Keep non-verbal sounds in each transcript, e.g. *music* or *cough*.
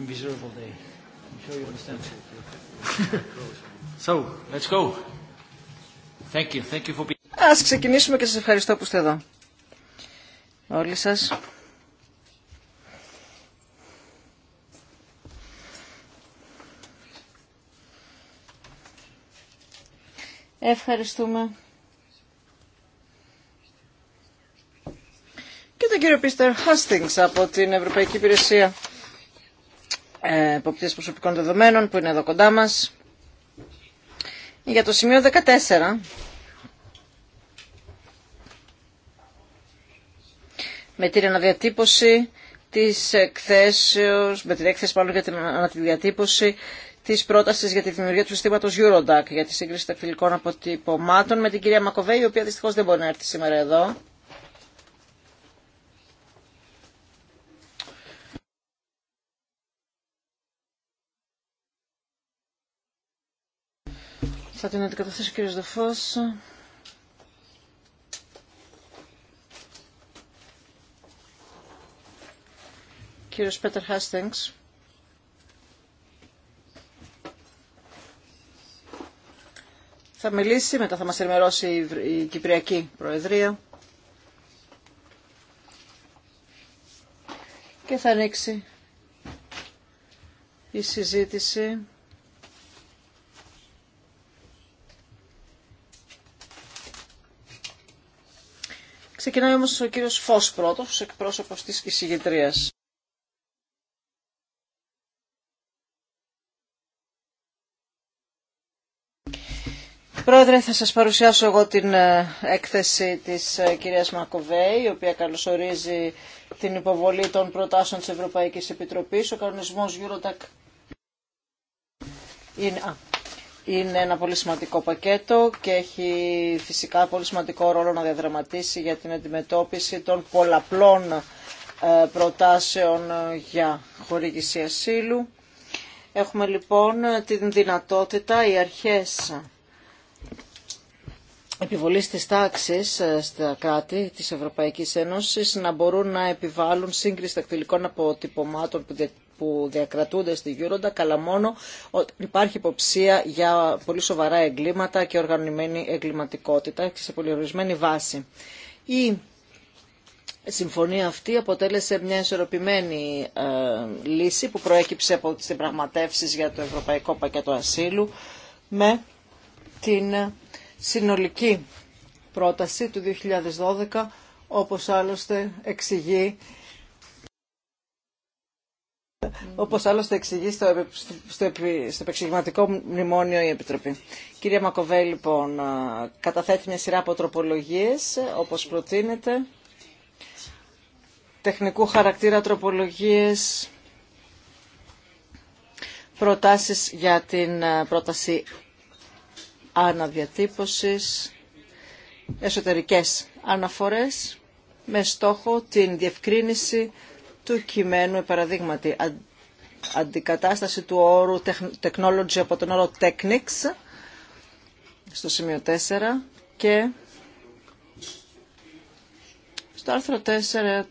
miserable day. I'm sure you understand. *laughs* so, let's go. Thank you. Thank you for being... Ας ξεκινήσουμε και σας ευχαριστώ που είστε εδώ. Όλοι σας. Ευχαριστούμε. Και τον κύριο Πίστερ Χάστινγκς από την Ευρωπαϊκή Υπηρεσία ε, εποπτείας προσωπικών δεδομένων που είναι εδώ κοντά μας. Για το σημείο 14 με την αναδιατύπωση της εκθέσεως, με την έκθεση πάνω για την αναδιατύπωση τη πρόταση για τη δημιουργία του συστήματο Eurodac για τη σύγκριση φιλικών αποτυπωμάτων με την κυρία Μακοβέη, η οποία δυστυχώ δεν μπορεί να έρθει σήμερα εδώ. Θα την αντικαταστήσει ο κύριος Δοφός. Κύριος Πέτερ Χάστινγκς. Θα μιλήσει, μετά θα μας ενημερώσει η Κυπριακή Προεδρία. Και θα ανοίξει η συζήτηση. Ξεκινάει όμως ο κύριος Φως πρώτος, εκπρόσωπος της εισηγητρίας. Πρόεδρε, θα σας παρουσιάσω εγώ την ε, έκθεση της ε, κυρίας Μακοβέη, η οποία καλωσορίζει την υποβολή των προτάσεων της Ευρωπαϊκής Επιτροπής. Ο κανονισμός Eurotac είναι... Α, είναι ένα πολύ σημαντικό πακέτο και έχει φυσικά πολύ σημαντικό ρόλο να διαδραματίσει για την αντιμετώπιση των πολλαπλών ε, προτάσεων για χορήγηση ασύλου. Έχουμε λοιπόν την δυνατότητα οι αρχές επιβολής της τάξης ε, στα κράτη της Ευρωπαϊκής Ένωσης να μπορούν να επιβάλλουν σύγκριση τακτηλικών αποτυπωμάτων που που διακρατούνται στη Γιούροντα, καλά μόνο ότι υπάρχει υποψία για πολύ σοβαρά εγκλήματα και οργανωμένη εγκληματικότητα και σε πολυορισμένη βάση. Η συμφωνία αυτή αποτέλεσε μια ισορροπημένη ε, λύση που προέκυψε από τις διαπραγματεύσεις για το Ευρωπαϊκό Πακέτο Ασύλου με την ε, συνολική πρόταση του 2012 όπως άλλωστε εξηγεί Mm-hmm. Όπως άλλωστε εξηγεί στο, στο, στο επεξηγηματικό μνημόνιο η Επιτροπή. Κυρία Μακοβέ, λοιπόν, καταθέτει μια σειρά από τροπολογίε, όπως προτείνεται. Τεχνικού χαρακτήρα τροπολογίε, προτάσει για την πρόταση αναδιατύπωση. εσωτερικές αναφορές, με στόχο την διευκρίνηση του κειμένου, παραδείγματι, αντικατάσταση του όρου technology από τον όρο technics στο σημείο 4 και στο άρθρο 4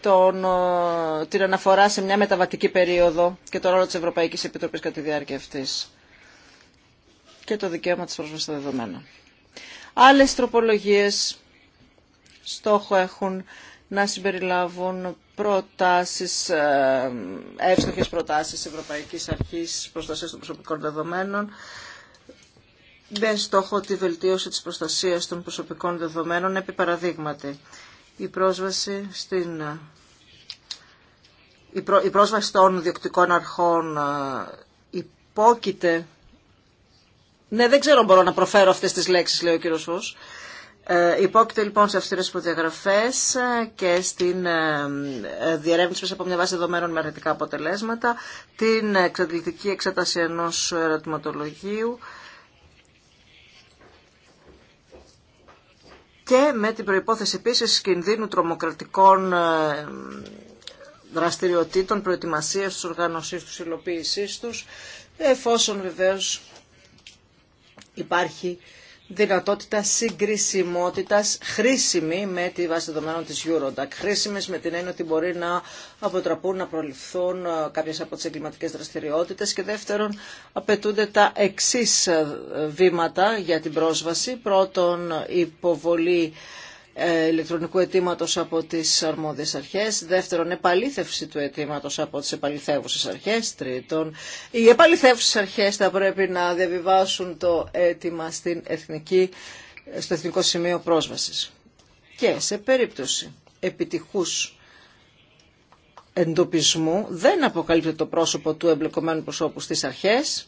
τον, ε, την αναφορά σε μια μεταβατική περίοδο και το ρόλο της Ευρωπαϊκής Επιτροπής κατά τη διάρκεια αυτής και το δικαίωμα της πρόσβασης στα δεδομένα. Άλλες τροπολογίες στόχο έχουν να συμπεριλάβουν προτάσεις, ε, εύστοχες προτάσεις Ευρωπαϊκής Αρχής Προστασίας των Προσωπικών Δεδομένων με στόχο τη βελτίωση της προστασίας των προσωπικών δεδομένων επί παραδείγματι. Η πρόσβαση στην η, πρό... η πρόσβαση των διοκτικών αρχών ε, υπόκειται. Ναι, δεν ξέρω αν μπορώ να προφέρω αυτές τις λέξεις, λέει ο κύριος Φως. Ε, υπόκειται λοιπόν σε αυστηρές προδιαγραφέ και στην ε, ε, διερεύνηση μέσα από μια βάση δεδομένων με αρνητικά αποτελέσματα, την εξαντλητική εξέταση ενός ερωτηματολογίου και με την προϋπόθεση επίσης κινδύνου τρομοκρατικών δραστηριοτήτων, προετοιμασίας τους, οργάνωσής τους, υλοποίησής τους, εφόσον βεβαίως υπάρχει δυνατότητα συγκρισιμότητας χρήσιμη με τη βάση δεδομένων της Eurodac. Χρήσιμες με την έννοια ότι μπορεί να αποτραπούν, να προληφθούν ε, κάποιες από τις εγκληματικές δραστηριότητες και δεύτερον απαιτούνται τα εξής ε, βήματα για την πρόσβαση. Πρώτον, υποβολή ε, ηλεκτρονικού αιτήματο από τι αρμόδιε αρχέ. Δεύτερον, επαλήθευση του αιτήματο από τι επαληθεύουσε αρχέ. Τρίτον, οι επαληθεύουσε αρχέ θα πρέπει να διαβιβάσουν το αίτημα στην εθνική, στο Εθνικό Σημείο Πρόσβαση. Και σε περίπτωση επιτυχούς εντοπισμού δεν αποκαλύπτεται το πρόσωπο του εμπλεκομένου προσώπου στις αρχές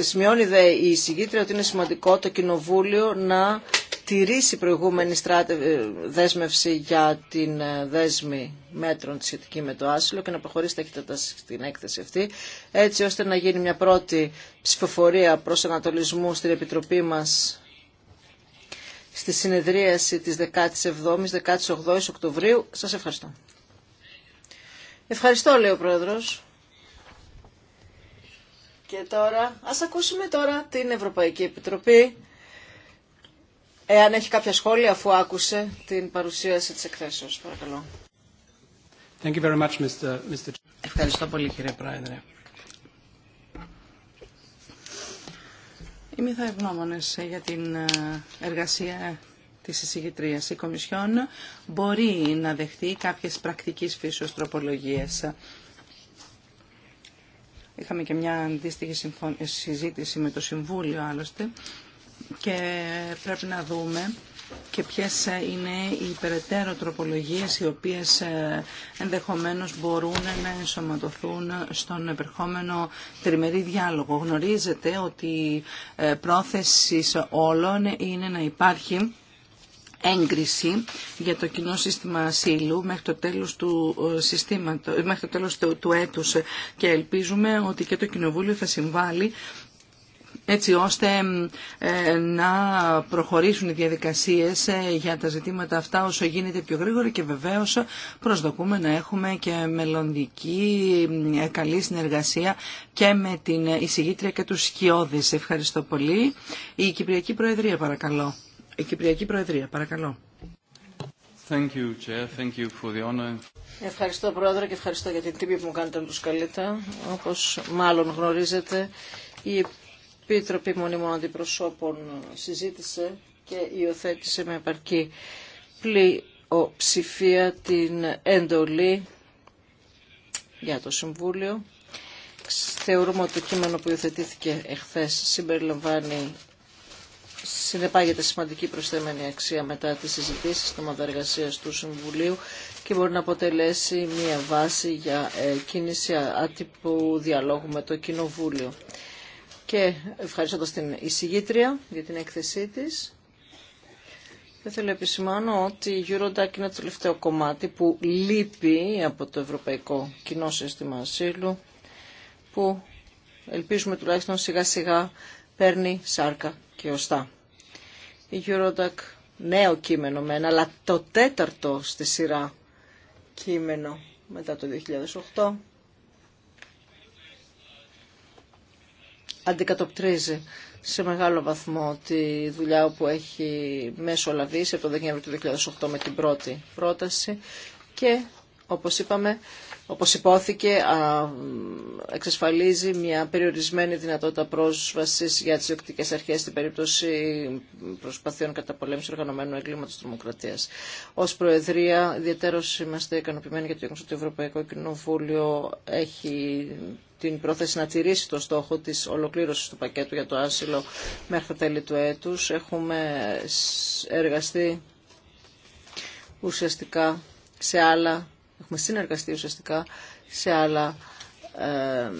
Σημειώνει δε η εισηγήτρια ότι είναι σημαντικό το Κοινοβούλιο να τηρήσει προηγούμενη ε, δέσμευση για την ε, δέσμη μέτρων σχετική με το άσυλο και να προχωρήσει ταχύτατα στην έκθεση αυτή, έτσι ώστε να γίνει μια πρώτη ψηφοφορία προς ανατολισμού στην Επιτροπή μας στη συνεδρίαση της 17ης-18ης Οκτωβρίου. Σας ευχαριστώ. Ευχαριστώ, λέει ο Πρόεδρος. Και τώρα, ας ακούσουμε τώρα την Ευρωπαϊκή Επιτροπή, εάν έχει κάποια σχόλια αφού άκουσε την παρουσίαση της εκθέσεως. Παρακαλώ. Thank you very much, Mr. Mr. Ευχαριστώ πολύ κύριε Πρόεδρε. Είμαι θα ευγνώμονες για την ε, εργασία της εισηγητρίας. Η Κομισιόν μπορεί να δεχτεί κάποιες πρακτικής φύσεως τροπολογίες. Είχαμε και μια αντίστοιχη ε, συζήτηση με το Συμβούλιο άλλωστε και πρέπει να δούμε και ποιες ε, είναι οι περαιτέρω τροπολογίες οι οποίες ε, ενδεχομένως μπορούν να ενσωματωθούν στον επερχόμενο τριμερή διάλογο. Γνωρίζετε ότι πρόθεση όλων είναι να υπάρχει έγκριση για το κοινό σύστημα ασύλου μέχρι το τέλος του, ε, συστήματος, ε, το τέλος έτους και ελπίζουμε ότι και το Κοινοβούλιο θα συμβάλλει έτσι ώστε ε, να προχωρήσουν οι διαδικασίες για τα ζητήματα αυτά όσο γίνεται πιο γρήγορα και βεβαίως προσδοκούμε να έχουμε και μελλοντική καλή συνεργασία και με την εισηγήτρια και τους σκιώδες. Ευχαριστώ πολύ. Η Κυπριακή Προεδρία παρακαλώ η Κυπριακή Προεδρία. Παρακαλώ. Thank you, Chair. Thank you for the honor. Ευχαριστώ Πρόεδρε και ευχαριστώ για την τιμή που μου κάνετε να τους καλείτε. Όπως μάλλον γνωρίζετε, η Επίτροπη Μονίμων Αντιπροσώπων συζήτησε και υιοθέτησε με επαρκή πλειοψηφία την εντολή για το Συμβούλιο. Θεωρούμε ότι το κείμενο που υιοθετήθηκε εχθές συμπεριλαμβάνει συνεπάγεται σημαντική προσθέμενη αξία μετά τις συζητήσεις των εργασίας του Συμβουλίου και μπορεί να αποτελέσει μια βάση για ε, κίνηση άτυπου διαλόγου με το Κοινοβούλιο. Και ευχαριστώ την εισηγήτρια για την έκθεσή της, θα θέλω να επισημάνω ότι η Eurodac είναι το τελευταίο κομμάτι που λείπει από το Ευρωπαϊκό Κοινό Σύστημα Ασύλου, που ελπίζουμε τουλάχιστον σιγά σιγά παίρνει σάρκα και οστά. Η Eurodac νέο κείμενο μεν, αλλά το τέταρτο στη σειρά κείμενο μετά το 2008 αντικατοπτρίζει σε μεγάλο βαθμό τη δουλειά που έχει μέσω μεσολαβήσει από το Δεκέμβριο του 2008 με την πρώτη πρόταση και όπως είπαμε όπως υπόθηκε, εξασφαλίζει μια περιορισμένη δυνατότητα πρόσβασης για τις διοκτικές αρχές στην περίπτωση προσπαθειών πολέμηση οργανωμένου εγκλήματος τρομοκρατίας. Ως Προεδρία, ιδιαίτερως είμαστε ικανοποιημένοι για το ότι το Ευρωπαϊκό Κοινοβούλιο έχει την πρόθεση να τηρήσει το στόχο της ολοκλήρωσης του πακέτου για το άσυλο μέχρι τα τέλη του έτους. Έχουμε εργαστεί ουσιαστικά σε άλλα Έχουμε συνεργαστεί ουσιαστικά σε άλλα ε,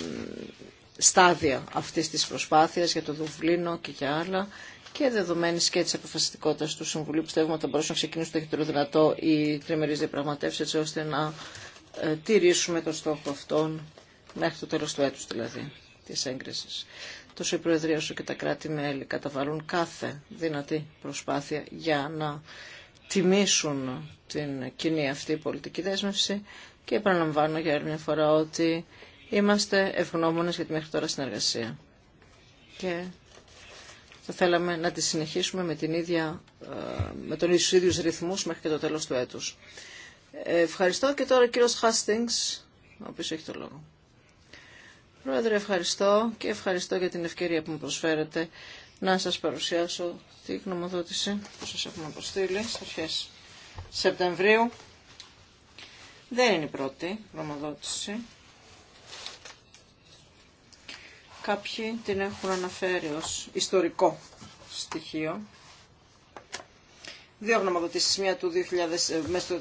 στάδια αυτής της προσπάθειας για το Δουβλίνο και για άλλα και δεδομένη και τη αποφασιστικότητα του Συμβουλίου, πιστεύουμε ότι θα μπορούσαν να ξεκινήσουν το χειρότερο δυνατό οι τριμερεί διαπραγματεύσει, έτσι ώστε να ε, τηρήσουμε τον στόχο αυτών μέχρι το τέλο του έτου δηλαδή τη έγκριση. Τόσο η Προεδρία όσο και τα κράτη-μέλη καταβαλούν κάθε δυνατή προσπάθεια για να τιμήσουν την κοινή αυτή πολιτική δέσμευση και επαναλαμβάνω για μια φορά ότι είμαστε ευγνώμονες για τη μέχρι τώρα συνεργασία. Και θα θέλαμε να τη συνεχίσουμε με, την ίδια, ε, με τον ίδιους ρυθμούς μέχρι και το τέλος του έτους. Ε, ευχαριστώ και τώρα ο κύριος Χάστινγκς, ο οποίος έχει το λόγο. Πρόεδρε, ευχαριστώ και ευχαριστώ για την ευκαιρία που μου προσφέρετε να σας παρουσιάσω τη γνωμοδότηση που σας έχουμε αποστείλει στις αρχές Σεπτεμβρίου. Δεν είναι η πρώτη γνωμοδότηση. Κάποιοι την έχουν αναφέρει ως ιστορικό στοιχείο. Δύο γνωμοδοτήσεις, μία του 2000, μέσα του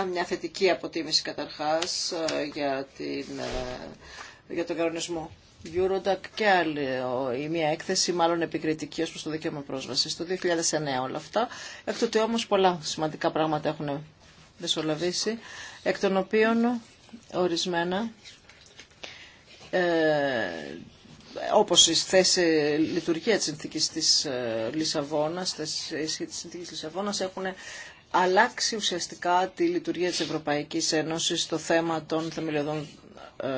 2009, μια θετική αποτίμηση καταρχάς ε, για, την, ε, για τον κανονισμό Eurodac και άλλη η μία έκθεση, μάλλον επικριτική ως προς το δικαίωμα πρόσβασης, το 2009 όλα αυτά. Εκ τότε όμως πολλά σημαντικά πράγματα έχουν δεσολαβήσει, εκ των οποίων ορισμένα, ε, όπως η θέση λειτουργία της συνθήκης της ε, Λισαβόνας, της συνθήκης Λισαβόνας έχουν αλλάξει ουσιαστικά τη λειτουργία της Ευρωπαϊκής Ένωσης στο θέμα των θεμελιωδών ε,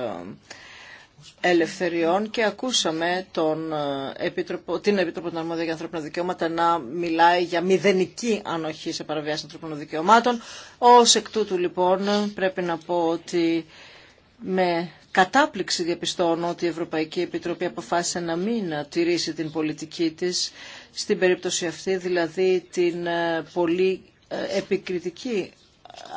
ελευθεριών και ακούσαμε τον ε, Επίτροπο, την Επίτροπο των Αρμόδια για Ανθρώπινα Δικαιώματα να μιλάει για μηδενική ανοχή σε παραβιάσεις ανθρώπινων δικαιωμάτων. Ως εκ τούτου λοιπόν πρέπει να πω ότι με κατάπληξη διαπιστώνω ότι η Ευρωπαϊκή Επιτροπή αποφάσισε να μην τηρήσει την πολιτική της στην περίπτωση αυτή, δηλαδή την ε, πολύ ε, επικριτική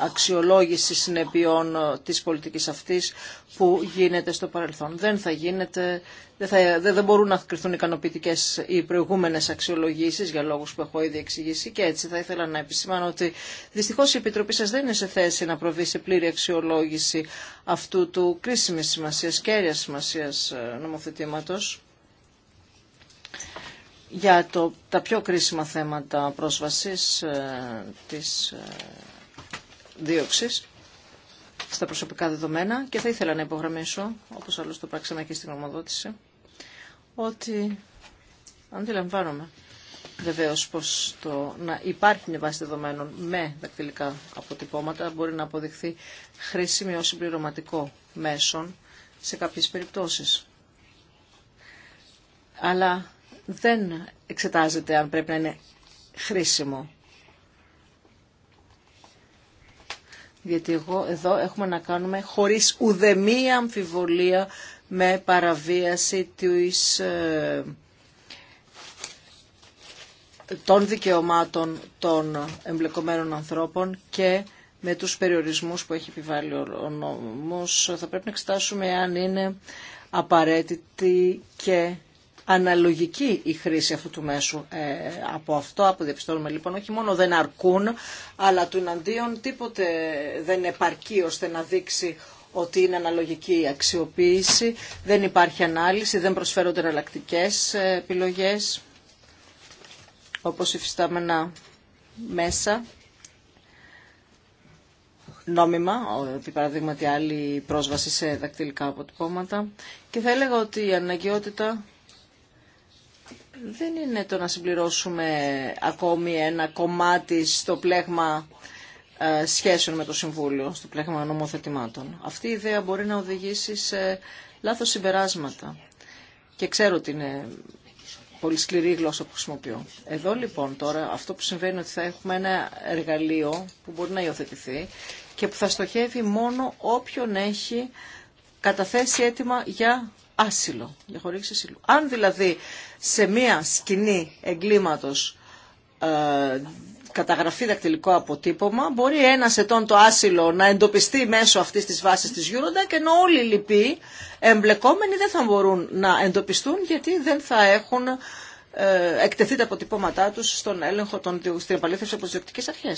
αξιολόγηση συνεπειών ε, της πολιτικής αυτής που γίνεται στο παρελθόν. Δεν θα γίνεται, δεν, θα, δεν μπορούν να κρυθούν ικανοποιητικέ οι προηγούμενες αξιολογήσεις για λόγους που έχω ήδη εξηγήσει και έτσι θα ήθελα να επισημάνω ότι δυστυχώς η Επιτροπή σας δεν είναι σε θέση να προβεί σε πλήρη αξιολόγηση αυτού του κρίσιμης σημασίας, κέρια σημασίας ε, νομοθετήματος για το, τα πιο κρίσιμα θέματα πρόσβασης ε, της ε, δίωξη στα προσωπικά δεδομένα και θα ήθελα να υπογραμμίσω, όπως άλλως το πράξαμε και στην ομοδότηση, ότι αντιλαμβάνομαι βεβαίω πως το να υπάρχει μια βάση δεδομένων με δακτυλικά αποτυπώματα μπορεί να αποδειχθεί χρήσιμη ως συμπληρωματικό μέσον σε κάποιες περιπτώσεις. Αλλά δεν εξετάζεται αν πρέπει να είναι χρήσιμο γιατί εγώ εδώ έχουμε να κάνουμε χωρίς ουδεμία αμφιβολία με παραβίαση της, ε, των δικαιωμάτων των εμπλεκομένων ανθρώπων και με τους περιορισμούς που έχει επιβάλει ο νόμος. Θα πρέπει να εξετάσουμε αν είναι απαραίτητη και αναλογική η χρήση αυτού του μέσου. Ε, από αυτό αποδιαπιστώνουμε λοιπόν όχι μόνο δεν αρκούν, αλλά του εναντίον τίποτε δεν επαρκεί ώστε να δείξει ότι είναι αναλογική η αξιοποίηση, δεν υπάρχει ανάλυση, δεν προσφέρονται εναλλακτικέ επιλογές, όπως υφιστάμενα μέσα νόμιμα, επί παραδείγματι άλλη πρόσβαση σε δακτυλικά αποτυπώματα. Και θα έλεγα ότι η αναγκαιότητα δεν είναι το να συμπληρώσουμε ακόμη ένα κομμάτι στο πλέγμα ε, σχέσεων με το Συμβούλιο, στο πλέγμα νομοθετημάτων. Αυτή η ιδέα μπορεί να οδηγήσει σε λάθος συμπεράσματα. Και ξέρω ότι είναι πολύ σκληρή η γλώσσα που χρησιμοποιώ. Εδώ λοιπόν τώρα αυτό που συμβαίνει είναι ότι θα έχουμε ένα εργαλείο που μπορεί να υιοθετηθεί και που θα στοχεύει μόνο όποιον έχει καταθέσει αίτημα για άσυλο, για χορήγηση ασύλου. Αν δηλαδή σε μία σκηνή εγκλήματος ε, καταγραφεί δακτυλικό αποτύπωμα, μπορεί ένα ετών το άσυλο να εντοπιστεί μέσω αυτή τη βάση τη και ενώ όλοι οι λοιποί εμπλεκόμενοι δεν θα μπορούν να εντοπιστούν γιατί δεν θα έχουν ε, εκτεθεί τα αποτυπώματά του στον έλεγχο των, στην επαλήθευση από τι αρχέ.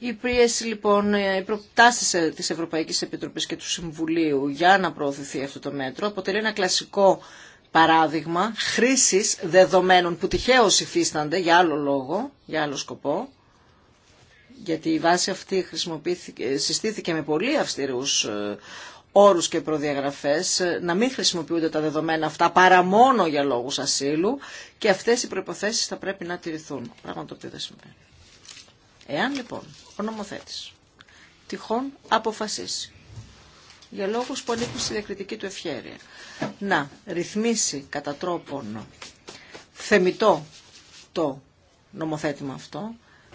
Η πίεση λοιπόν, οι ε, προτάσει τη Ευρωπαϊκή Επιτροπή και του Συμβουλίου για να προωθηθεί αυτό το μέτρο αποτελεί ένα κλασικό παράδειγμα χρήση δεδομένων που τυχαίω υφίστανται για άλλο λόγο, για άλλο σκοπό. Γιατί η βάση αυτή συστήθηκε με πολύ αυστηρού ε, όρου και προδιαγραφέ, ε, να μην χρησιμοποιούνται τα δεδομένα αυτά παρά μόνο για λόγου ασύλου και αυτέ οι προποθέσει θα πρέπει να τηρηθούν. Πράγμα το οποίο δεν συμβαίνει. Εάν λοιπόν ο νομοθέτης τυχόν αποφασίσει για λόγους που ανήκουν στη διακριτική του ευχαίρεια να ρυθμίσει κατά τρόπο θεμητό το νομοθέτημα αυτό,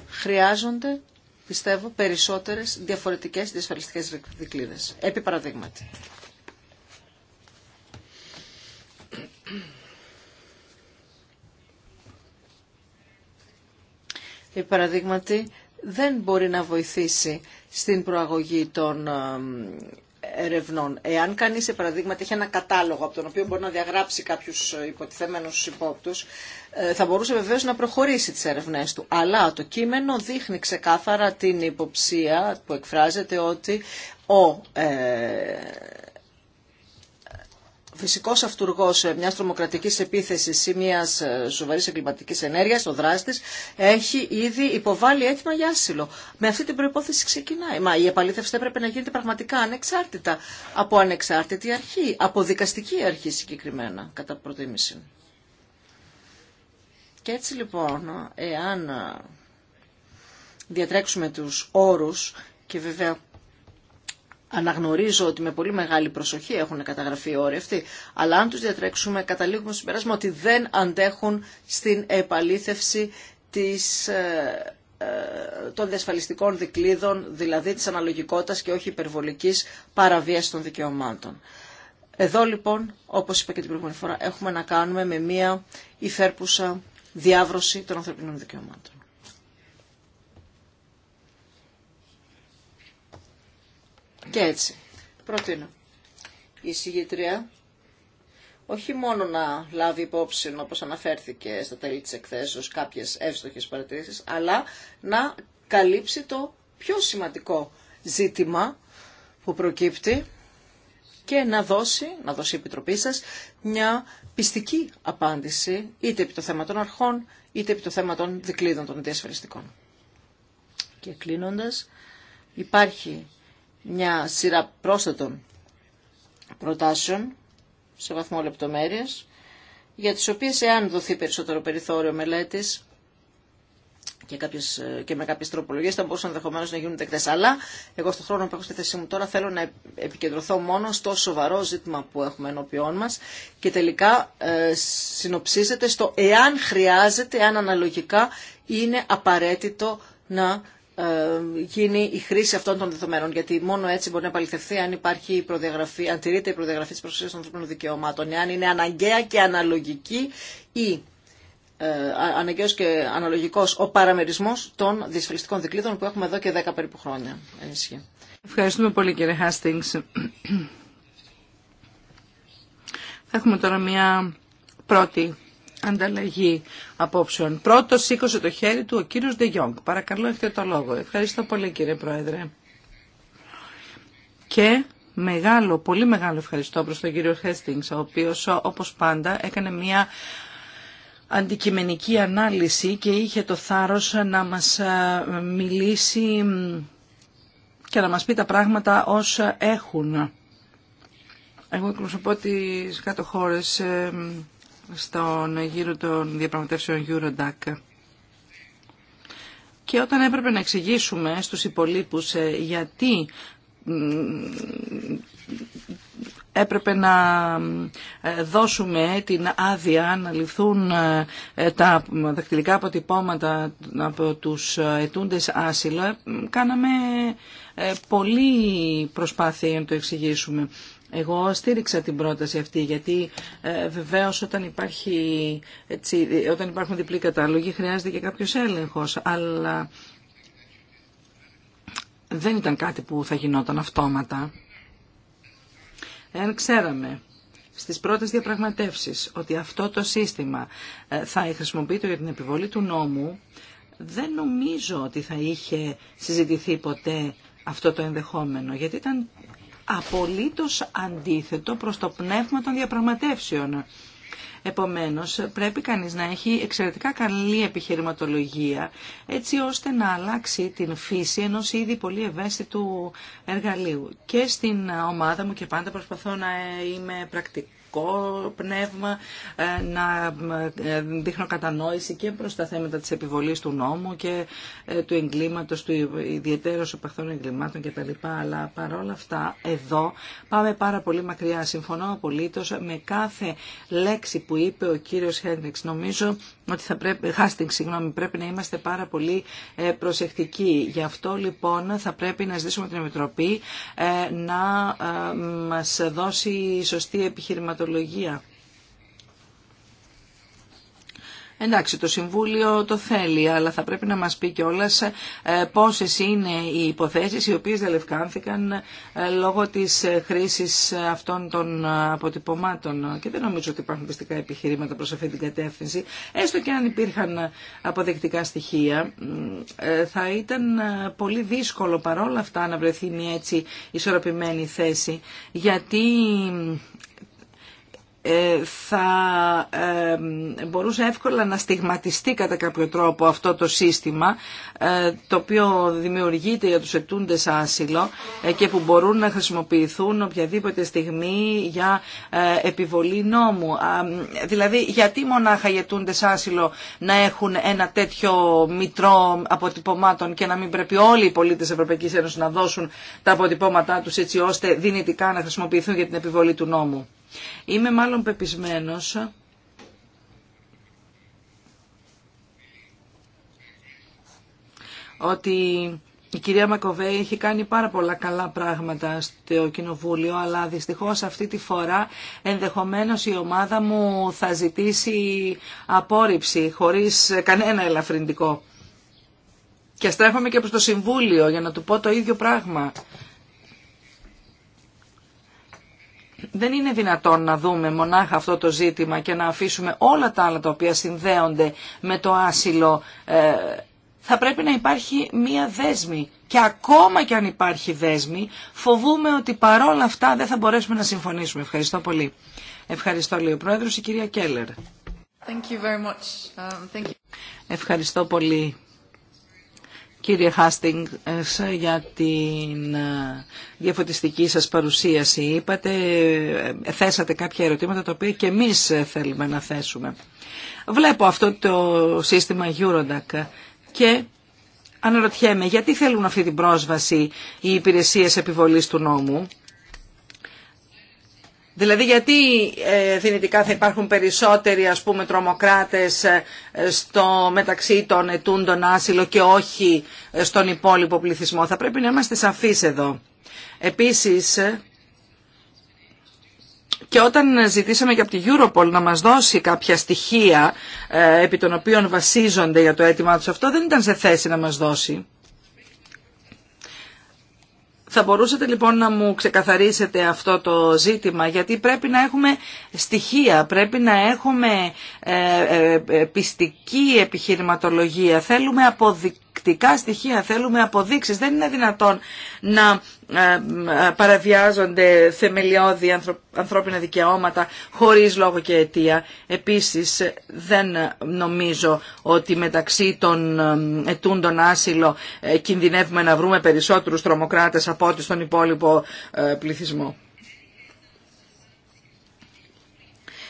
χρειάζονται, πιστεύω, περισσότερες διαφορετικές διασφαλιστικές δικλείδες. Επί παραδείγματι. Επί παραδείγματι, δεν μπορεί να βοηθήσει στην προαγωγή των ε, ερευνών. Εάν κανεί, σε παραδείγμα, έχει ένα κατάλογο από τον οποίο μπορεί να διαγράψει κάποιου υποτιθέμενου υπόπτου, ε, θα μπορούσε βεβαίω να προχωρήσει τι ερευνέ του. Αλλά το κείμενο δείχνει ξεκάθαρα την υποψία που εκφράζεται ότι ο ε, φυσικός αυτούργος μιας τρομοκρατικής επίθεσης ή μιας ε, σοβαρής εγκληματικής ενέργειας, ο δράστης, έχει ήδη υποβάλει έτοιμα για άσυλο. Με αυτή την προϋπόθεση ξεκινάει. Μα η επαλήθευση πρέπει έπρεπε να γίνεται πραγματικά ανεξάρτητα από ανεξάρτητη αρχή, από δικαστική αρχή συγκεκριμένα, κατά προτίμηση. Και έτσι λοιπόν, εάν ε, διατρέξουμε τους όρους και βέβαια Αναγνωρίζω ότι με πολύ μεγάλη προσοχή έχουν καταγραφεί οι αυτοί, αλλά αν τους διατρέξουμε καταλήγουμε στο συμπεράσμα ότι δεν αντέχουν στην επαλήθευση της, ε, ε, των διασφαλιστικών δικλείδων, δηλαδή της αναλογικότητας και όχι υπερβολικής παραβίασης των δικαιωμάτων. Εδώ λοιπόν, όπως είπα και την προηγούμενη φορά, έχουμε να κάνουμε με μία υφέρπουσα διάβρωση των ανθρωπινών δικαιωμάτων. Και έτσι. Προτείνω. Η συγγετρία όχι μόνο να λάβει υπόψη, όπως αναφέρθηκε στα τέλη της εκθέσεως, κάποιες εύστοχες παρατηρήσεις, αλλά να καλύψει το πιο σημαντικό ζήτημα που προκύπτει και να δώσει, να δώσει η Επιτροπή σας, μια πιστική απάντηση, είτε επί το θέμα των αρχών, είτε επί το θέμα των δικλείδων των διασφαλιστικών. Και κλείνοντας, υπάρχει μια σειρά πρόσθετων προτάσεων σε βαθμό λεπτομέρειας, για τις οποίες εάν δοθεί περισσότερο περιθώριο μελέτης και, ε, και με κάποιες τροπολογίες θα μπορούσαν ενδεχομένω να γίνουν δεκτές. Αλλά εγώ στον χρόνο που έχω στη θέση μου τώρα θέλω να επικεντρωθώ μόνο στο σοβαρό ζήτημα που έχουμε ενώπιόν μας και τελικά ε, συνοψίζεται στο εάν χρειάζεται, εάν αναλογικά είναι απαραίτητο να ε, γίνει η χρήση αυτών των δεδομένων. Γιατί μόνο έτσι μπορεί να επαληθευθεί αν, υπάρχει η προδιαγραφή, αν τηρείται η προδιαγραφή τη προστασία των ανθρωπίνων δικαιωμάτων, εάν είναι αναγκαία και αναλογική ή ε, αναγκαίο και αναλογικό ο παραμερισμό των δυσφυλιστικών δικλείδων που έχουμε εδώ και 10 περίπου χρόνια. Ευχαριστούμε πολύ κύριε Χάστινγκ. Θα έχουμε τώρα μια πρώτη ανταλλαγή απόψεων. Πρώτο σήκωσε το χέρι του ο κύριο Ντε Παρακαλώ έχετε το λόγο. Ευχαριστώ πολύ κύριε Πρόεδρε. Και μεγάλο, πολύ μεγάλο ευχαριστώ προ τον κύριο Χέστινγκ, ο οποίο όπω πάντα έκανε μια αντικειμενική ανάλυση και είχε το θάρρος να μας ε, μιλήσει και να μας πει τα πράγματα όσα έχουν. Εγώ εκπροσωπώ τι κάτω χώρες ε, στον γύρο των διαπραγματεύσεων Eurodac. Και όταν έπρεπε να εξηγήσουμε στους υπολείπους ε, γιατί έπρεπε να ε, δώσουμε την άδεια να ληφθούν ε, τα δακτυλικά αποτυπώματα από τους ετούντες άσυλο. Κάναμε πολύ προσπάθεια να το εξηγήσουμε. Εγώ στήριξα την πρόταση αυτή γιατί ε, όταν, υπάρχει, όταν υπάρχουν διπλή κατάλογοι χρειάζεται και κάποιος έλεγχος. Αλλά δεν ήταν κάτι που θα γινόταν αυτόματα. Εάν ξέραμε στις πρώτες διαπραγματεύσεις ότι αυτό το σύστημα ε, θα χρησιμοποιείται για την επιβολή του νόμου, δεν νομίζω ότι θα είχε συζητηθεί ποτέ αυτό το ενδεχόμενο, γιατί ήταν απολύτως αντίθετο προς το πνεύμα των διαπραγματεύσεων. Επομένως, πρέπει κανείς να έχει εξαιρετικά καλή επιχειρηματολογία, έτσι ώστε να αλλάξει την φύση ενός ήδη πολύ ευαίσθητου εργαλείου. Και στην ομάδα μου και πάντα προσπαθώ να είμαι πρακτική θετικό πνεύμα, ε, να ε, δείχνω κατανόηση και προς τα θέματα της επιβολής του νόμου και ε, του εγκλήματος, του ιδιαίτερου επαχθών εγκλημάτων κτλ. Αλλά παρόλα αυτά εδώ πάμε πάρα πολύ μακριά. Συμφωνώ απολύτως με κάθε λέξη που είπε ο κύριος Χέντριξ. Νομίζω ότι θα πρέπει, συγγνώμη, πρέπει να είμαστε πάρα πολύ ε, προσεκτικοί. Γι' αυτό λοιπόν θα πρέπει να ζητήσουμε την Επιτροπή ε, να ε, μας δώσει σωστή επιχειρηματολογία. Εντάξει, το Συμβούλιο το θέλει, αλλά θα πρέπει να μας πει κιόλας ε, πόσες είναι οι υποθέσεις οι οποίες δελευκάνθηκαν ε, λόγω της ε, χρήσης αυτών των αποτυπωμάτων. Και δεν νομίζω ότι υπάρχουν πιστικά επιχειρήματα προς αυτή την κατεύθυνση. Έστω και αν υπήρχαν αποδεκτικά στοιχεία, θα ήταν πολύ δύσκολο παρόλα αυτά να βρεθεί μια έτσι ισορροπημένη θέση, γιατί ε, θα ε, μπορούσε εύκολα να στιγματιστεί κατά κάποιο τρόπο αυτό το σύστημα ε, το οποίο δημιουργείται για τους ετούντες άσυλο και που μπορούν να χρησιμοποιηθούν οποιαδήποτε στιγμή για επιβολή νόμου. Δηλαδή γιατί μονάχα οι ετούντες άσυλο να έχουν ένα τέτοιο μητρό αποτυπωμάτων και να μην πρέπει όλοι οι πολίτες Ευρωπαϊκής Ένωσης να δώσουν τα αποτυπώματά τους έτσι ώστε δυνητικά να χρησιμοποιηθούν για την επιβολή του νόμου. Είμαι μάλλον πεπισμένος ότι η κυρία Μακοβέη έχει κάνει πάρα πολλά καλά πράγματα στο Κοινοβούλιο, αλλά δυστυχώς αυτή τη φορά ενδεχομένως η ομάδα μου θα ζητήσει απόρριψη χωρίς κανένα ελαφρυντικό. Και στρέφομαι και προς το Συμβούλιο για να του πω το ίδιο πράγμα. Δεν είναι δυνατόν να δούμε μονάχα αυτό το ζήτημα και να αφήσουμε όλα τα άλλα τα οποία συνδέονται με το άσυλο. Ε, θα πρέπει να υπάρχει μία δέσμη. Και ακόμα και αν υπάρχει δέσμη, φοβούμε ότι παρόλα αυτά δεν θα μπορέσουμε να συμφωνήσουμε. Ευχαριστώ πολύ. Ευχαριστώ, λέει ο Πρόεδρος, η κυρία Κέλλερ. Thank you very much. Um, thank you. Ευχαριστώ πολύ, κύριε Χάστινγκ, για τη ε, διαφωτιστική σας παρουσίαση. Είπατε, ε, θέσατε κάποια ερωτήματα τα οποία και εμείς θέλουμε να θέσουμε. Βλέπω αυτό το σύστημα Eurodac και αναρωτιέμαι γιατί θέλουν αυτή την πρόσβαση οι υπηρεσίες επιβολής του νόμου. Δηλαδή γιατί ε, δυνητικά θα υπάρχουν περισσότεροι ας πούμε τρομοκράτες ε, στο, μεταξύ των ετούντων άσυλο και όχι ε, στον υπόλοιπο πληθυσμό. Θα πρέπει να είμαστε σαφείς εδώ. Επίσης και όταν ζητήσαμε και από τη Europol να μας δώσει κάποια στοιχεία επί των οποίων βασίζονται για το αίτημά τους αυτό δεν ήταν σε θέση να μας δώσει. Θα μπορούσατε λοιπόν να μου ξεκαθαρίσετε αυτό το ζήτημα, γιατί πρέπει να έχουμε στοιχεία, πρέπει να έχουμε ε, ε, ε, πιστική επιχειρηματολογία, θέλουμε αποδεικτικά στοιχεία, θέλουμε αποδείξεις. Δεν είναι δυνατόν να ε, ε, παραβιάζονται θεμελιώδη ανθρώπινα δικαιώματα χωρίς λόγο και αιτία. Επίσης δεν νομίζω ότι μεταξύ των ε, ετούντων άσυλο κινδυνεύουμε να βρούμε περισσότερους τρομοκράτες από ό,τι στον υπόλοιπο πληθυσμό.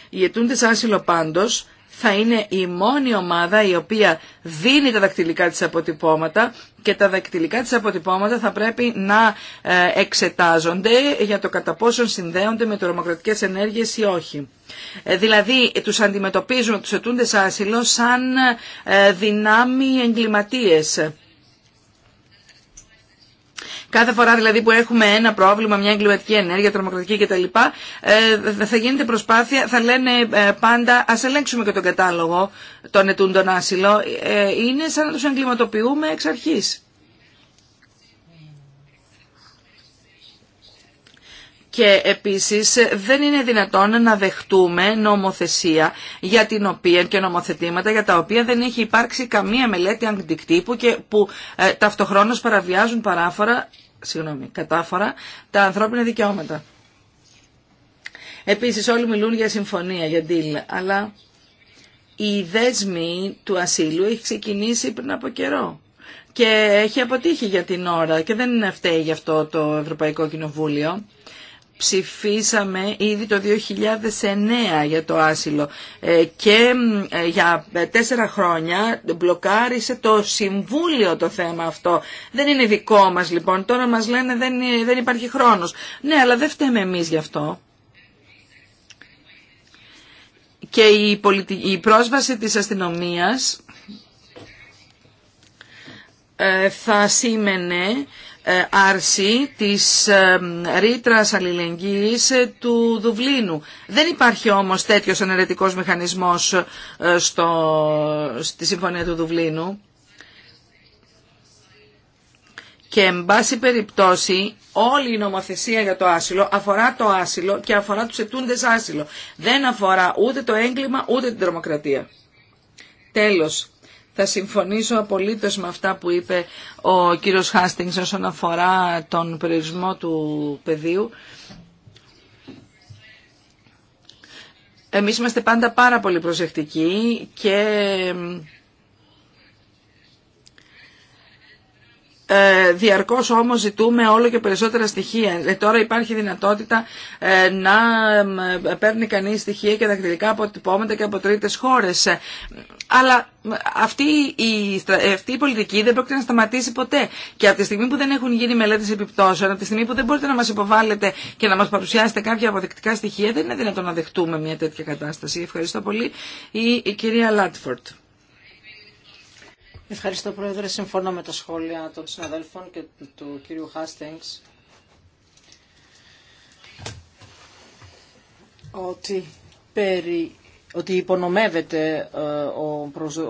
Οι ετούντες άσυλο πάντως θα είναι η μόνη ομάδα η οποία δίνει τα δακτυλικά της αποτυπώματα και τα δακτυλικά της αποτυπώματα θα πρέπει να ε, εξετάζονται για το κατά πόσον συνδέονται με τρομοκρατικές ενέργειες ή όχι. Ε, δηλαδή τους αντιμετωπίζουν, τους σε άσυλο σαν ε, δυνάμοι εγκληματίες Κάθε φορά δηλαδή που έχουμε ένα πρόβλημα, μια εγκληματική ενέργεια, τρομοκρατική κτλ. Ε, θα γίνεται προσπάθεια, θα λένε ε, πάντα ας ελέγξουμε και τον κατάλογο των ετούντων άσυλο. Ε, είναι σαν να τους εγκληματοποιούμε εξ αρχής. Και επίσης δεν είναι δυνατόν να δεχτούμε νομοθεσία για την οποία και νομοθετήματα για τα οποία δεν έχει υπάρξει καμία μελέτη αντικτύπου και που ε, ταυτοχρόνως παραβιάζουν παράφορα συγγνώμη, κατάφορα τα ανθρώπινα δικαιώματα. Επίσης όλοι μιλούν για συμφωνία, για deal, αλλά η δέσμη του ασύλου έχει ξεκινήσει πριν από καιρό και έχει αποτύχει για την ώρα και δεν είναι φταίει γι' αυτό το Ευρωπαϊκό Κοινοβούλιο ψηφίσαμε ήδη το 2009 για το άσυλο ε, και ε, για ε, τέσσερα χρόνια μπλοκάρισε το Συμβούλιο το θέμα αυτό. Δεν είναι δικό μας λοιπόν. Τώρα μας λένε δεν, δεν υπάρχει χρόνος. Ναι, αλλά δεν φταίμε εμείς γι' αυτό. Και η, η πρόσβαση της αστυνομίας θα σήμαινε άρση ε, ε, της ε, ρήτρας αλληλεγγύης του Δουβλίνου. Δεν υπάρχει όμως τέτοιος εναιρετικός μηχανισμός στο, στη Συμφωνία του Δουβλίνου. Και εν πάση περιπτώσει όλη η νομοθεσία για το άσυλο αφορά το άσυλο και αφορά τους ετούντες άσυλο. Δεν αφορά ούτε το έγκλημα ούτε την τρομοκρατία. Τέλος, θα συμφωνήσω απολύτως με αυτά που είπε ο κύριος Χάστινγκς όσον αφορά τον περιορισμό του πεδίου. Εμείς είμαστε πάντα πάρα πολύ προσεκτικοί και ε, διαρκώς όμως ζητούμε όλο και περισσότερα στοιχεία. Ε, τώρα υπάρχει δυνατότητα ε, να παίρνει κανείς στοιχεία και δακτυλικά αποτυπώματα και από τρίτες χώρες. Αλλά αυτή η, ε, αυτή η πολιτική δεν πρόκειται να σταματήσει ποτέ. Και από τη στιγμή που δεν έχουν γίνει μελέτε επιπτώσεων, από τη στιγμή που δεν μπορείτε να μας υποβάλλετε και να μας παρουσιάσετε κάποια αποδεκτικά στοιχεία, δεν είναι δυνατόν να δεχτούμε μια τέτοια κατάσταση. Ευχαριστώ πολύ. Η, κυρία Λάτφορντ. Ευχαριστώ Πρόεδρε. Συμφωνώ με τα σχόλια των συναδέλφων και του κύριου Χάστινγκ. ότι περί ότι υπονομεύεται ε,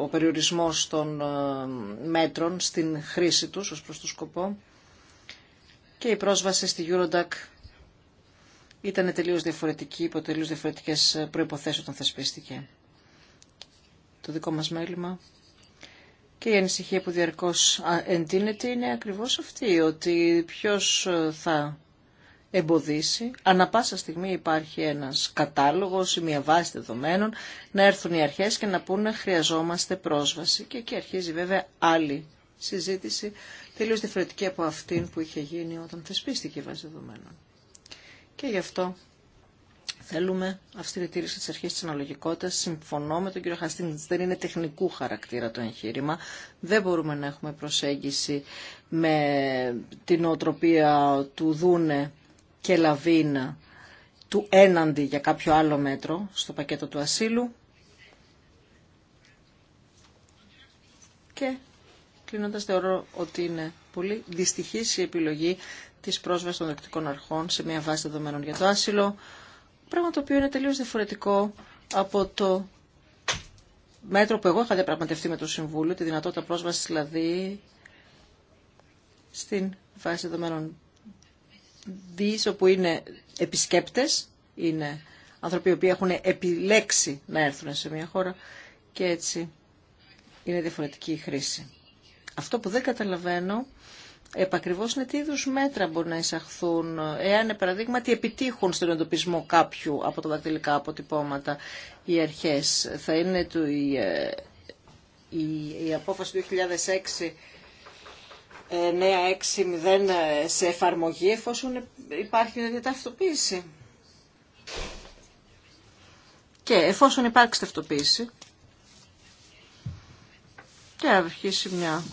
ο περιορισμός των ε, μέτρων στην χρήση τους ως προς το σκοπό και η πρόσβαση στη Eurodac ήταν τελείως διαφορετική, υπό τελείως διαφορετικές προϋποθέσεις όταν θεσπίστηκε. Το δικό μας μέλημα και η ανησυχία που διαρκώς εντείνεται είναι ακριβώς αυτή, ότι ποιος ε, θα εμποδίσει. Ανα πάσα στιγμή υπάρχει ένας κατάλογος ή μια βάση δεδομένων να έρθουν οι αρχές και να πούνε χρειαζόμαστε πρόσβαση. Και εκεί αρχίζει βέβαια άλλη συζήτηση τελείως διαφορετική από αυτήν που είχε γίνει όταν θεσπίστηκε η βάση δεδομένων. Και γι' αυτό θέλουμε αυστηρή τήρηση της αρχής της αναλογικότητας. Συμφωνώ με τον κύριο Χαστίν, δεν είναι τεχνικού χαρακτήρα το εγχείρημα. Δεν μπορούμε να έχουμε προσέγγιση με την οτροπία του Δούνε και λαβίνα του έναντι για κάποιο άλλο μέτρο στο πακέτο του ασύλου. Και κλείνοντας θεωρώ ότι είναι πολύ δυστυχής η επιλογή της πρόσβασης των δεκτικών αρχών σε μια βάση δεδομένων για το άσυλο, πράγμα το οποίο είναι τελείως διαφορετικό από το μέτρο που εγώ είχα διαπραγματευτεί με το Συμβούλιο, τη δυνατότητα πρόσβασης δηλαδή στην βάση δεδομένων δις όπου είναι επισκέπτες, είναι άνθρωποι οποίοι έχουν επιλέξει να έρθουν σε μια χώρα και έτσι είναι διαφορετική η χρήση. Αυτό που δεν καταλαβαίνω επακριβώς είναι τι είδου μέτρα μπορεί να εισαχθούν εάν ε, παραδείγματι επιτύχουν στον εντοπισμό κάποιου από τα δακτυλικά αποτυπώματα οι αρχές. Θα είναι του, η, ε, η, η απόφαση του 2006 960 σε εφαρμογή εφόσον υπάρχει μια ταυτοποίηση. Και εφόσον υπάρχει ταυτοποίηση και αρχίσει μια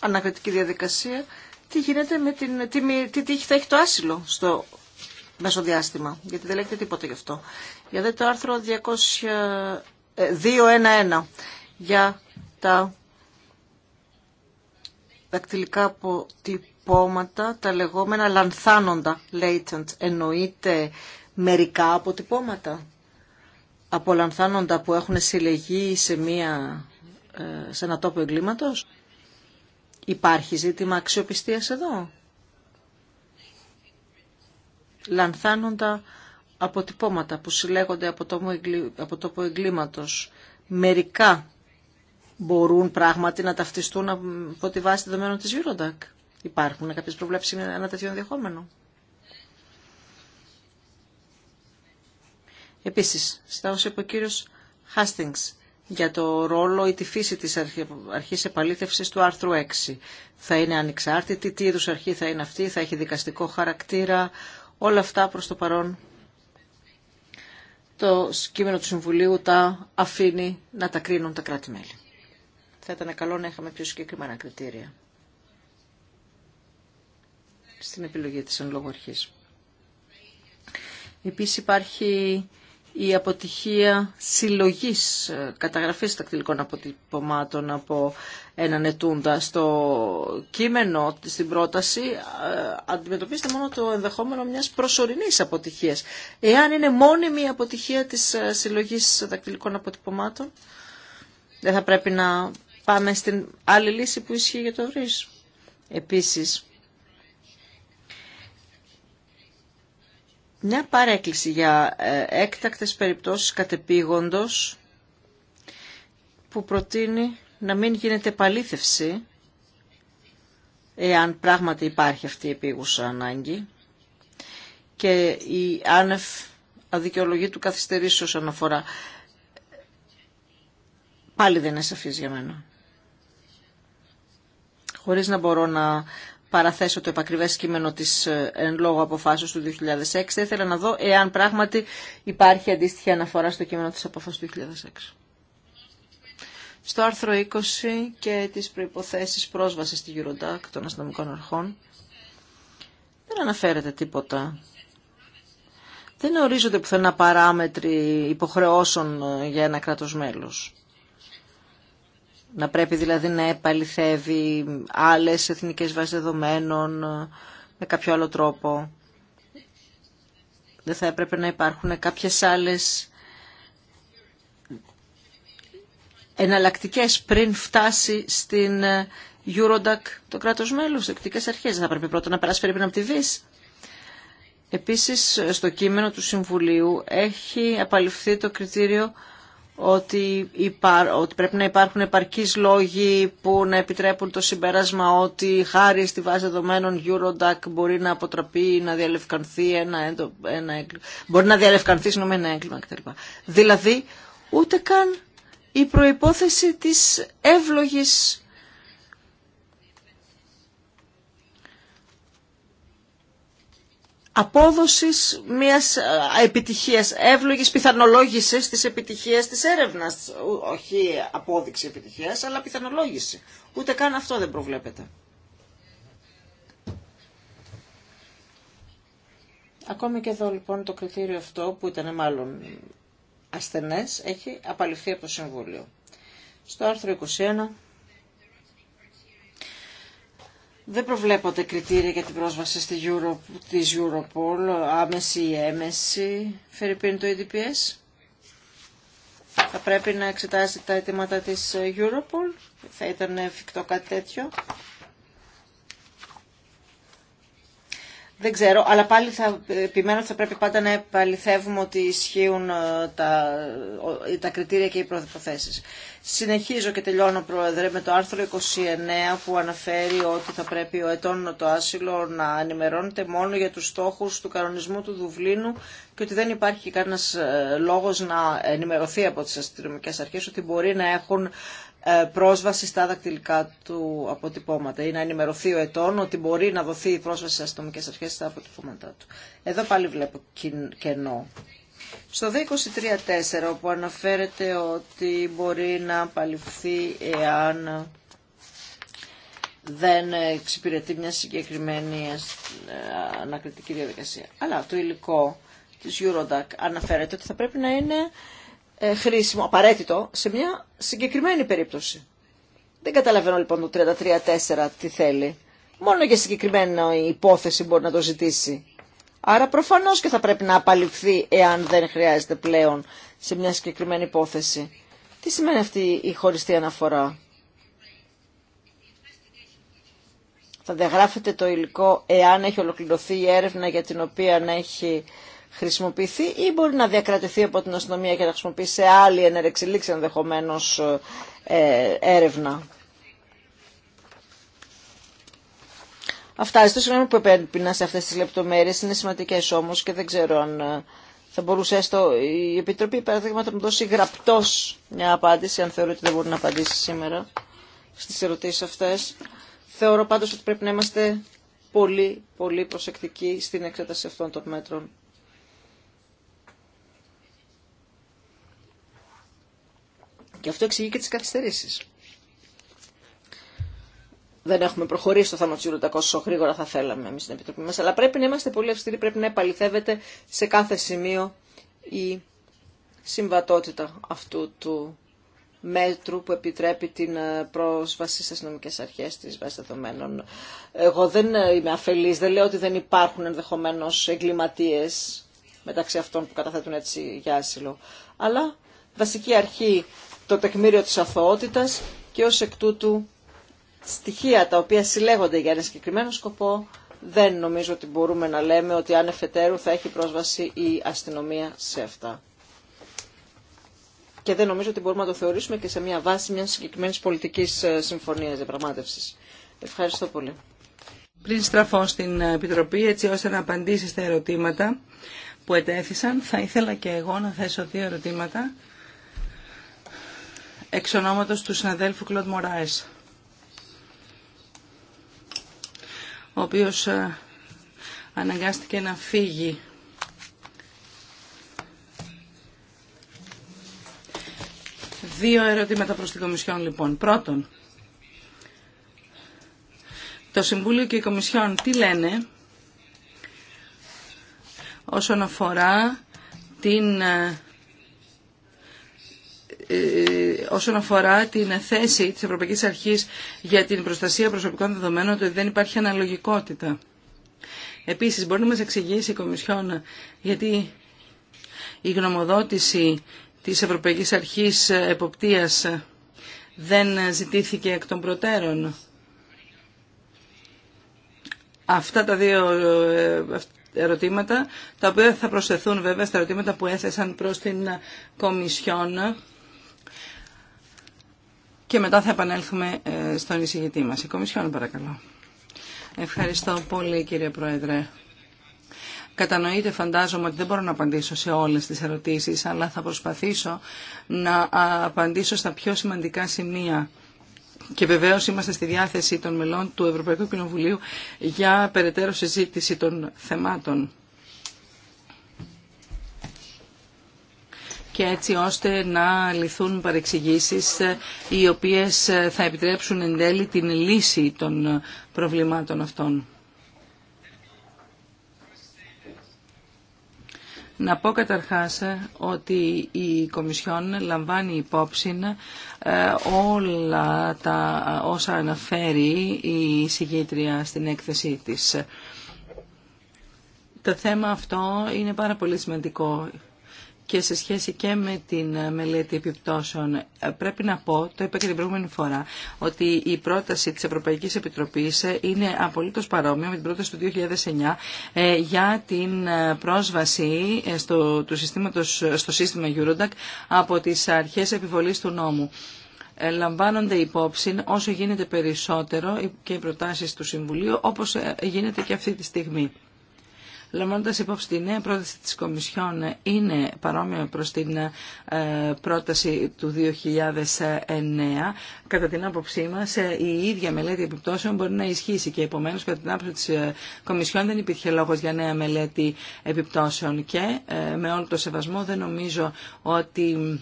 ανακριτική διαδικασία, τι γίνεται με την τιμή, τι θα έχει το άσυλο στο μεσοδιάστημα, γιατί δεν λέγεται τίποτα γι' αυτό. Για το άρθρο 211 ε, για τα δακτυλικά αποτυπώματα, τα λεγόμενα λανθάνοντα latent, εννοείται μερικά αποτυπώματα από λανθάνοντα που έχουν συλλεγεί σε, μία, ε, σε ένα τόπο εγκλήματος. Υπάρχει ζήτημα αξιοπιστίας εδώ. Λανθάνοντα αποτυπώματα που συλλέγονται από τόπο εγκλήματος. Μερικά μπορούν πράγματι να ταυτιστούν από τη βάση δεδομένων της Eurodac. Υπάρχουν κάποιες προβλέψεις με ένα τέτοιο ενδεχόμενο. Επίσης, στα όσα είπε ο κύριος Χάστινγκς για το ρόλο ή τη φύση της αρχής επαλήθευσης του άρθρου 6. Θα είναι ανεξάρτητη, τι είδους αρχή θα είναι αυτή, θα έχει δικαστικό χαρακτήρα, όλα αυτά προς το παρόν. Το κείμενο του Συμβουλίου τα αφήνει να τα κρίνουν τα κράτη-μέλη. Θα ήταν καλό να είχαμε πιο συγκεκριμένα κριτήρια στην επιλογή της εν λόγω αρχής. Επίσης υπάρχει η αποτυχία συλλογής ε, καταγραφής τακτικών αποτυπωμάτων από έναν ετούντα στο κείμενο, στην πρόταση, ε, αντιμετωπίζεται μόνο το ενδεχόμενο μιας προσωρινής αποτυχίας. Εάν είναι μόνιμη η αποτυχία της ε, συλλογής δακτυλικών αποτυπωμάτων, δεν θα πρέπει να πάμε στην άλλη λύση που ισχύει για το βρύς. Επίσης, μια παρέκκληση για ε, έκτακτες περιπτώσεις κατεπήγοντος που προτείνει να μην γίνεται επαλήθευση εάν πράγματι υπάρχει αυτή η επίγουσα ανάγκη και η άνευ αδικαιολογή του καθυστερήσεως αναφορά. Πάλι δεν είναι σαφής για μένα χωρίς να μπορώ να παραθέσω το επακριβές κείμενο της ε, εν λόγω αποφάσεως του 2006, θα ήθελα να δω εάν πράγματι υπάρχει αντίστοιχη αναφορά στο κείμενο της αποφάσεως του 2006. Στο άρθρο 20 και τις προϋποθέσεις πρόσβασης στη Eurodac των αστυνομικών αρχών δεν αναφέρεται τίποτα. Δεν ορίζονται πουθενά παράμετροι υποχρεώσεων ε, για ένα κράτος μέλος. Να πρέπει δηλαδή να επαληθεύει άλλες εθνικές βάσεις δεδομένων ε, με κάποιο άλλο τρόπο. Δεν θα έπρεπε να υπάρχουν κάποιες άλλες εναλλακτικές πριν φτάσει στην ε, Eurodac το κράτος μέλος, Εκτικές αρχές. Δεν θα πρέπει πρώτα να περάσει περίπου από τη ΒΙΣ. Επίσης, ε, στο κείμενο του Συμβουλίου έχει απαλληφθεί το κριτήριο ότι, ότι πρέπει να υπάρχουν επαρκείς λόγοι που να επιτρέπουν το συμπέρασμα ότι χάρη στη βάση δεδομένων Eurodac μπορεί να αποτραπεί να διαλευκανθεί ένα, ένα έγκλημα. Μπορεί να διαλευκανθεί συγγνώμη ένα έγκλημα κτλ. Δηλαδή ούτε καν η προϋπόθεση της εύλογης απόδοσης μιας ε, επιτυχίας, εύλογης πιθανολόγηση της επιτυχίας της έρευνας. Όχι απόδειξη επιτυχίας, αλλά πιθανολόγηση. Ούτε καν αυτό δεν προβλέπεται. Ακόμη και εδώ λοιπόν το κριτήριο αυτό που ήταν μάλλον ασθενές έχει απαλληφθεί από το Συμβούλιο. Στο άρθρο 21 δεν προβλέπονται κριτήρια για την πρόσβαση στη της Europol, άμεση ή έμεση, φερειπίν το EDPS. Θα πρέπει να εξετάζει τα αιτήματα της Europol, θα ήταν εφικτό κάτι τέτοιο. Δεν ξέρω, αλλά πάλι θα επιμένω ότι θα πρέπει πάντα να επαληθεύουμε ότι ισχύουν ε, τα, ε, τα κριτήρια και οι προποθέσει. Συνεχίζω και τελειώνω, Πρόεδρε, με το άρθρο 29 που αναφέρει ότι θα πρέπει ο ετών το άσυλο να ενημερώνεται μόνο για τους στόχους του κανονισμού του Δουβλίνου και ότι δεν υπάρχει κανένας ε, λόγος να ενημερωθεί από τις αστυνομικές αρχές ότι μπορεί να έχουν ε, πρόσβαση στα δακτυλικά του αποτυπώματα ή να ενημερωθεί ο ετών ότι μπορεί να δοθεί η πρόσβαση στι αστυνομικε αρχε στα αποτυπώματά του. Εδώ πάλι βλέπω κενό. Στο 234 όπου αναφέρεται ότι μπορεί να απαλληφθεί εάν δεν εξυπηρετεί μια συγκεκριμένη ε, ανακριτική διαδικασία. Αλλά το υλικό της Eurodac αναφέρεται ότι θα πρέπει να είναι ε, χρήσιμο, απαραίτητο, σε μια συγκεκριμένη περίπτωση. Δεν καταλαβαίνω λοιπόν το 33-4 τι θέλει. Μόνο για συγκεκριμένη υπόθεση μπορεί να το ζητήσει. Άρα προφανώς και θα πρέπει να απαλληφθεί εάν δεν χρειάζεται πλέον σε μια συγκεκριμένη υπόθεση. Τι σημαίνει αυτή η χωριστή αναφορά. Θα διαγράφεται το υλικό εάν έχει ολοκληρωθεί η έρευνα για την οποία να έχει χρησιμοποιηθεί ή μπορεί να διακρατηθεί από την αστυνομία και να χρησιμοποιήσει σε άλλη ενερεξελίξη ενδεχομένω ε, έρευνα. Αυτά, ζητώ συγγνώμη που επέμπεινα σε αυτές τις λεπτομέρειες, είναι σημαντικές όμως και δεν ξέρω αν ε, θα μπορούσε έστω η Επιτροπή παραδείγμα να μου δώσει γραπτός μια απάντηση, αν θεωρώ ότι δεν μπορεί να απαντήσει σήμερα στις ερωτήσεις αυτές. Θεωρώ πάντως ότι πρέπει να είμαστε πολύ, πολύ προσεκτικοί στην εξέταση αυτών των μέτρων. Και αυτό εξηγεί και τι καθυστερήσει. Δεν έχουμε προχωρήσει στο θέμα του Ιουροτακό όσο γρήγορα θα θέλαμε εμεί στην Επιτροπή μα. Αλλά πρέπει να είμαστε πολύ αυστηροί, πρέπει να επαληθεύεται σε κάθε σημείο η συμβατότητα αυτού του μέτρου που επιτρέπει την ε, πρόσβαση στι αστυνομικέ αρχέ τη βάση δεδομένων. Εγώ δεν ε, είμαι αφελή, δεν λέω ότι δεν υπάρχουν ενδεχομένω εγκληματίε μεταξύ αυτών που καταθέτουν έτσι για άσυλο. Αλλά βασική αρχή το τεκμήριο της αθωότητας και ως εκ τούτου στοιχεία τα οποία συλλέγονται για ένα συγκεκριμένο σκοπό δεν νομίζω ότι μπορούμε να λέμε ότι αν εφετέρου θα έχει πρόσβαση η αστυνομία σε αυτά. Και δεν νομίζω ότι μπορούμε να το θεωρήσουμε και σε μια βάση μια συγκεκριμένη πολιτική ε, συμφωνία διαπραγματεύση. Ευχαριστώ πολύ. Πριν στραφώ στην Επιτροπή έτσι ώστε να απαντήσει στα ερωτήματα που ετέθησαν, θα ήθελα και εγώ να θέσω δύο ερωτήματα εξ ονόματος του συναδέλφου Κλοντ Μωράες, ο οποίος ε, αναγκάστηκε να φύγει. Δύο ερωτήματα προς την Κομισιόν λοιπόν. Πρώτον, το Συμβούλιο και η Κομισιόν τι λένε όσον αφορά την ε, ε, ε, όσον αφορά την θέση της Ευρωπαϊκής Αρχής για την προστασία προσωπικών δεδομένων ότι δεν υπάρχει αναλογικότητα. Επίσης, μπορεί να μας εξηγήσει η Κομισιόν γιατί η γνωμοδότηση της Ευρωπαϊκής Αρχής Εποπτείας δεν ζητήθηκε εκ των προτέρων. Αυτά τα δύο ε, ερωτήματα, τα οποία θα προσθεθούν βέβαια στα ερωτήματα που έθεσαν προς την Κομισιόν και μετά θα επανέλθουμε ε, στον εισηγητή μας. Η Κομισιόν παρακαλώ. Ευχαριστώ πολύ κύριε Πρόεδρε. Κατανοείτε φαντάζομαι ότι δεν μπορώ να απαντήσω σε όλες τις ερωτήσεις, αλλά θα προσπαθήσω να απαντήσω στα πιο σημαντικά σημεία. Και βεβαίως είμαστε στη διάθεση των μελών του Ευρωπαϊκού Κοινοβουλίου για περαιτέρω συζήτηση των θεμάτων. και έτσι ώστε να λυθούν παρεξηγήσεις ε, οι οποίες ε, θα επιτρέψουν εν τέλει την λύση των ε, προβλημάτων αυτών. Να πω καταρχάς ότι η Κομισιόν λαμβάνει υπόψη όλα τα όσα αναφέρει η συγγήτρια στην έκθεσή της. Το θέμα αυτό είναι πάρα πολύ σημαντικό και σε σχέση και με την ε, μελέτη επιπτώσεων ε, πρέπει να πω, το είπα και την προηγούμενη φορά, ότι η πρόταση της Ευρωπαϊκής Επιτροπής ε, είναι απολύτως παρόμοια με την πρόταση του 2009 για την πρόσβαση στο, του στο σύστημα Eurodac από τις αρχές επιβολής του νόμου λαμβάνονται υπόψη όσο γίνεται περισσότερο και οι προτάσεις του Συμβουλίου όπως γίνεται και αυτή τη στιγμή λαμβάνοντα υπόψη τη νέα πρόταση της Κομισιόν είναι παρόμοια προ την ε, πρόταση του 2009, κατά την άποψή μα, ε, η ίδια μελέτη επιπτώσεων μπορεί να ισχύσει και επομένως κατά την άποψη της ε, Κομισιόν δεν υπήρχε λόγο για νέα μελέτη επιπτώσεων και με όλο το σεβασμό δεν νομίζω ότι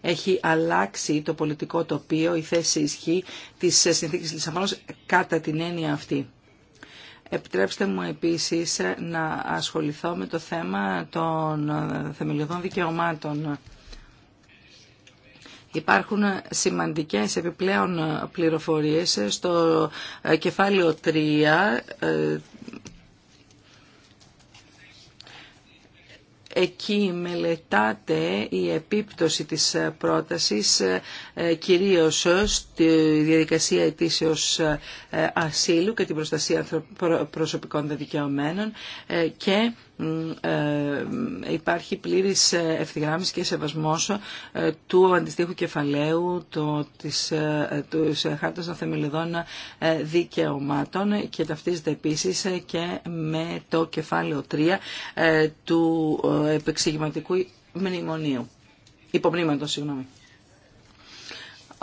έχει αλλάξει το πολιτικό τοπίο, η θέση ισχύ της συνθήκης Λισαβόνας κατά την έννοια αυτή. Επιτρέψτε μου επίσης να ασχοληθώ με το θέμα των θεμελιωδών δικαιωμάτων. Υπάρχουν σημαντικές επιπλέον πληροφορίες στο κεφάλαιο 3 Εκεί μελετάται η επίπτωση της πρότασης ε, κυρίως στη διαδικασία αιτήσεως ε, ασύλου και την προστασία προσωπικών δεδικαιωμένων ε, και ε, ε, υπάρχει πλήρης ε, ευθυγράμμιση και σεβασμός του αντιστοίχου κεφαλαίου το, της, του χάρτας των θεμελιδών δικαιωμάτων και ταυτίζεται επίσης και με το κεφάλαιο 3 του επεξηγηματικού μνημονίου. υπομνήματος συγγνώμη.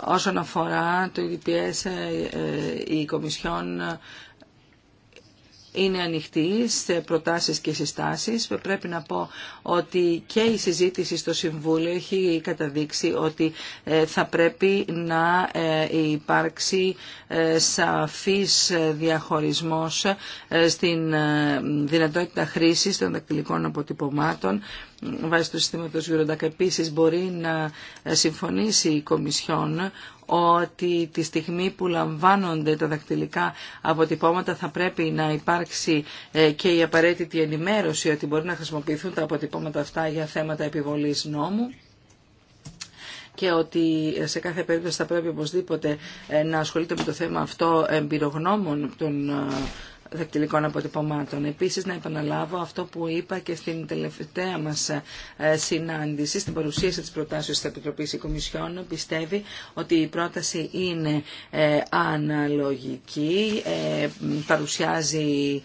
Όσον αφορά το EDPS, η Κομισιόν είναι ανοιχτή σε προτάσεις και συστάσεις. Πρέπει να πω ότι και η συζήτηση στο Συμβούλιο έχει καταδείξει ότι ε, θα πρέπει να ε, υπάρξει ε, σαφής διαχωρισμός στην δυνατότητα χρήσης των δακτυλικών αποτυπωμάτων βάσει του συστήματο Eurodac. Επίση, μπορεί να συμφωνήσει η Κομισιόν ότι τη στιγμή που λαμβάνονται τα δακτυλικά αποτυπώματα θα πρέπει να υπάρξει ε, και η απαραίτητη ενημέρωση ότι μπορεί να χρησιμοποιηθούν τα αποτυπώματα αυτά για θέματα επιβολής νόμου και ότι ε, σε κάθε περίπτωση θα πρέπει οπωσδήποτε ε, να ασχολείται με το θέμα αυτό εμπειρογνώμων των δακτυλικών αποτυπωμάτων. Επίσης, να επαναλάβω αυτό που είπα και στην τελευταία μας ε, συνάντηση, στην παρουσίαση της προτάσεως της Επιτροπής η πιστεύει ότι η πρόταση είναι ε, αναλογική, ε, παρουσιάζει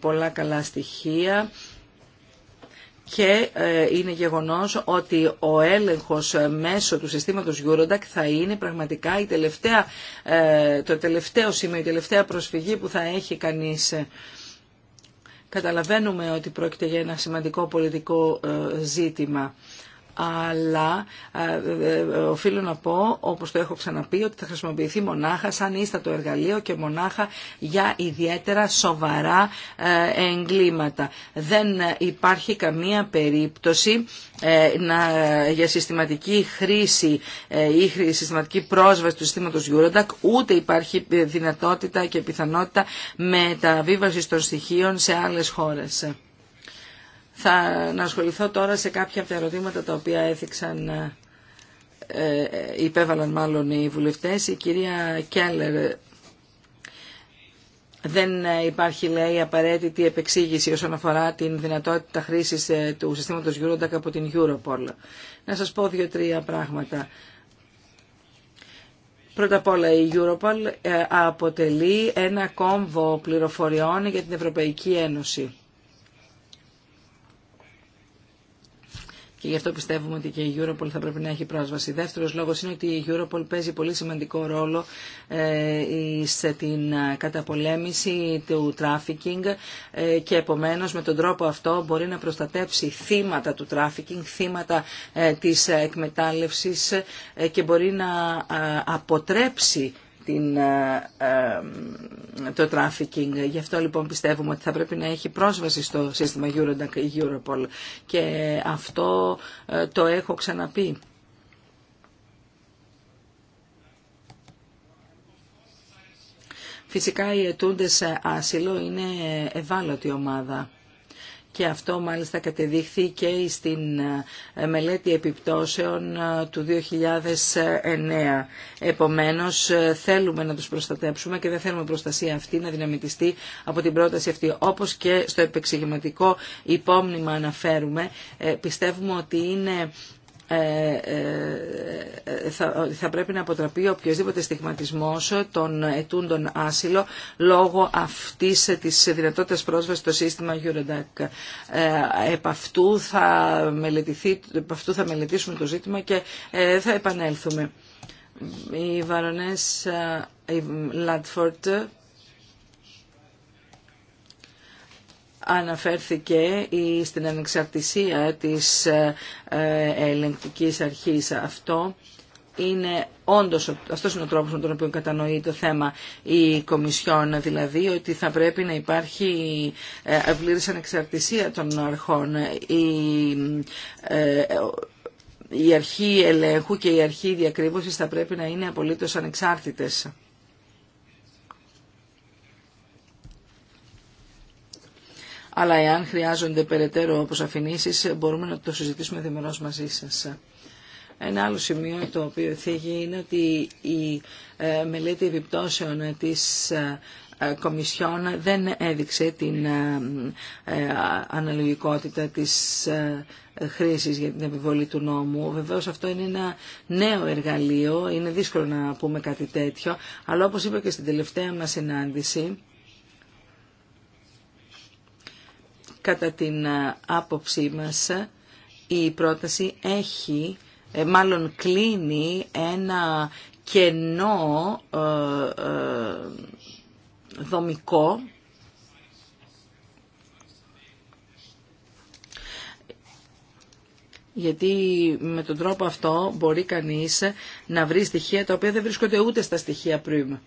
πολλά καλά στοιχεία, και ε, είναι γεγονός ότι ο έλεγχος μέσω του συστήματος Eurodac θα είναι πραγματικά η τελευταία, ε, το τελευταίο σημείο, η τελευταία προσφυγή που θα έχει κανείς. Καταλαβαίνουμε ότι πρόκειται για ένα σημαντικό πολιτικό ε, ζήτημα αλλά ε, ε, ε, οφείλω να πω, όπως το έχω ξαναπεί, ότι θα χρησιμοποιηθεί μονάχα σαν ίστατο εργαλείο και μονάχα για ιδιαίτερα σοβαρά εγκλήματα. Δεν υπάρχει καμία περίπτωση να, για συστηματική χρήση ή συστηματική πρόσβαση του συστήματος Eurodac, ούτε υπάρχει δυνατότητα και πιθανότητα μεταβίβασης των στοιχείων σε άλλες χώρες. Θα να ασχοληθώ τώρα σε κάποια από τα ερωτήματα τα οποία έθιξαν, ε, ε υπέβαλαν μάλλον οι βουλευτές. Η κυρία Κέλλερ ε, δεν ε, υπάρχει, λέει, απαραίτητη επεξήγηση όσον αφορά την δυνατότητα χρήσης του συστήματος Eurodac από την Europol. Να σας πω δύο-τρία πράγματα. Πρώτα απ' όλα η Europol αποτελεί ένα κόμβο πληροφοριών για την Ευρωπαϊκή Ένωση. και γι' αυτό πιστεύουμε ότι και η Europol θα πρέπει να έχει πρόσβαση. Δεύτερο λόγο είναι ότι η Europol παίζει πολύ σημαντικό ρόλο σε την ε, καταπολέμηση του τράφικινγκ ε, και επομένως με τον τρόπο αυτό μπορεί να προστατέψει θύματα του τράφικινγκ, θύματα ε, της εκμετάλλευσης και μπορεί να αποτρέψει την, ε, ε, το τράφικινγκ. Γι' αυτό λοιπόν πιστεύουμε ότι θα πρέπει να έχει πρόσβαση στο σύστημα Eurodac Europol και αυτό ε, το έχω ξαναπεί. Φυσικά οι ετούντες άσυλο είναι ευάλωτη ομάδα και αυτό μάλιστα κατεδείχθη και στην ε, μελέτη επιπτώσεων ε, του 2009. Επομένως ε, θέλουμε να τους προστατέψουμε και δεν θέλουμε προστασία αυτή να δυναμητιστεί από την πρόταση αυτή. Όπως και στο επεξηγηματικό υπόμνημα αναφέρουμε, πιστεύουμε ότι είναι ε, ε, θα, θα πρέπει να αποτραπεί οποιοδήποτε στιγματισμός των ετούντων άσυλο λόγω αυτής της δυνατότητας πρόσβασης στο σύστημα Eurodac. Ε, επ' αυτού θα, μελετηθεί, επ θα μελετήσουμε το ζήτημα και θα επανέλθουμε. Η Βαρονές Λάτφορτ αναφέρθηκε στην ανεξαρτησία της ε, ε, ελεγκτικής αρχής αυτό είναι όντως αυτός είναι ο τρόπος με τον οποίο κατανοεί το θέμα η Κομισιόν δηλαδή ότι θα πρέπει να υπάρχει ε, ευλήρης ανεξαρτησία των αρχών η, η αρχή ελέγχου και η αρχή διακρύβωσης θα πρέπει να είναι απολύτως ανεξάρτητες. αλλά εάν χρειάζονται περαιτέρω αφηνήσεις, μπορούμε να το συζητήσουμε διμερώς μαζί σας. Ένα άλλο σημείο το οποίο θίγει είναι ότι η ε, μελέτη επιπτώσεων της ε, Κομισιόν δεν έδειξε την ε, αναλογικότητα της χρήσης για την επιβολή του νόμου. Βεβαίως αυτό είναι ένα νέο εργαλείο, είναι δύσκολο να πούμε κάτι τέτοιο, αλλά όπως είπα και στην τελευταία μας συνάντηση, Κατά την ε, άποψή μας η πρόταση έχει, ε, μάλλον κλείνει ένα κενό ε, δομικό Γιατί με τον τρόπο αυτό μπορεί κανείς να βρει στοιχεία τα οποία δεν βρίσκονται ούτε στα στοιχεία πριν.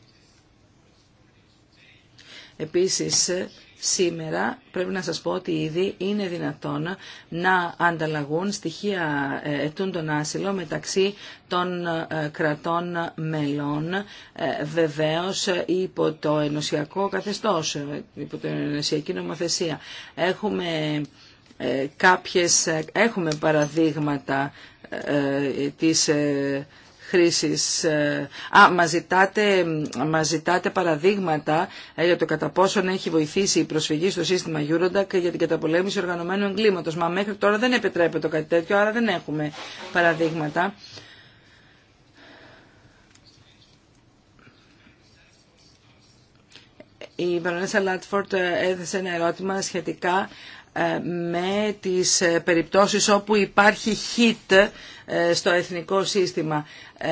Επίσης, Σήμερα πρέπει να σας πω ότι ήδη είναι δυνατόν να ανταλλαγούν στοιχεία ε, ετούντων άσυλο μεταξύ των ε, κρατών μελών, ε, βεβαίως υπό το ενωσιακό καθεστώς, υπό την ενωσιακή νομοθεσία. Έχουμε κάποιες, έχουμε παραδείγματα της χρήσης. Α, μας ζητάτε, παραδείγματα ε, για το κατά πόσον έχει βοηθήσει η προσφυγή στο σύστημα Eurodac για την καταπολέμηση οργανωμένου εγκλήματος. Μα μέχρι τώρα δεν επιτρέπεται κάτι τέτοιο, άρα δεν έχουμε παραδείγματα. Η Βαρονέσα Λάτφορτ ε, έθεσε ένα ερώτημα σχετικά με τις ε, περιπτώσεις όπου υπάρχει hit ε, στο εθνικό σύστημα. Ε,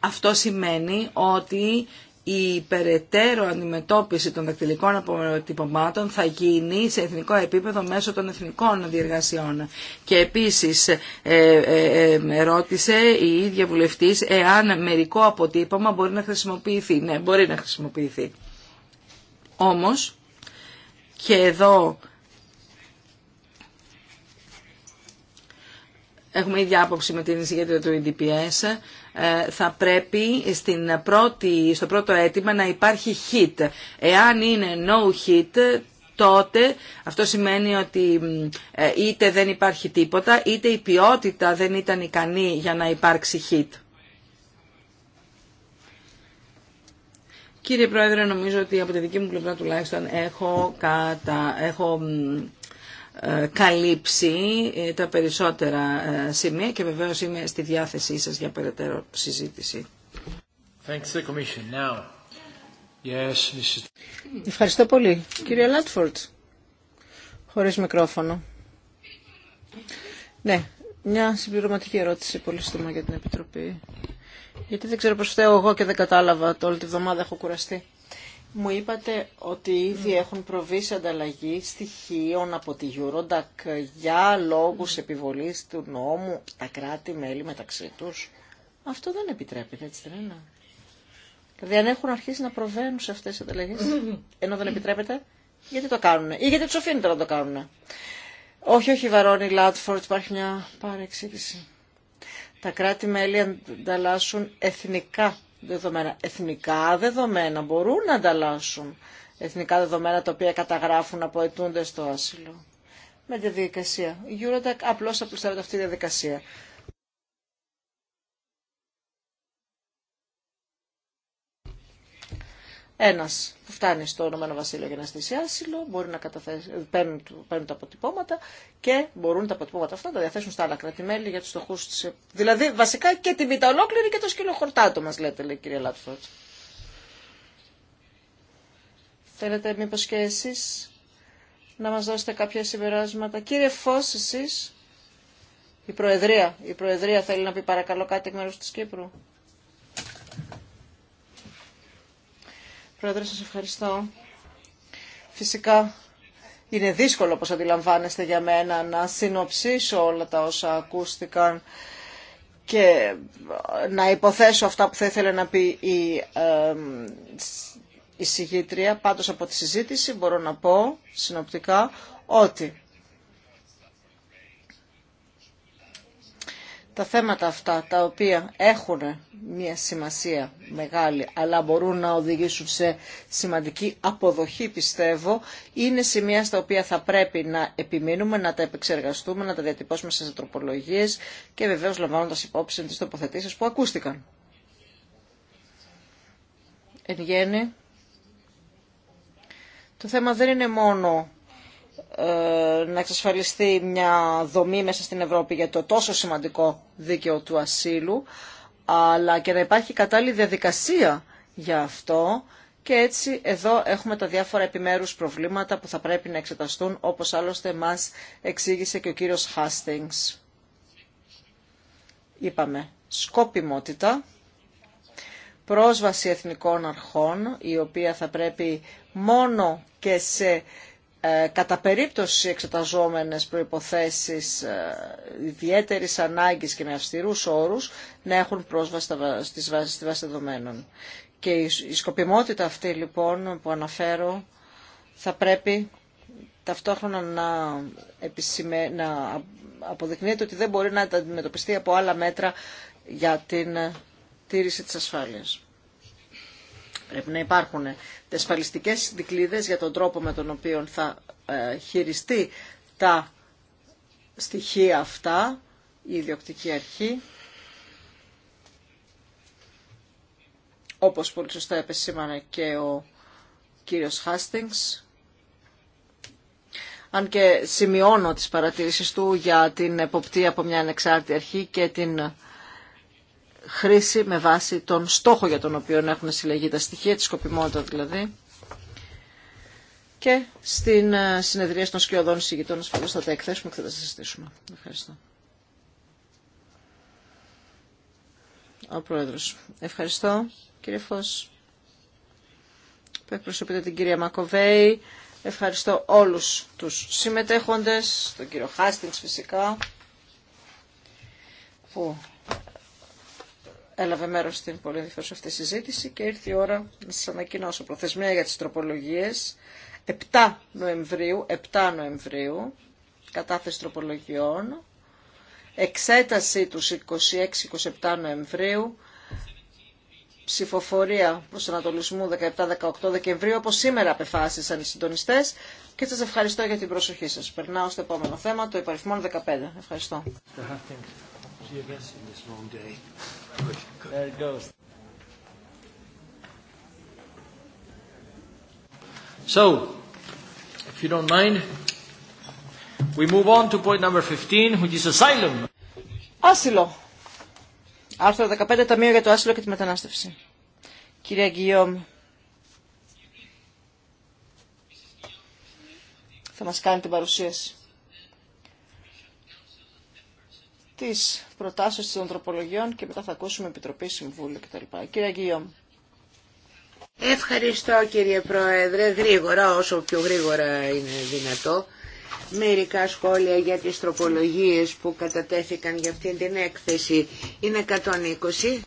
αυτό σημαίνει ότι η περαιτέρω αντιμετώπιση των δακτυλικών αποτυπωμάτων θα γίνει σε εθνικό επίπεδο μέσω των εθνικών διεργασιών. Και επίσης ε, ρώτησε η ίδια βουλευτής εάν μερικό αποτύπωμα μπορεί να χρησιμοποιηθεί. Ναι, μπορεί να χρησιμοποιηθεί. Όμως, και εδώ Έχουμε ίδια άποψη με την εισηγήτρια του EDPS. Ε, θα πρέπει στην στο πρώτο αίτημα να υπάρχει hit. Εάν είναι no hit, τότε αυτό σημαίνει ότι ε, είτε δεν υπάρχει τίποτα, είτε η ποιότητα δεν ήταν ικανή για να υπάρξει hit. Κύριε Πρόεδρε, νομίζω ότι από τη δική μου πλευρά τουλάχιστον έχω, κατα... έχω ε, καλύψει ε, τα περισσότερα ε, σημεία και βεβαίως είμαι στη διάθεσή σας για περαιτέρω συζήτηση. Ευχαριστώ πολύ. Κύριε Λάτφορτ, χωρίς μικρόφωνο. Ναι, μια συμπληρωματική ερώτηση πολύ σύντομα για την Επιτροπή γιατί δεν ξέρω πως φταίω εγώ και δεν κατάλαβα το όλη τη βδομάδα έχω κουραστεί. Μου είπατε ότι ήδη ναι. έχουν προβεί σε ανταλλαγή στοιχείων από τη Eurodac για λόγους ναι. επιβολής του νόμου τα κράτη-μέλη μεταξύ τους. Αυτό δεν επιτρέπεται, έτσι δεν είναι. Δηλαδή αν έχουν αρχίσει να προβαίνουν σε αυτές τις ανταλλαγές, ενώ δεν επιτρέπεται, γιατί το κάνουν ή γιατί τους αφήνεται να το κάνουν. Όχι, όχι, Βαρόνι Λάτφορτ, υπάρχει μια παρεξήγηση τα κράτη-μέλη ανταλλάσσουν εθνικά δεδομένα. Εθνικά δεδομένα μπορούν να ανταλλάσσουν. Εθνικά δεδομένα τα οποία καταγράφουν από ετούντε στο άσυλο. Με τη διαδικασία. Η Eurodac απλώς απλουστεύεται αυτή η διαδικασία. Ένα που φτάνει στο Ηνωμένο Βασίλειο για να στήσει άσυλο, μπορεί να καταθέσει, παίρνουν, τα αποτυπώματα και μπορούν τα αποτυπώματα αυτά να τα διαθέσουν στα άλλα κράτη-μέλη για του στοχού τη. Δηλαδή, βασικά και τη βήτα ολόκληρη και το σκύλο χορτάτο, μα λέτε, λέει η κυρία Λάτφορτ. Θέλετε μήπω και εσεί να μα δώσετε κάποια συμπεράσματα. Κύριε Φω, εσεί. Η Προεδρία. Η Προεδρία θέλει να πει παρακαλώ κάτι εκ μέρου τη Κύπρου. Πρόεδρε, σας ευχαριστώ. Φυσικά είναι δύσκολο, όπως αντιλαμβάνεστε για μένα, να συνοψίσω όλα τα όσα ακούστηκαν και να υποθέσω αυτά που θα ήθελε να πει η, ε, η συγγήτρια. Πάντως από τη συζήτηση μπορώ να πω συνοπτικά ότι τα θέματα αυτά τα οποία έχουν μια σημασία μεγάλη αλλά μπορούν να οδηγήσουν σε σημαντική αποδοχή πιστεύω είναι σημεία στα οποία θα πρέπει να επιμείνουμε, να τα επεξεργαστούμε, να τα διατυπώσουμε σε τροπολογίες και βεβαίως λαμβάνοντας υπόψη τις τοποθετήσεις που ακούστηκαν. Εν γέννη, το θέμα δεν είναι μόνο ε, να εξασφαλιστεί μια δομή μέσα στην Ευρώπη για το τόσο σημαντικό δίκαιο του ασύλου, αλλά και να υπάρχει κατάλληλη διαδικασία για αυτό. Και έτσι εδώ έχουμε τα διάφορα επιμέρους προβλήματα που θα πρέπει να εξεταστούν, όπως άλλωστε μας εξήγησε και ο κύριος Χάστινγκς. Είπαμε, σκοπιμότητα, πρόσβαση εθνικών αρχών, η οποία θα πρέπει μόνο και σε ε, κατά περίπτωση εξεταζόμενες προϋποθέσεις ε, ιδιαίτερη ανάγκης και με αυστηρούς όρους να έχουν πρόσβαση στις βάσεις, στη βάση δεδομένων. Και η σκοπιμότητα αυτή λοιπόν που αναφέρω θα πρέπει ταυτόχρονα να, επισημε... να αποδεικνύεται ότι δεν μπορεί να αντιμετωπιστεί από άλλα μέτρα για την τήρηση της ασφάλειας. Πρέπει να υπάρχουν τεσφαλιστικές δικλείδες για τον τρόπο με τον οποίο θα ε, χειριστεί τα στοιχεία αυτά η ιδιοκτική αρχή. Όπως πολύ σωστά επεσήμανε και ο κύριος Χάστινγκς, αν και σημειώνω τις παρατηρήσεις του για την εποπτεία από μια ανεξάρτητη αρχή και την χρήση με βάση τον στόχο για τον οποίο έχουν συλλεγεί τα στοιχεία, τη σκοπιμότητα δηλαδή. Και στην ε, συνεδρία των σκιωδών συγγητών ασφαλώς θα τα εκθέσουμε και θα τα συζητήσουμε. Ευχαριστώ. Ο Πρόεδρος. Ευχαριστώ. Κύριε Φως, που εκπροσωπείτε την κυρία Μακοβέη. Ευχαριστώ όλους τους συμμετέχοντες, τον κύριο Χάστινγκς φυσικά, που έλαβε μέρος στην πολύ ενδιαφέρουσα αυτή συζήτηση και ήρθε η ώρα να σα ανακοινώσω προθεσμία για τις τροπολογίες 7 Νοεμβρίου, 7 Νοεμβρίου, κατάθεση τροπολογιών, εξέταση του 26-27 Νοεμβρίου, ψηφοφορία ανατολισμου 17-18 Δεκεμβρίου, όπως σήμερα απεφάσισαν οι συντονιστές και σα ευχαριστώ για την προσοχή σα. Περνάω στο επόμενο θέμα, το υπαριθμό 15. Ευχαριστώ in this long day. There goes. So, if you don't mind, we move on to point number 15, which is asylum. Άσυλο. Άρθρο 15, Ταμείο για το Άσυλο και τη Μετανάστευση. Κυρία Γκυλιόμ, θα μας κάνει την παρουσίαση. τις προτάσεις των τροπολογιών και μετά θα ακούσουμε Επιτροπή, Συμβούλου κτλ. Κύριε Αγγίωμ. Ευχαριστώ κύριε Πρόεδρε, γρήγορα όσο πιο γρήγορα είναι δυνατό. Μερικά σχόλια για τις τροπολογίες που κατατέθηκαν για αυτήν την έκθεση είναι 120.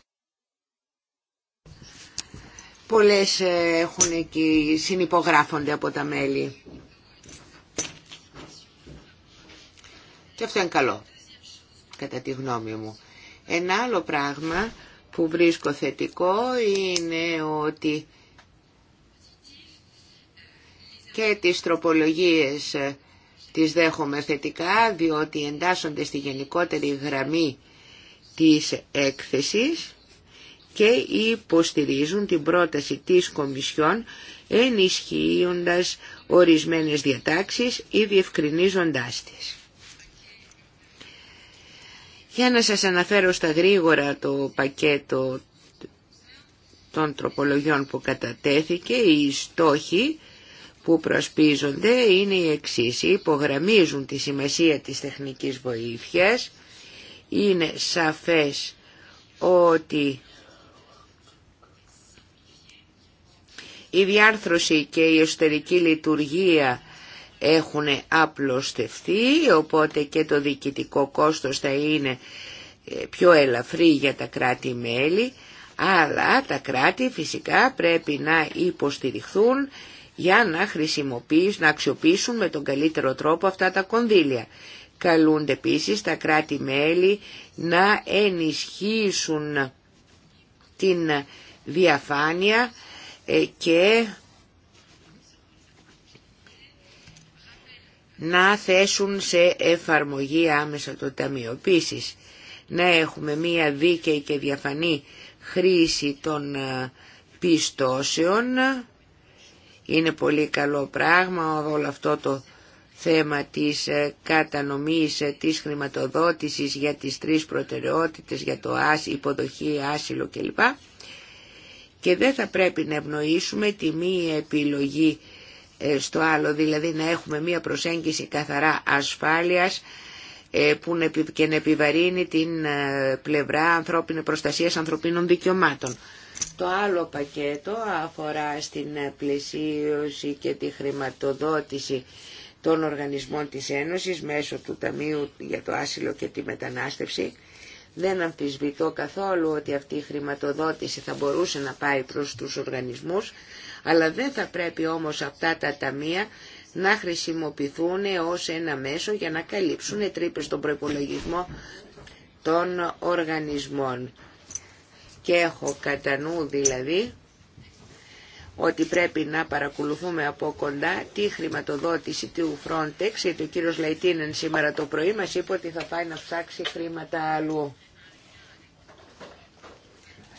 Πολλές ε, έχουν εκεί, συνυπογράφονται από τα μέλη. Και αυτό είναι καλό κατά τη γνώμη μου. Ένα άλλο πράγμα που βρίσκω θετικό είναι ότι και τις τροπολογίες τις δέχομαι θετικά διότι εντάσσονται στη γενικότερη γραμμή της έκθεσης και υποστηρίζουν την πρόταση της Κομισιόν ενισχύοντας ορισμένες διατάξεις ή διευκρινίζοντάς τις. Για να σας αναφέρω στα γρήγορα το πακέτο των τροπολογιών που κατατέθηκε, οι στόχοι που προσπίζονται είναι οι εξής. Υπογραμμίζουν τη σημασία της τεχνικής βοήθειας, είναι σαφές ότι η διάρθρωση και η εσωτερική λειτουργία έχουν απλωστευτεί, οπότε και το διοικητικό κόστος θα είναι ε, πιο ελαφρύ για τα κράτη-μέλη, αλλά τα κράτη φυσικά πρέπει να υποστηριχθούν για να χρησιμοποιήσουν, να αξιοποιήσουν με τον καλύτερο τρόπο αυτά τα κονδύλια. Καλούνται επίσης τα κράτη-μέλη να ενισχύσουν την διαφάνεια ε, και να θέσουν σε εφαρμογή άμεσα το Ταμείο. Επίσης, να έχουμε μία δίκαιη και διαφανή χρήση των ε, πιστώσεων. Είναι πολύ καλό πράγμα όλο αυτό το θέμα της ε, κατανομής ε, της χρηματοδότησης για τις τρεις προτεραιότητες, για το υποδοχή, άσυλο κλπ. Και δεν θα πρέπει να ευνοήσουμε τη μία επιλογή ε, στο άλλο, δηλαδή να έχουμε μία προσέγγιση καθαρά ασφάλειας ε, που και να επιβαρύνει την ε, πλευρά ανθρώπινη προστασίας ανθρωπίνων δικαιωμάτων. Το άλλο πακέτο αφορά στην πλαισίωση και τη χρηματοδότηση των οργανισμών της Ένωσης μέσω του Ταμείου για το Άσυλο και τη Μετανάστευση. Δεν αμφισβητώ καθόλου ότι αυτή η χρηματοδότηση θα μπορούσε να πάει προς τους οργανισμούς, αλλά δεν θα πρέπει όμως αυτά τα ταμεία να χρησιμοποιηθούν ως ένα μέσο για να καλύψουν τρύπες στον προπολογισμό των οργανισμών. Και έχω κατά νου δηλαδή ότι πρέπει να παρακολουθούμε από κοντά τη χρηματοδότηση του Frontex, γιατί ο κύριος Λαϊτίνεν σήμερα το πρωί μας είπε ότι θα πάει να ψάξει χρήματα αλλού.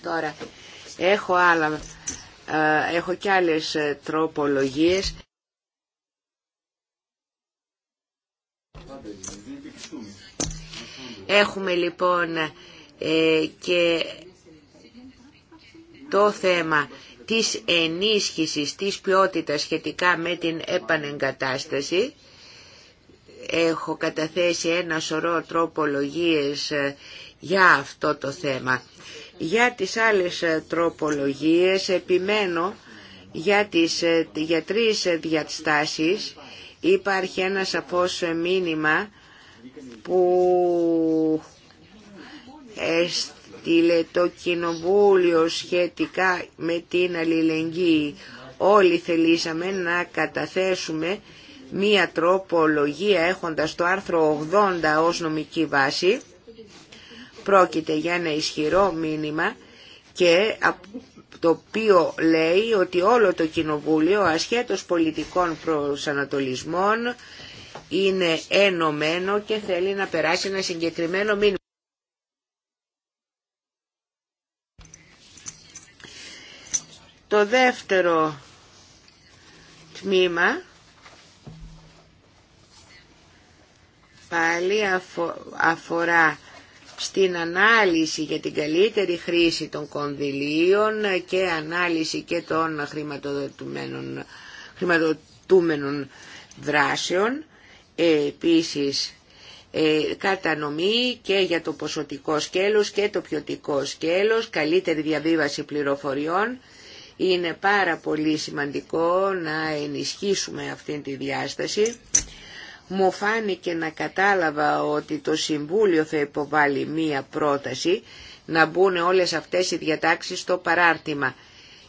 Τώρα, έχω άλλα ε, έχω και άλλες ε, τροπολογίες. Έχουμε λοιπόν ε, και το θέμα της ενίσχυσης της ποιότητας σχετικά με την επανεγκατάσταση. Έχω καταθέσει ένα σωρό τροπολογίες για αυτό το θέμα. Για τις άλλες ε, τροπολογίες επιμένω για, τις, ε, για τρεις ε, διαστάσεις υπάρχει ένα σαφώς μήνυμα που έστειλε το Κοινοβούλιο σχετικά με την αλληλεγγύη. Όλοι θελήσαμε να καταθέσουμε μία τροπολογία έχοντας το άρθρο 80 ως νομική βάση πρόκειται για ένα ισχυρό μήνυμα και το οποίο λέει ότι όλο το Κοινοβούλιο ασχέτως πολιτικών προσανατολισμών είναι ενωμένο και θέλει να περάσει ένα συγκεκριμένο μήνυμα. Το δεύτερο τμήμα πάλι αφορά στην ανάλυση για την καλύτερη χρήση των κονδυλίων και ανάλυση και των χρηματοδοτούμενων, χρηματοδοτούμενων δράσεων, ε, επίσης ε, κατανομή και για το ποσοτικό σκέλος και το ποιοτικό σκέλος, καλύτερη διαβίβαση πληροφοριών. Είναι πάρα πολύ σημαντικό να ενισχύσουμε αυτή τη διάσταση μου φάνηκε να κατάλαβα ότι το Συμβούλιο θα υποβάλει μία πρόταση να μπουν όλες αυτές οι διατάξεις στο παράρτημα.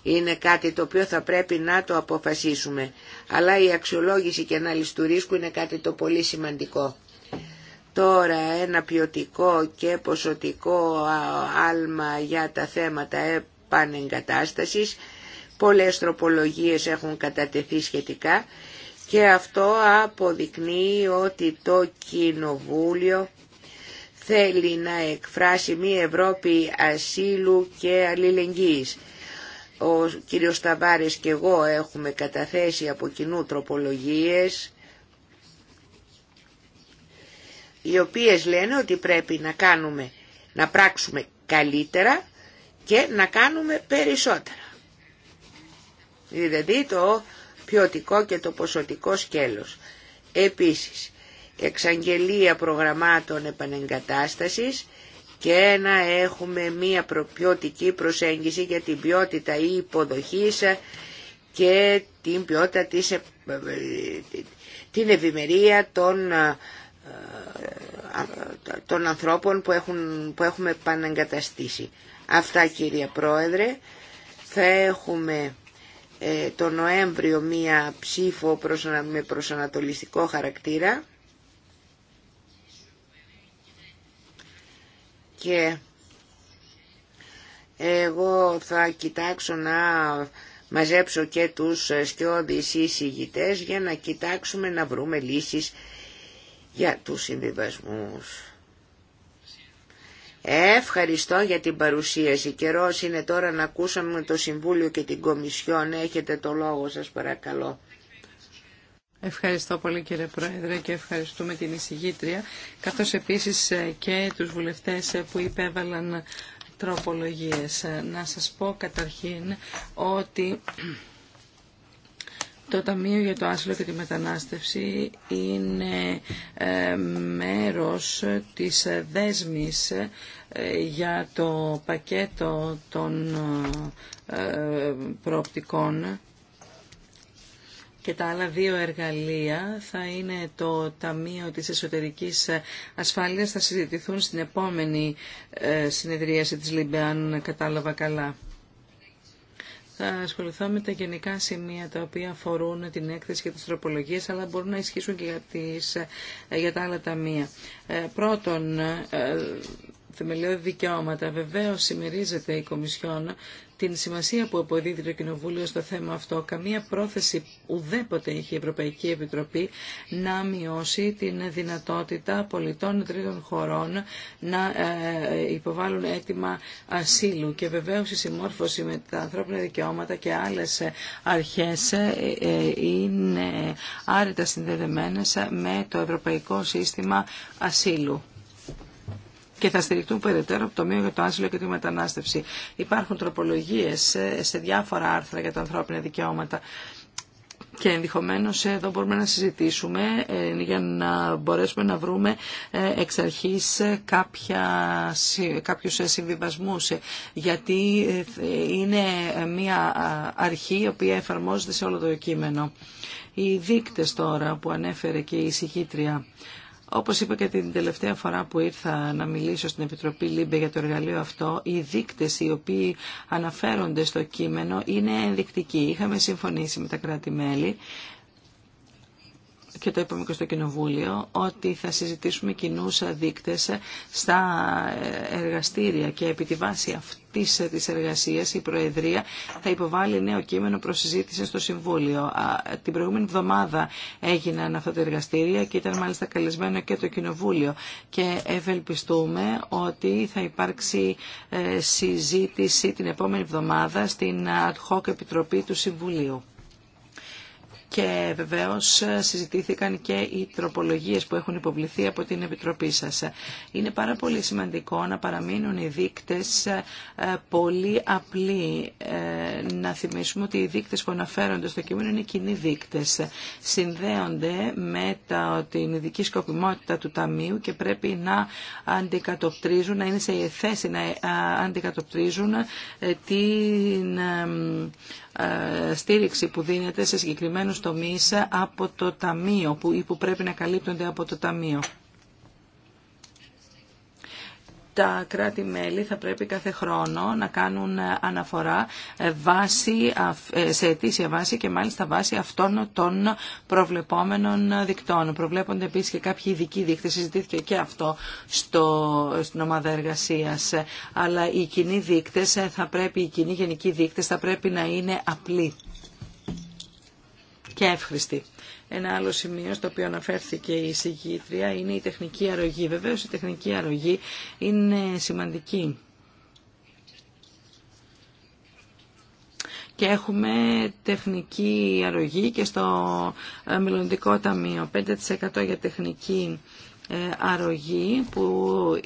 Είναι κάτι το οποίο θα πρέπει να το αποφασίσουμε. Αλλά η αξιολόγηση και ανάλυση του ρίσκου είναι κάτι το πολύ σημαντικό. Τώρα ένα ποιοτικό και ποσοτικό άλμα για τα θέματα επανεγκατάστασης. Πολλές τροπολογίες έχουν κατατεθεί σχετικά και αυτό αποδεικνύει ότι το Κοινοβούλιο θέλει να εκφράσει μία Ευρώπη ασύλου και αλληλεγγύης. Ο κύριος Σταβάρης και εγώ έχουμε καταθέσει από κοινού τροπολογίες οι οποίες λένε ότι πρέπει να κάνουμε, να πράξουμε καλύτερα και να κάνουμε περισσότερα. Δηλαδή το ποιοτικό και το ποσοτικό σκέλος. Επίσης, εξαγγελία προγραμμάτων επανεγκατάστασης και να έχουμε μία ποιοτική προσέγγιση για την ποιότητα ή υποδοχής και την ποιότητα της, ε, ε, την ευημερία των, ε, των ανθρώπων που, έχουμε επανεγκαταστήσει. Αυτά κύριε Πρόεδρε, θα έχουμε ε, το Νοέμβριο μία ψήφο με προσανατολιστικό χαρακτήρα και εγώ θα κοιτάξω να μαζέψω και τους στιώδεις εισηγητές για να κοιτάξουμε να βρούμε λύσεις για τους συμβιβασμούς. Ευχαριστώ για την παρουσίαση. Καιρό είναι τώρα να ακούσαμε το Συμβούλιο και την Κομισιόν. Έχετε το λόγο σας παρακαλώ. Ευχαριστώ πολύ κύριε Πρόεδρε και ευχαριστούμε την εισηγήτρια, καθώς επίσης ε, και τους βουλευτές ε, που υπέβαλαν τροπολογίες. Να σας πω καταρχήν ότι το Ταμείο για το Άσυλο και τη Μετανάστευση είναι ε, μέρος της δέσμης ε, για το πακέτο των ε, προοπτικών και τα άλλα δύο εργαλεία θα είναι το Ταμείο της Εσωτερικής Ασφάλειας θα συζητηθούν στην επόμενη συνεδρίαση της Λιμπεάν, κατάλαβα καλά θα ασχοληθώ με τα γενικά σημεία τα οποία αφορούν την έκθεση και τις τροπολογίες, αλλά μπορούν να ισχύσουν και για, τις, για τα άλλα ταμεία. Ε, πρώτον, ε, θεμελιώδη δικαιώματα. Βεβαίως, συμμερίζεται η Κομισιόν την σημασία που αποδίδει το Κοινοβούλιο στο θέμα αυτό. Καμία πρόθεση ουδέποτε είχε η Ευρωπαϊκή Επιτροπή να μειώσει την δυνατότητα πολιτών τρίτων χωρών να ε, υποβάλουν αίτημα ασύλου. Και βεβαίω η συμμόρφωση με τα ανθρώπινα δικαιώματα και άλλες αρχές ε, ε, είναι άρρητα συνδεδεμένε με το Ευρωπαϊκό Σύστημα Ασύλου και θα στηριχτούν περαιτέρω από το Μείο για το Άσυλο και τη Μετανάστευση. Υπάρχουν τροπολογίε σε διάφορα άρθρα για τα ανθρώπινα δικαιώματα. Και ενδεχομένω εδώ μπορούμε να συζητήσουμε ε, για να μπορέσουμε να βρούμε ε, εξ αρχή κάποιου κάποιους Γιατί ε, είναι μια αρχή η οποία εφαρμόζεται σε όλο το κείμενο. Οι δείκτε τώρα που ανέφερε και η συγχύτρια όπως είπα και την τελευταία φορά που ήρθα να μιλήσω στην Επιτροπή Λίμπε για το εργαλείο αυτό, οι δείκτες οι οποίοι αναφέρονται στο κείμενο είναι ενδεικτικοί. Είχαμε συμφωνήσει με τα κράτη-μέλη και το είπαμε και στο Κοινοβούλιο, ότι θα συζητήσουμε κοινού δείκτες στα εργαστήρια και επί τη βάση αυτού της, της η Προεδρία θα υποβάλει νέο κείμενο προς συζήτηση στο Συμβούλιο. Την προηγούμενη εβδομάδα έγιναν αυτά τα εργαστήρια και ήταν μάλιστα καλεσμένο και το Κοινοβούλιο και ευελπιστούμε ότι θα υπάρξει ε, συζήτηση την επόμενη εβδομάδα στην Ad Hoc Επιτροπή του Συμβουλίου και βεβαίως ε, συζητήθηκαν και οι τροπολογίες που έχουν υποβληθεί από την Επιτροπή σας. Είναι πάρα πολύ σημαντικό να παραμείνουν οι δείκτες ε, ε, πολύ απλοί. Να θυμίσουμε ότι οι δείκτες που αναφέρονται στο κείμενο είναι κοινοί δείκτες. Συνδέονται με την ειδική σκοπιμότητα του Ταμείου και πρέπει να αντικατοπτρίζουν, να είναι σε θέση να αντικατοπτρίζουν την στήριξη που δίνεται σε συγκεκριμένους τομείς από το Ταμείο που, ή που πρέπει να καλύπτονται από το Ταμείο. Τα κράτη-μέλη θα πρέπει κάθε χρόνο να κάνουν αναφορά ε, βάση, ε, σε αιτήσια βάση και μάλιστα βάση αυτών των προβλεπόμενων δικτών. Προβλέπονται επίσης και κάποιοι ειδικοί δείκτες, συζητήθηκε και αυτό στο, στην ομάδα εργασία. Αλλά οι κοινοί δείκτες ε, θα πρέπει, οι κοινοί γενικοί δείκτες θα πρέπει να είναι απλοί και εύχρηστη. Ένα άλλο σημείο στο οποίο αναφέρθηκε η συγγήτρια είναι η τεχνική αρρωγή. Βεβαίω η τεχνική αρρωγή είναι σημαντική. και έχουμε τεχνική αρρωγή και στο ε, μελλοντικό ταμείο 5% για τεχνική ε, αρρωγή που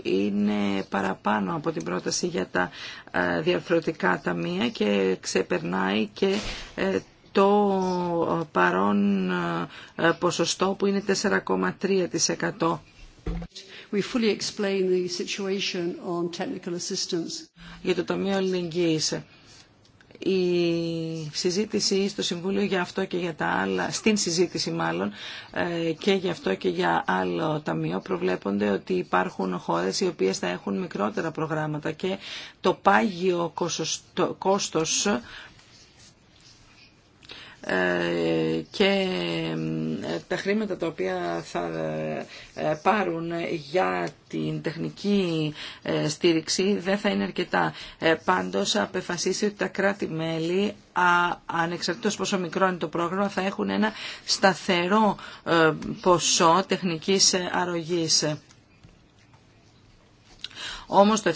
είναι παραπάνω από την πρόταση για τα ε, διαρθρωτικά ταμεία και ξεπερνάει και το παρόν ε, ποσοστό που είναι 4,3%. We fully explain the situation on technical assistance. Για το Ταμείο Αλληλεγγύης η συζήτηση στο Συμβούλιο για αυτό και για τα άλλα, στην συζήτηση μάλλον, ε, και για αυτό και για άλλο ταμείο προβλέπονται ότι υπάρχουν χώρες οι οποίες θα έχουν μικρότερα προγράμματα και το πάγιο κόστος ε, και τα χρήματα τα οποία θα ε, πάρουν για την τεχνική ε, στήριξη δεν θα είναι αρκετά. Πάντως απεφασίσει ότι τα κράτη-μέλη ανεξαρτήτως πόσο μικρό είναι το πρόγραμμα θα έχουν ένα σταθερό ποσό τεχνικής αρρωγής. Όμως το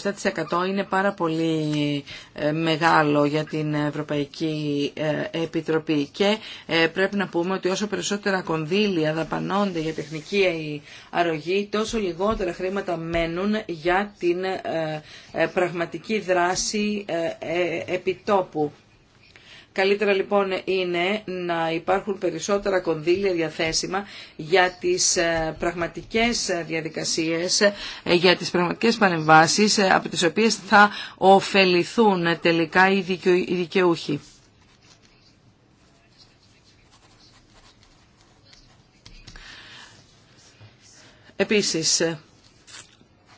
7% είναι πάρα πολύ ε, μεγάλο για την Ευρωπαϊκή ε, Επιτροπή και ε, πρέπει να πούμε ότι όσο περισσότερα κονδύλια δαπανώνται για τεχνική αρρωγή, τόσο λιγότερα χρήματα μένουν για την πραγματική δράση επιτόπου. Καλύτερα λοιπόν είναι να υπάρχουν περισσότερα κονδύλια διαθέσιμα για τις ε, πραγματικές διαδικασίες, ε, για τις πραγματικές πανεμβάσεις ε, από τις οποίες θα ωφεληθούν τελικά οι δικαιούχοι. Επίσης,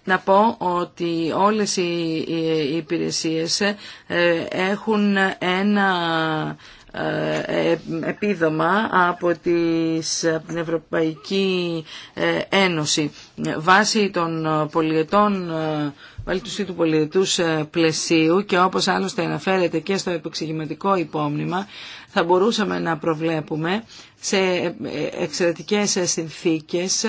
να πω ότι όλες οι υπηρεσίες ε, έχουν ένα ε, ε, επίδομα από, τις, την Ευρωπαϊκή Ένωση. Βάσει των πολιετών βάλει του πολιετού πλαισίου και όπως άλλωστε αναφέρεται και στο επεξηγηματικό υπόμνημα, θα μπορούσαμε να προβλέπουμε σε εξαιρετικές συνθήκες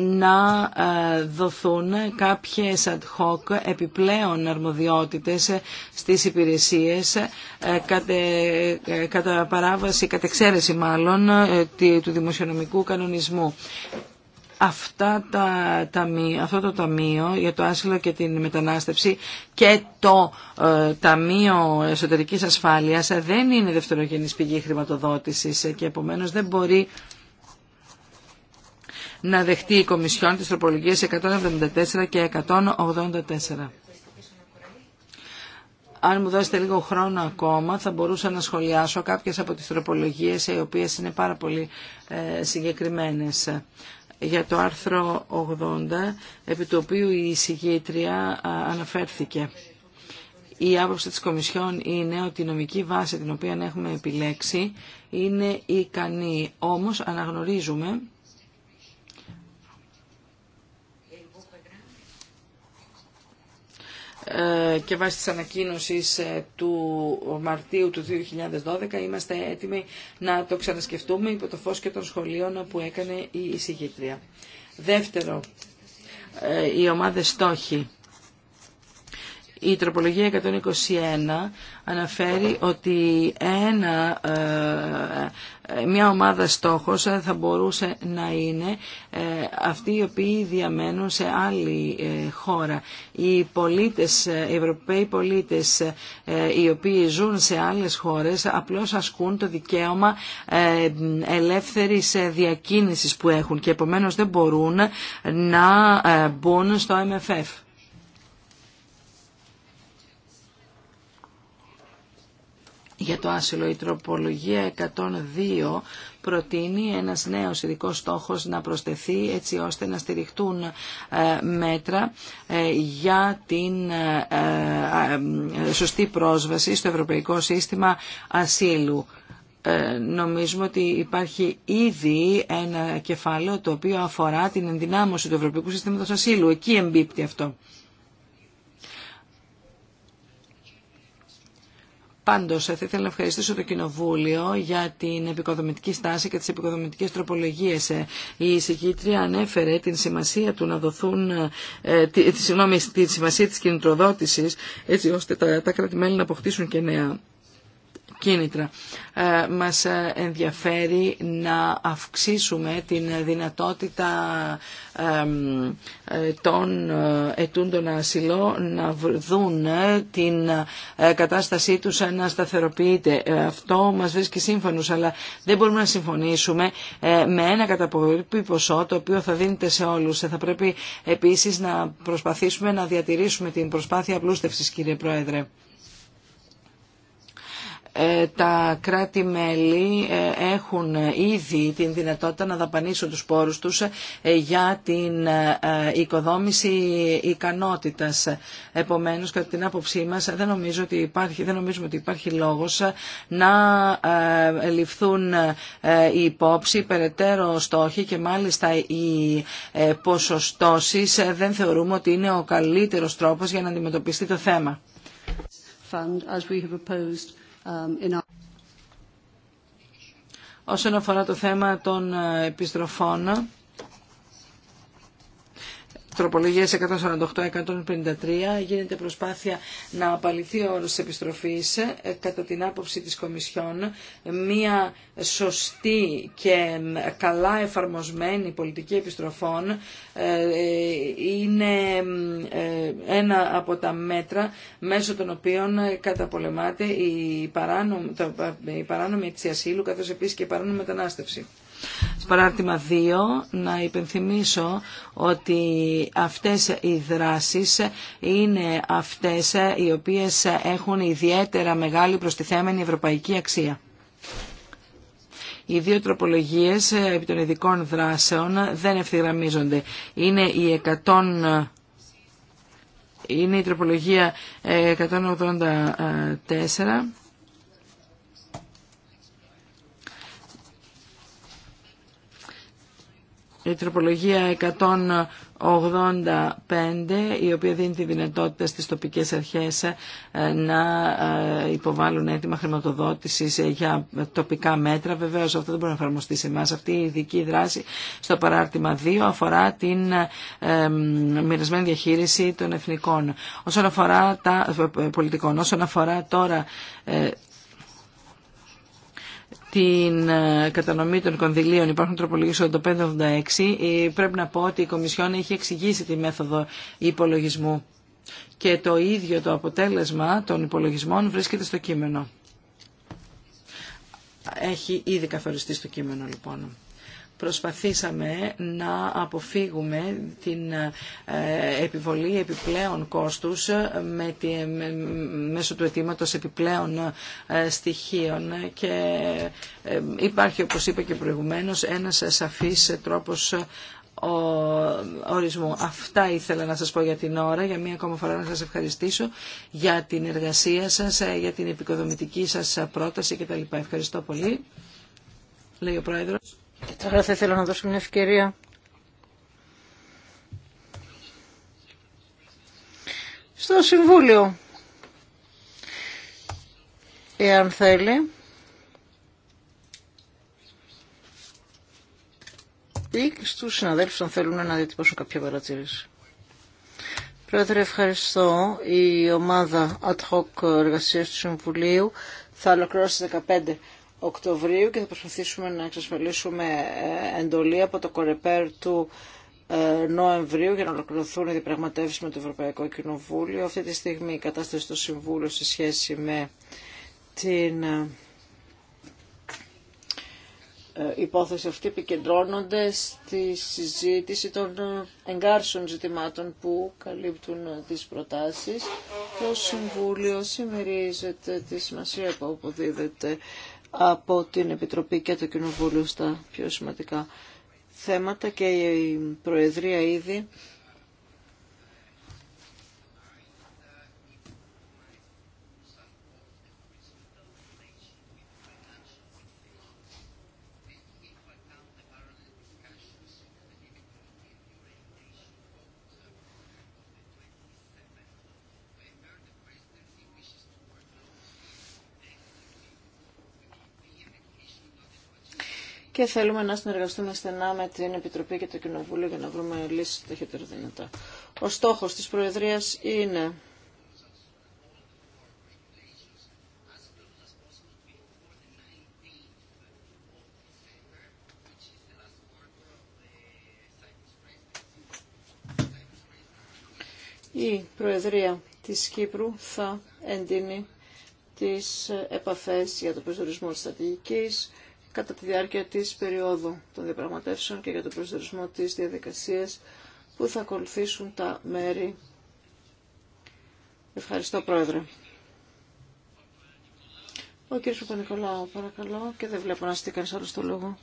να ε, δοθούν κάποιες ad hoc επιπλέον αρμοδιότητες στις υπηρεσίες ε, ε, κατά παράβαση, κατά εξαίρεση μάλλον, του δημοσιονομικού κανονισμού. Αυτά τα, αυτό το ταμείο για το άσυλο και την μετανάστευση και το Ταμείο Εσωτερικής Ασφάλειας δεν είναι δευτερογενής πηγή χρηματοδότησης και επομένως δεν μπορεί να δεχτεί η Κομισιόν τις τροπολογίες 174 και 184. Αν μου δώσετε λίγο χρόνο ακόμα θα μπορούσα να σχολιάσω κάποιες από τις τροπολογίες οι οποίες είναι πάρα πολύ ε, συγκεκριμένες για το άρθρο 80, επί του οποίου η εισηγήτρια αναφέρθηκε. Η άποψη της Κομισιόν είναι ότι η νομική βάση την οποία έχουμε επιλέξει είναι ικανή. Όμως αναγνωρίζουμε Ε, και βάσει της ανακοίνωσης ε, του Μαρτίου του 2012 είμαστε έτοιμοι να το ξανασκεφτούμε υπό το φως και των σχολείων που έκανε η εισηγήτρια. Δεύτερο, ε, οι ομάδες στόχοι. Η τροπολογία 121 αναφέρει ότι ένα, ε, ε, μια ομάδα στόχος θα μπορούσε να είναι ε, αυτοί οι οποίοι διαμένουν σε άλλη χώρα. Οι, πολίτες, οι Ευρωπαίοι πολίτες οι οποίοι ζουν σε άλλες χώρες απλώς ασκούν το δικαίωμα ελεύθερης διακίνησης που έχουν και επομένως δεν μπορούν να μπουν στο MFF. για το άσυλο η τροπολογία 102 προτείνει ένας νέος ειδικό στόχος να προσθεθεί έτσι ώστε να στηριχτούν ε, μέτρα ε, για την ε, σωστή πρόσβαση στο Ευρωπαϊκό Σύστημα Ασύλου. Νομίζουμε ότι υπάρχει ήδη ένα κεφάλαιο το οποίο αφορά την ενδυνάμωση του Ευρωπαϊκού Συστήματος Ασύλου. Εκεί εμπίπτει αυτό. Πάντω, θα ήθελα να ευχαριστήσω το Κοινοβούλιο για την επικοδομητική στάση και τις επικοδομητικέ τροπολογίες. Η εισηγήτρια ανέφερε την σημασία του να δοθούν, ε, τη, συγγνώμη, τη σημασία της κινητροδότησης, έτσι ώστε τα, τα κράτη-μέλη να αποκτήσουν και νέα κίνητρα. Ε, μας ενδιαφέρει να αυξήσουμε την δυνατότητα ε, των ε, ετούντων ασυλών να δουν την κατάστασή τους να σταθεροποιείται. Αυτό μας βρίσκει σύμφωνος, αλλά δεν μπορούμε να συμφωνήσουμε με ένα καταπολύπη ποσό το οποίο θα δίνεται σε όλους. Θα πρέπει επίσης να προσπαθήσουμε να διατηρήσουμε την προσπάθεια απλούστευσης, κύριε Πρόεδρε. Ε, τα κράτη-μέλη ε, έχουν ε, ήδη την δυνατότητα να δαπανίσουν τους πόρους τους για την οικοδόμηση ικανότητας. Επομένως, κατά την άποψή μας, δεν, νομίζω ότι υπάρχει, δεν νομίζουμε ότι υπάρχει λόγος να ληφθούν οι υπόψη περαιτέρω στόχοι και μάλιστα οι ποσοστώσεις δεν θεωρούμε ότι είναι ο καλύτερος τρόπος για να αντιμετωπιστεί το θέμα. Um, Όσον αφορά το θέμα των ε, επιστροφών, τροπολογίες 148-153 γίνεται προσπάθεια να απαλληθεί ο όρος επιστροφής ε, κατά την άποψη της Κομισιόν μια σωστή και καλά εφαρμοσμένη πολιτική επιστροφών ε, ε, είναι ένα από τα μέτρα μέσω των οποίων καταπολεμάται η παράνομη, η παράνομη της καθώς επίσης και η παράνομη μετανάστευση. Στο παράρτημα 2 να υπενθυμίσω ότι αυτές οι δράσεις είναι αυτές οι οποίες έχουν ιδιαίτερα μεγάλη προστιθέμενη ευρωπαϊκή αξία. Οι δύο τροπολογίες επί των ειδικών δράσεων δεν ευθυγραμμίζονται. Είναι η 100 είναι η τροπολογία 184 η τροπολογία 185 η οποία δίνει τη δυνατότητα στις τοπικές αρχές ε, να ε, υποβάλουν έτοιμα χρηματοδότησης ε, για τοπικά μέτρα. Βεβαίως αυτό δεν μπορεί να εφαρμοστεί σε εμάς. Αυτή η ειδική δράση στο παράρτημα 2 αφορά την μοιρασμένη διαχείριση των εθνικών όσον αφορά τα πολιτικών. Όσον αφορά τώρα την ε, κατανομή των κονδυλίων υπάρχουν τροπολογίες 85-86 ε, πρέπει να πω ότι η Κομισιόν έχει εξηγήσει τη μέθοδο υπολογισμού και το ίδιο το αποτέλεσμα των υπολογισμών βρίσκεται στο κείμενο. Έχει ήδη καθοριστεί στο κείμενο λοιπόν προσπαθήσαμε να αποφύγουμε την ε, επιβολή επιπλέον κόστους ε, με τη, μέσω του αιτήματο επιπλέον ε, στοιχείων και υπάρχει όπως είπα και προηγουμένως ένας σαφής τρόπος ο ορισμού. Αυτά ήθελα να σας πω για την ώρα. Για μία ακόμα φορά να σας ευχαριστήσω για την εργασία σας, για την επικοδομητική σας πρόταση κτλ. Ευχαριστώ πολύ. Λέει ο Πρόεδρος. Και τώρα θα ήθελα να δώσω μια ευκαιρία στο Συμβούλιο, εάν θέλει. ή στους συναδέλφους αν θέλουν να διατυπώσουν κάποια παρατήρηση. Πρόεδρε, ευχαριστώ. Η ομάδα ad hoc εργασίας του Συμβουλίου θα ολοκληρώσει 15 Οκτωβρίου και θα προσπαθήσουμε να εξασφαλίσουμε ε, εντολή από το κορεπέρ του ε, Νοεμβρίου για να ολοκληρωθούν οι διαπραγματεύσει με το Ευρωπαϊκό Κοινοβούλιο. Αυτή τη στιγμή η κατάσταση στο Συμβούλιο σε σχέση με την ε, υπόθεση αυτή επικεντρώνονται στη συζήτηση των εγκάρσεων ζητημάτων που καλύπτουν τις προτάσεις. Το Συμβούλιο συμμερίζεται τη σημασία που αποδίδεται από την Επιτροπή και το Κοινοβούλιο στα πιο σημαντικά θέματα και η Προεδρία ήδη και θέλουμε να συνεργαστούμε στενά με την Επιτροπή και το Κοινοβούλιο για να βρούμε λύσεις ταχύτερα δυνατά. Ο στόχος της Προεδρίας είναι η Προεδρία της Κύπρου θα εντείνει τις επαφές για το προσδιορισμό της στρατηγικής, κατά τη διάρκεια της περίοδου των διαπραγματεύσεων και για τον προσδιορισμό της διαδικασίας που θα ακολουθήσουν τα μέρη. Ευχαριστώ, Πρόεδρε. Ο κύριος Παπα-Νικολάου, παρακαλώ, και δεν βλέπω να στείλει κανείς άλλο το λόγο.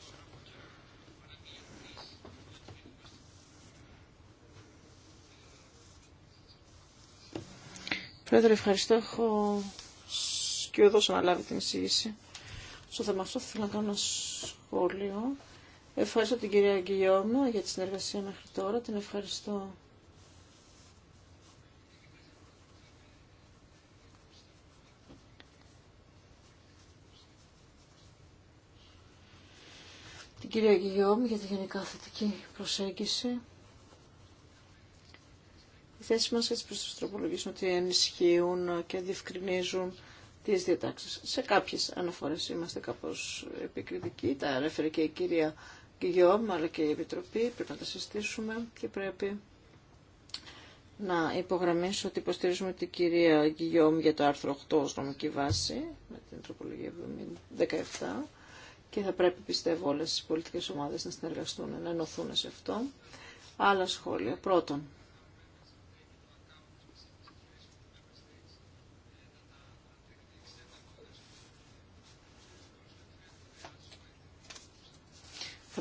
Πρόεδρε, ευχαριστώ. Έχω να αναλάβει την εισήγηση στο θέμα αυτό. Θα ήθελα να κάνω ένα σχόλιο. Ευχαριστώ την κυρία Γκυλιόμνα για τη συνεργασία μέχρι τώρα. Την ευχαριστώ. Την κυρία Γκυλιόμ για τη γενικά θετική προσέγγιση. Η θέση μας έτσι προς τους τροπολογίες ότι ενισχύουν και διευκρινίζουν τις διατάξεις. Σε κάποιες αναφορές είμαστε κάπως επικριτικοί, τα έφερε και η κυρία Κιγιόμ, αλλά και η Επιτροπή, πρέπει να τα συστήσουμε και πρέπει να υπογραμμίσω ότι υποστηρίζουμε την κυρία γυγιώμ για το άρθρο 8 ως νομική βάση, με την τροπολογία 17, και θα πρέπει πιστεύω όλες οι πολιτικές ομάδες να συνεργαστούν, να ενωθούν σε αυτό. Άλλα σχόλια. Πρώτον,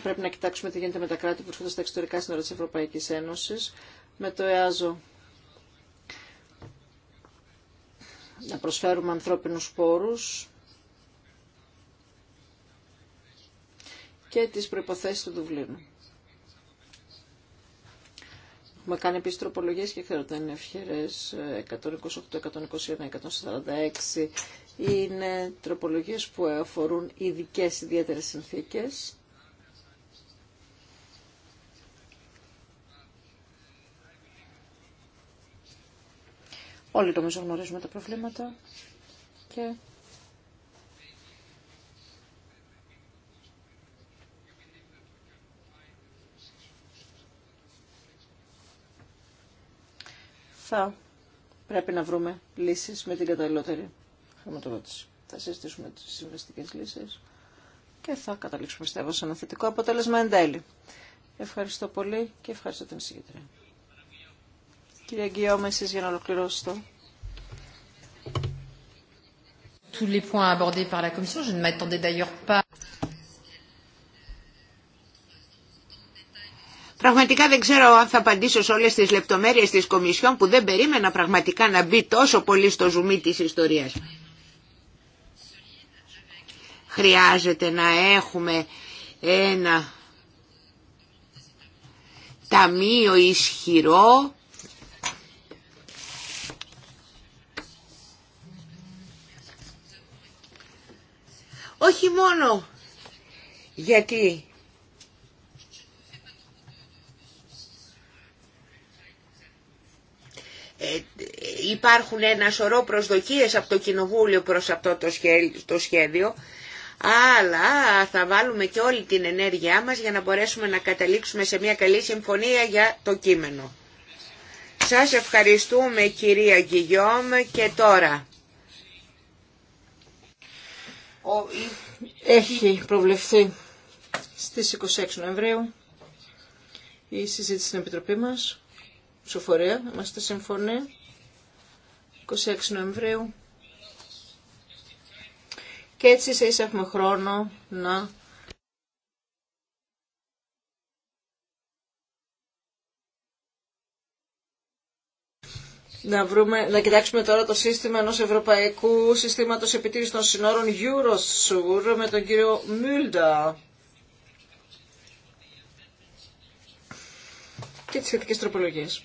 πρέπει να κοιτάξουμε τι γίνεται με τα κράτη που βρίσκονται στα εξωτερικά σύνορα τη Ευρωπαϊκή Ένωση. με το ΕΑΖΟ. Να προσφέρουμε ανθρώπινους πόρους και τις προϋποθέσεις του Δουβλίνου. Έχουμε κάνει επίση τροπολογίε και ξέρω ότι είναι ευχερέ. 128, 121, 146 είναι τροπολογίε που αφορούν ειδικέ ιδιαίτερε συνθήκε. Όλοι το γνωρίζουμε τα προβλήματα και θα πρέπει να βρούμε λύσεις με την καταλληλότερη χρηματοδότηση. Θα συζητήσουμε τις συμβαστικές λύσεις και θα καταλήξουμε στεύω σε ένα θετικό αποτέλεσμα εν τέλει. Ευχαριστώ πολύ και ευχαριστώ την συγκεκριμένη για να Πραγματικά δεν ξέρω αν θα απαντήσω σε όλες τις λεπτομέρειες της Κομισιόν που δεν περίμενα πραγματικά να μπει τόσο πολύ στο ζουμί της ιστορίας. Χρειάζεται να έχουμε ένα ταμείο ισχυρό Όχι μόνο γιατί ε, υπάρχουν ένα σωρό προσδοκίες από το Κοινοβούλιο προς αυτό το σχέδιο, αλλά θα βάλουμε και όλη την ενέργειά μας για να μπορέσουμε να καταλήξουμε σε μια καλή συμφωνία για το κείμενο. Σας ευχαριστούμε κυρία Γκυγιόμ και τώρα έχει προβλεφθεί στις 26 Νοεμβρίου η συζήτηση στην Επιτροπή μας, ψηφοφορία, είμαστε συμφωνεί, 26 Νοεμβρίου. Και έτσι σε ίσα έχουμε χρόνο να να, βρούμε, να κοιτάξουμε τώρα το σύστημα ενός Ευρωπαϊκού Συστήματος Επιτήρησης των Συνόρων Eurosur με τον κύριο Μούλντα. και τις σχετικές τροπολογίες.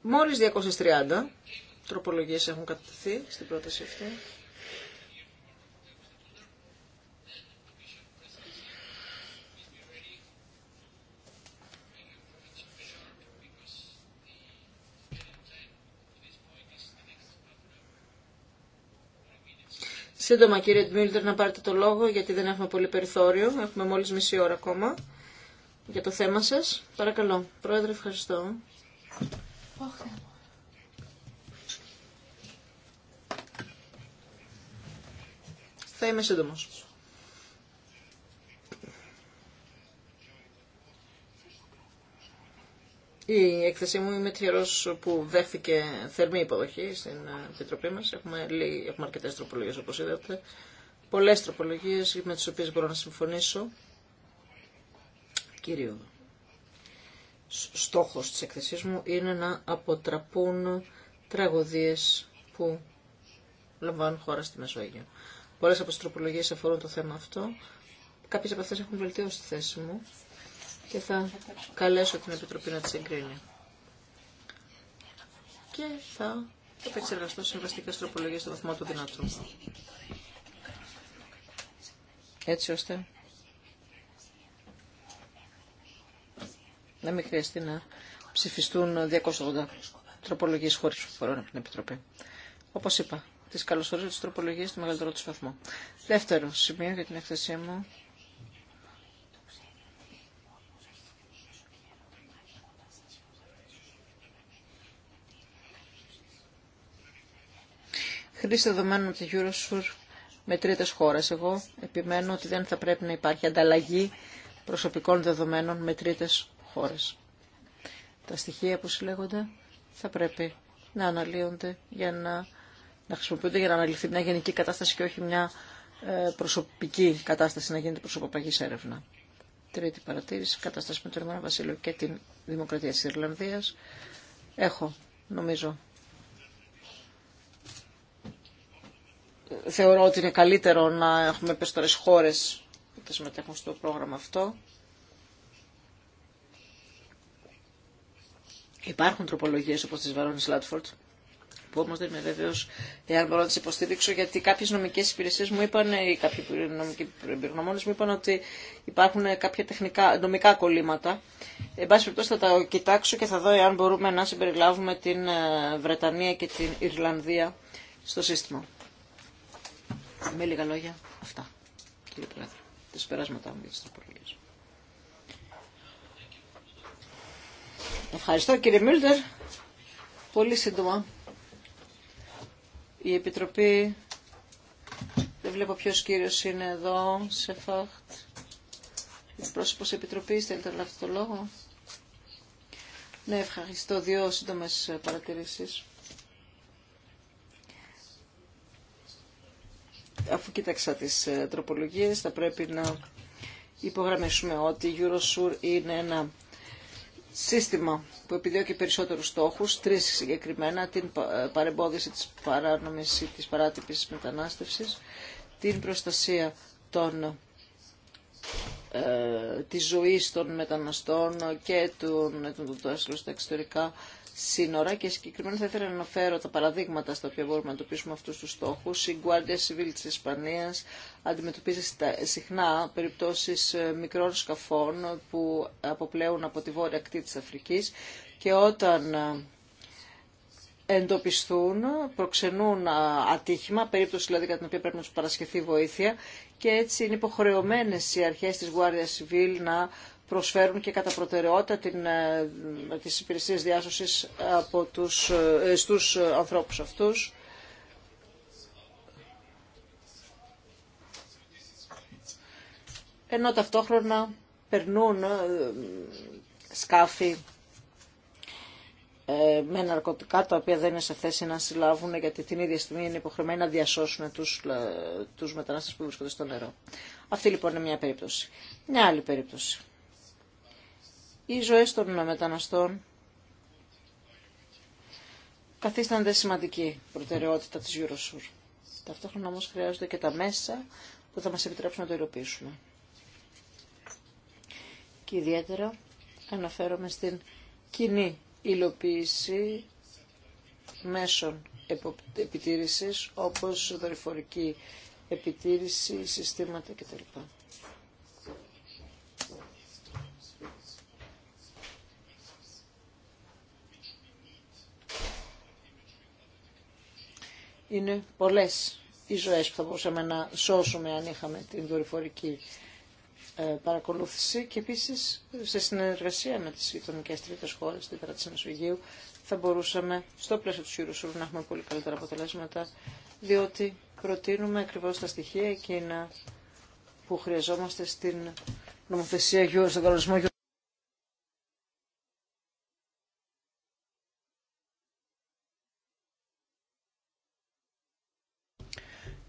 Μόλις 230 τροπολογίες έχουν κατατεθεί στην πρόταση αυτή. Σύντομα κύριε Ντμίλτερ να πάρετε το λόγο γιατί δεν έχουμε πολύ περιθώριο. Έχουμε μόλις μισή ώρα ακόμα για το θέμα σας. Παρακαλώ. Πρόεδρε ευχαριστώ. Θα είμαι σύντομος. Η έκθεσή μου είμαι τυχερός που δέχθηκε θερμή υποδοχή στην ε, Επιτροπή μα. Έχουμε, έχουμε αρκετές τροπολογίες όπως είδατε. πολλέ τροπολογίε με τις οποίες μπορώ να συμφωνήσω. Κύριο στόχος της εκθεσή μου είναι να αποτραπούν τραγωδίες που λαμβάνουν χώρα στη Μεσόγειο. Πολλέ από τι τροπολογίε αφορούν το θέμα αυτό. Κάποιε από αυτέ έχουν βελτιώσει τη θέση μου και θα καλέσω την Επιτροπή να τις εγκρίνει. Και θα επεξεργαστώ συμβαστικές τροπολογίες στο βαθμό του δυνατού. Έτσι ώστε να μην χρειαστεί να ψηφιστούν 280 τροπολογίες χωρίς φορών από την Επιτροπή. Όπως είπα, τις καλωσορίζω τις τροπολογίες στο μεγαλύτερο του βαθμό. Δεύτερο σημείο για την εκθεσία μου χρήση δεδομένων από τη Eurosur με τρίτε χώρε Εγώ επιμένω ότι δεν θα πρέπει να υπάρχει ανταλλαγή προσωπικών δεδομένων με τρίτε χώρε. Τα στοιχεία που συλλέγονται θα πρέπει να αναλύονται για να, να χρησιμοποιούνται για να αναλυθεί μια γενική κατάσταση και όχι μια ε, προσωπική κατάσταση να γίνεται προσωποπαγή έρευνα. Τρίτη παρατήρηση, κατάσταση με το Ηνωμένο Βασίλειο και την Δημοκρατία τη Ιρλανδίας. Έχω, νομίζω, θεωρώ ότι είναι καλύτερο να έχουμε περισσότερες χώρες που θα συμμετέχουν στο πρόγραμμα αυτό. Υπάρχουν τροπολογίες όπως της Βαρόνης Λάτφορτ, που όμως δεν είμαι βέβαιος εάν μπορώ να τις υποστήριξω, γιατί κάποιες νομικές υπηρεσίες μου είπαν, ή κάποιοι νομικοί εμπειρογνωμόνες μου είπαν ότι υπάρχουν κάποια τεχνικά, νομικά κολλήματα. Εν πάση περιπτώσει θα τα κοιτάξω και θα δω εάν μπορούμε να συμπεριλάβουμε την ε, Βρετανία και την Ιρλανδία στο σύστημα. Με λίγα λόγια, αυτά, κύριε Πρόεδρε, τα περάσματα μου για τις τροπολογίες. Ευχαριστώ κύριε Μίλτερ. Πολύ σύντομα. Η Επιτροπή, δεν βλέπω ποιος κύριος είναι εδώ, σε φάχτ. Ο πρόσωπος Επιτροπής, θέλετε να το λόγο. Ναι, ευχαριστώ. Δύο σύντομες παρατηρήσεις. αφού κοίταξα τις τροπολογίες θα πρέπει να υπογραμμίσουμε ότι η Eurosur είναι ένα σύστημα που επιδιώκει περισσότερους στόχους, τρεις συγκεκριμένα, την παρεμπόδιση της παράνομης ή της παράτυπης μετανάστευσης, την προστασία των, ε, της ζωής των μεταναστών και των, των, στα εξωτερικά σύνορα και συγκεκριμένα θα ήθελα να αναφέρω τα παραδείγματα στα οποία μπορούμε να εντοπίσουμε αυτού του στόχου. Η Guardia Civil τη Ισπανία αντιμετωπίζει συχνά περιπτώσει ε, μικρών σκαφών που αποπλέουν από τη βόρεια ακτή τη Αφρική και όταν ε, εντοπιστούν, προξενούν ε, ατύχημα, περίπτωση δηλαδή κατά την οποία πρέπει να του παρασχεθεί βοήθεια και έτσι είναι υποχρεωμένε οι αρχέ τη Guardia Civil να προσφέρουν και κατά προτεραιότητα την, ε, τις υπηρεσίες διάσωσης από τους, ε, στους ανθρώπους αυτούς. Ενώ ταυτόχρονα περνούν ε, σκάφη με ναρκωτικά τα οποία δεν είναι σε θέση να συλλάβουν γιατί την ίδια στιγμή είναι υποχρεωμένοι να διασώσουν τους, τους μετανάστες που βρίσκονται στο νερό. Αυτή λοιπόν είναι μια περίπτωση. Μια άλλη περίπτωση οι ζωές των μεταναστών καθίστανται σημαντική προτεραιότητα της Eurosur. Ταυτόχρονα όμως χρειάζονται και τα μέσα που θα μας επιτρέψουν να το υλοποιήσουμε. Και ιδιαίτερα αναφέρομαι στην κοινή υλοποίηση μέσων επιτήρησης όπως δορυφορική επιτήρηση, συστήματα κτλ. Είναι πολλές οι ζωές που θα μπορούσαμε να σώσουμε αν είχαμε την δορυφορική ε, παρακολούθηση και επίσης σε συνεργασία με τις γειτονικέ τρίτες χώρες την πέρα της Μεσογείου θα μπορούσαμε στο πλαίσιο του Eurosur να έχουμε πολύ καλύτερα αποτελέσματα διότι προτείνουμε ακριβώς τα στοιχεία εκείνα που χρειαζόμαστε στην νομοθεσία στον κανονισμό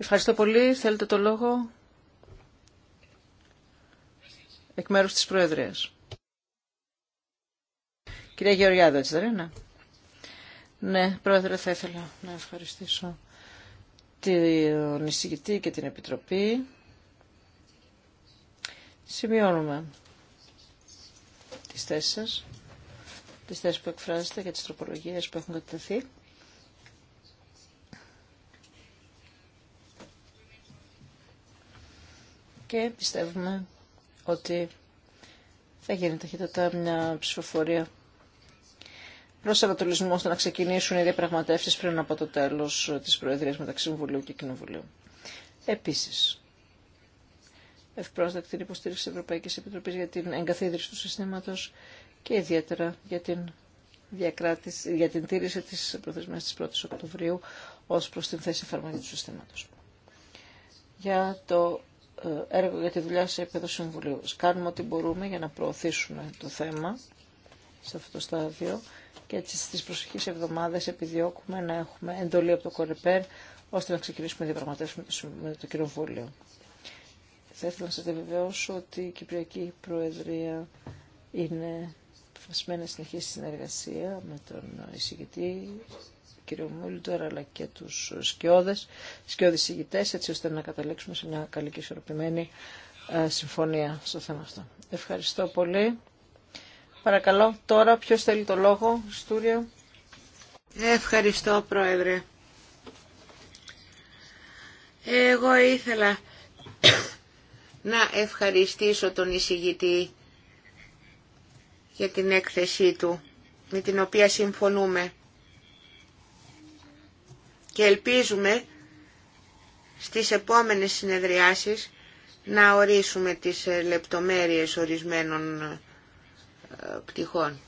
Ευχαριστώ πολύ. Θέλετε το λόγο εκ μέρους της Προεδρίας. Κυρία Γεωργιάδο, έτσι δεν είναι. Ναι, Πρόεδρε, θα ήθελα να ευχαριστήσω την εισηγητή και την Επιτροπή. Σημειώνουμε τις θέσεις σας, τις θέσεις που εκφράζετε και τις τροπολογίες που έχουν κατατεθεί. και πιστεύουμε ότι θα γίνει ταχύτατα μια ψηφοφορία προς ανατολισμό ώστε να ξεκινήσουν οι διαπραγματεύσεις πριν από το τέλος της Προεδρίας μεταξύ Συμβουλίου και Κοινοβουλίου. Επίσης, ευπρόσδεκτη την υποστήριξη της Ευρωπαϊκής Επιτροπής για την εγκαθίδρυση του συστήματος και ιδιαίτερα για την για την τήρηση της προθεσμίας της 1ης Οκτωβρίου ως προς την θέση εφαρμογή του συστήματος. Για το ε, έργο για τη δουλειά σε επίπεδο συμβουλίου. Κάνουμε ό,τι μπορούμε για να προωθήσουμε το θέμα σε αυτό το στάδιο και έτσι στις προσεχείς εβδομάδες επιδιώκουμε να έχουμε εντολή από το Κορεπέρ ώστε να ξεκινήσουμε διαπραγματεύσουμε με το Κοινοβούλιο. Θα ήθελα να σας επιβεβαιώσω ότι η Κυπριακή Προεδρία είναι αποφασισμένη να συνεχίσει συνεργασία με τον εισηγητή κύριο τώρα, αλλά και τους σκιώδες, σκιώδες έτσι ώστε να καταλήξουμε σε μια καλή και ισορροπημένη ε, συμφωνία στο θέμα αυτό. Ευχαριστώ πολύ. Παρακαλώ τώρα ποιος θέλει το λόγο, Στούριο. Ευχαριστώ Πρόεδρε. Εγώ ήθελα *coughs* να ευχαριστήσω τον εισηγητή για την έκθεσή του με την οποία συμφωνούμε και ελπίζουμε στις επόμενες συνεδριάσεις να ορίσουμε τις ε, λεπτομέρειες ορισμένων ε, πτυχών.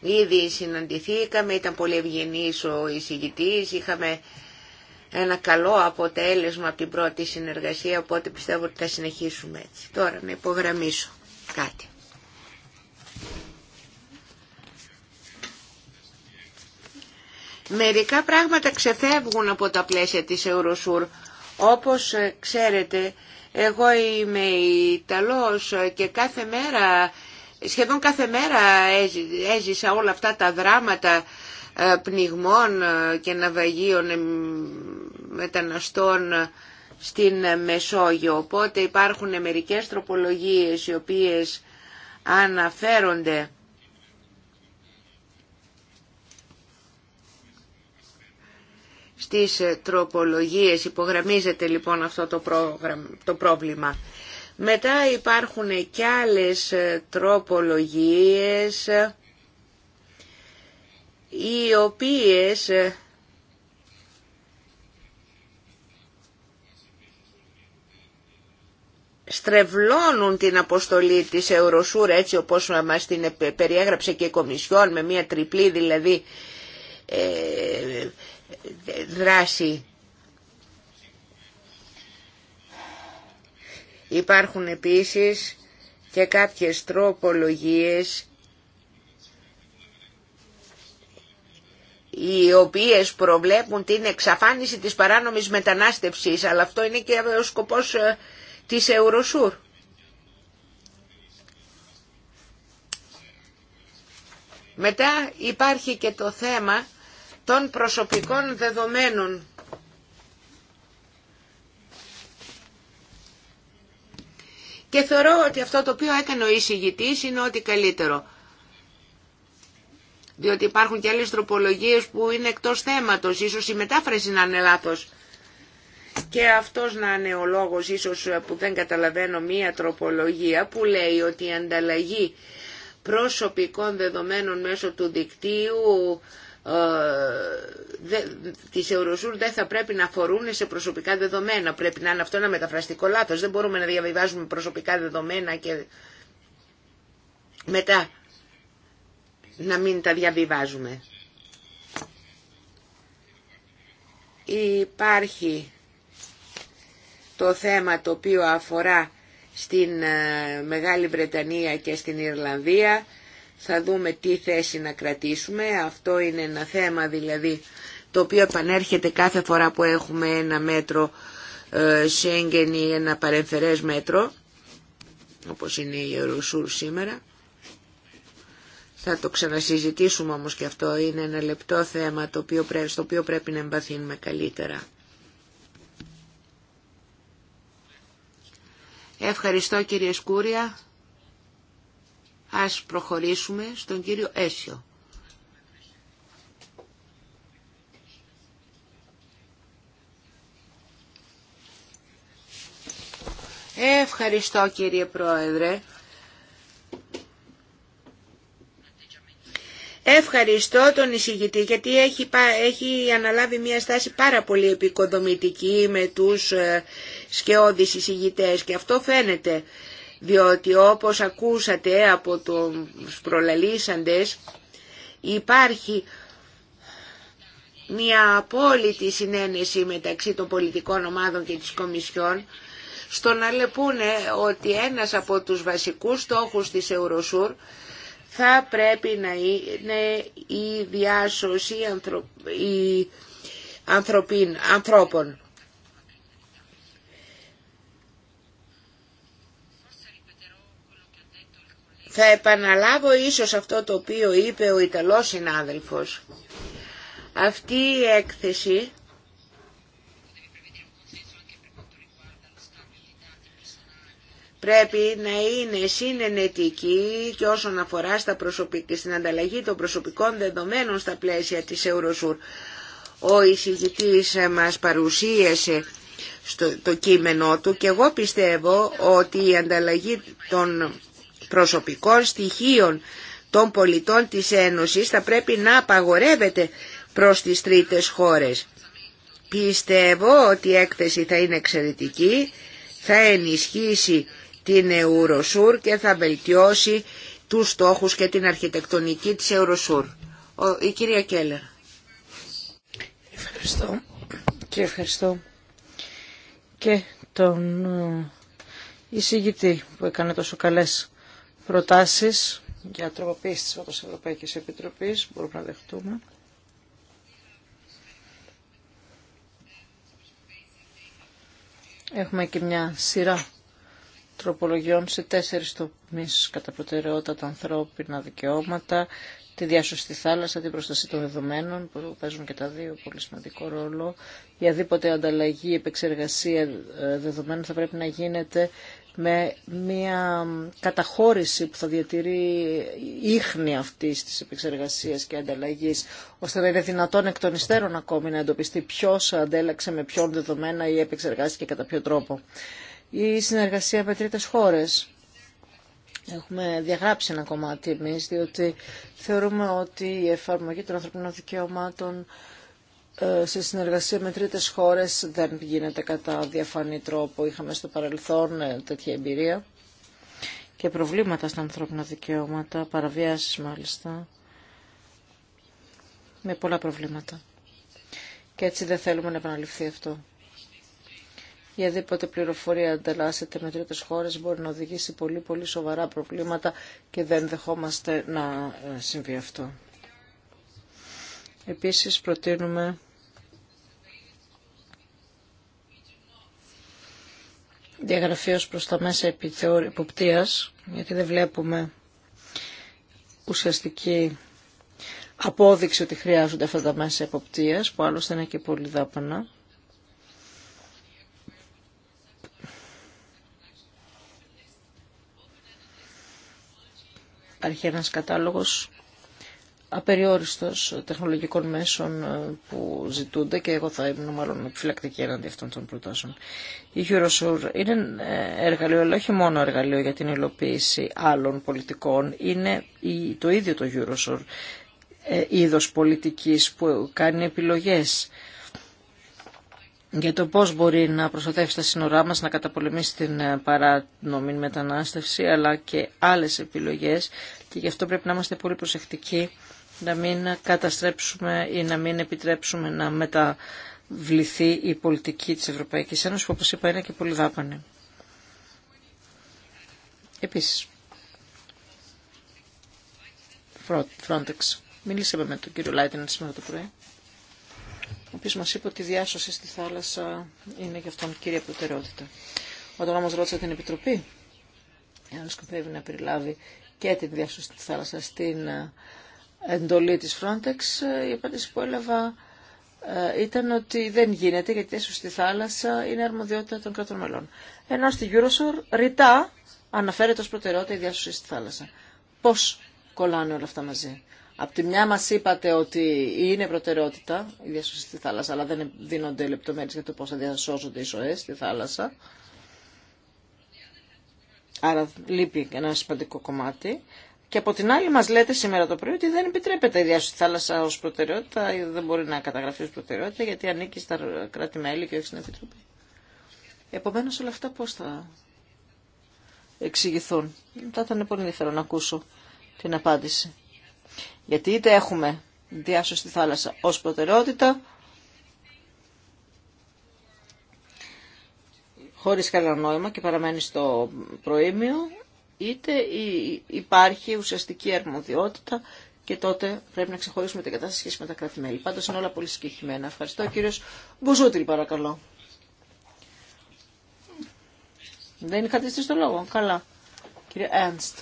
Ήδη συναντηθήκαμε, ήταν πολύ ευγενής ο εισηγητής, είχαμε ένα καλό αποτέλεσμα από την πρώτη συνεργασία, οπότε πιστεύω ότι θα συνεχίσουμε έτσι. Τώρα να υπογραμμίσω κάτι. Μερικά πράγματα ξεφεύγουν από τα πλαίσια της Ευρωσούρ. Όπως ε, ξέρετε, εγώ είμαι Ιταλός και κάθε μέρα, σχεδόν κάθε μέρα έζησα όλα αυτά τα δράματα ε, πνιγμών ε, και ναυαγίων μεταναστών στην Μεσόγειο. Οπότε υπάρχουν μερικές τροπολογίες οι οποίες αναφέρονται στις ε, τροπολογίες υπογραμμίζεται λοιπόν αυτό το, πρόγραμμα, το πρόβλημα. Μετά υπάρχουν και άλλες ε, τροπολογίες ε, οι οποίες στρεβλώνουν την αποστολή της Ευρωσούρα έτσι όπως μας την περιέγραψε και η Κομισιόν με μια τριπλή δηλαδή δράση. Υπάρχουν επίσης και κάποιες τροπολογίες οι οποίες προβλέπουν την εξαφάνιση της παράνομης μετανάστευσης, αλλά αυτό είναι και ο σκοπός ε, της Ευρωσούρ. Μετά υπάρχει και το θέμα των προσωπικών δεδομένων. Και θεωρώ ότι αυτό το οποίο έκανε ο εισηγητής είναι ότι καλύτερο. Διότι υπάρχουν και άλλες τροπολογίες που είναι εκτός θέματος, ίσως η μετάφραση να είναι λάθος. Και αυτός να είναι ο λόγος ίσως που δεν καταλαβαίνω μία τροπολογία που λέει ότι η ανταλλαγή προσωπικών δεδομένων μέσω του δικτύου ε, της Ευρωσούρ δεν θα πρέπει να αφορούν σε προσωπικά δεδομένα. Πρέπει να είναι αυτό ένα μεταφραστικό λάθος. Δεν μπορούμε να διαβιβάζουμε προσωπικά δεδομένα και μετά να μην τα διαβιβάζουμε. Υπάρχει το θέμα το οποίο αφορά στην ε, Μεγάλη Βρετανία και στην Ιρλανδία θα δούμε τι θέση να κρατήσουμε. Αυτό είναι ένα θέμα δηλαδή το οποίο επανέρχεται κάθε φορά που έχουμε ένα μέτρο ε, Σέγγεν ή ένα παρεμφερές μέτρο, όπως είναι η Ιερουσούρ ειναι η ρουσουρ σημερα Θα το ξανασυζητήσουμε όμως και αυτό, είναι ένα λεπτό θέμα το οποίο στο οποίο πρέπει να εμπαθύνουμε καλύτερα. Ευχαριστώ κύριε Σκούρια. Ας προχωρήσουμε στον κύριο Έσιο. Ευχαριστώ κύριε Πρόεδρε. Ευχαριστώ τον εισηγητή γιατί έχει, έχει αναλάβει μια στάση πάρα πολύ επικοδομητική με τους ε, σκεώδεις εισηγητές και αυτό φαίνεται διότι όπως ακούσατε από τους προλαλήσαντες υπάρχει μια απόλυτη συνένεση μεταξύ των πολιτικών ομάδων και της Κομισιόν στο να λεπούνε ότι ένας από τους βασικούς στόχους της Ευρωσούρ θα πρέπει να είναι η διάσωση ανθρωπίν, ανθρώπων. Θα επαναλάβω ίσως αυτό το οποίο είπε ο Ιταλός συνάδελφος. Αυτή η έκθεση πρέπει να είναι συνενετική και όσον αφορά στα προσωπική, στην ανταλλαγή των προσωπικών δεδομένων στα πλαίσια της Ευρωσούρ. Ο εισηγητής μας παρουσίασε στο, το κείμενό του και εγώ πιστεύω ότι η ανταλλαγή των προσωπικών στοιχείων των πολιτών της Ένωσης θα πρέπει να απαγορεύεται προς τις τρίτες χώρες. Πιστεύω ότι η έκθεση θα είναι εξαιρετική, θα ενισχύσει την Ευρωσούρ και θα βελτιώσει τους στόχους και την αρχιτεκτονική της Ευρωσούρ. Η κυρία Κέλλερ. Ευχαριστώ και ευχαριστώ και τον ε, εισηγητή που έκανε τόσο καλές προτάσεις για τροποποίηση της Ευρωπαϊκή Ευρωπαϊκής Επιτροπής, μπορούμε να δεχτούμε. Έχουμε και μια σειρά τροπολογιών σε τέσσερις τομείς κατά προτεραιότητα τα ανθρώπινα δικαιώματα, τη διάσωση θάλασσα, την προστασία των δεδομένων που παίζουν και τα δύο πολύ σημαντικό ρόλο. Η αδίποτε ανταλλαγή, επεξεργασία ε, δεδομένων θα πρέπει να γίνεται με μια καταχώρηση που θα διατηρεί ίχνη αυτή τη επεξεργασία και ανταλλαγή, ώστε να είναι δυνατόν εκ των υστέρων ακόμη να εντοπιστεί ποιο αντέλαξε με ποιον δεδομένα ή επεξεργάστηκε κατά ποιο τρόπο. Η συνεργασία με τρίτε χώρε. Έχουμε διαγράψει ένα κομμάτι εμεί, διότι θεωρούμε ότι η εφαρμογή των ανθρωπίνων δικαιωμάτων σε συνεργασία με τρίτες χώρες δεν γίνεται κατά διαφανή τρόπο. Είχαμε στο παρελθόν ε, τέτοια εμπειρία και προβλήματα στα ανθρώπινα δικαιώματα, παραβιάσεις μάλιστα, με πολλά προβλήματα. Και έτσι δεν θέλουμε να επαναληφθεί αυτό. Γιατί αδίποτε πληροφορία ανταλλάσσεται με τρίτες χώρες μπορεί να οδηγήσει πολύ πολύ σοβαρά προβλήματα και δεν δεχόμαστε να ε, συμβεί αυτό. Επίσης προτείνουμε διαγραφεί ως προς τα μέσα υποπτίας, γιατί δεν βλέπουμε ουσιαστική απόδειξη ότι χρειάζονται αυτά τα μέσα υποπτίας, που άλλωστε είναι και πολύ δάπανα. Υπάρχει ένας κατάλογος απεριόριστος τεχνολογικών μέσων ε, που ζητούνται και εγώ θα ήμουν μάλλον επιφυλακτική έναντι αυτών των προτάσεων. Η Eurosur είναι ε, εργαλείο, αλλά όχι μόνο εργαλείο για την υλοποίηση άλλων πολιτικών, είναι το ίδιο το Eurosur ε, είδος πολιτικής που κάνει επιλογές για το πώς μπορεί να προστατεύσει τα σύνορά μας, να καταπολεμήσει την παράνομη μετανάστευση, αλλά και άλλες επιλογές και γι' αυτό πρέπει να είμαστε πολύ προσεκτικοί να μην καταστρέψουμε ή να μην επιτρέψουμε να μεταβληθεί η πολιτική της Ευρωπαϊκής Ένωσης που όπως είπα είναι και πολύ δάπανη. Επίσης, Frontex. Μιλήσαμε με τον κύριο Λάιτεν σήμερα το πρωί, ο οποίος μας είπε ότι η διάσωση στη θάλασσα είναι για αυτόν κύρια προτεραιότητα. Όταν όμως ρώτησα την Επιτροπή, εάν σκοπεύει να περιλάβει και την διάσωση στη θάλασσα στην ε, εντολή της Frontex, η απάντηση που έλαβα ε, ήταν ότι δεν γίνεται γιατί έσω στη θάλασσα είναι αρμοδιότητα των κρατών μελών. Ενώ στη Eurosur ρητά αναφέρεται ως προτεραιότητα η διάσωση στη θάλασσα. Πώς κολλάνε όλα αυτά μαζί. Απ' τη μια μας είπατε ότι είναι προτεραιότητα η διάσωση στη θάλασσα, αλλά δεν δίνονται λεπτομέρειες για το πώς θα διασώζονται οι ζωές στη θάλασσα. Άρα λείπει ένα σημαντικό κομμάτι. Και από την άλλη μας λέτε σήμερα το πρωί ότι δεν επιτρέπεται η διάσωση στη θάλασσα ως προτεραιότητα, δεν μπορεί να καταγραφεί ως προτεραιότητα γιατί ανήκει στα κράτη-μέλη και όχι στην Επιτροπή. Επομένως όλα αυτά πώς θα εξηγηθούν. Θα ήταν πολύ ενδιαφέρον να ακούσω την απάντηση. Γιατί είτε έχουμε διάσωση στη θάλασσα ως προτεραιότητα, χωρίς κανένα νόημα και παραμένει στο προήμιο, είτε υπάρχει ουσιαστική αρμοδιότητα και τότε πρέπει να ξεχωρίσουμε την κατάσταση σχέση με τα κράτη-μέλη. Πάντως είναι όλα πολύ συγκεκριμένα. Ευχαριστώ. κύριος παρακαλώ. Δεν είχατε στήσει το λόγο. Καλά. Κύριε Ένστ.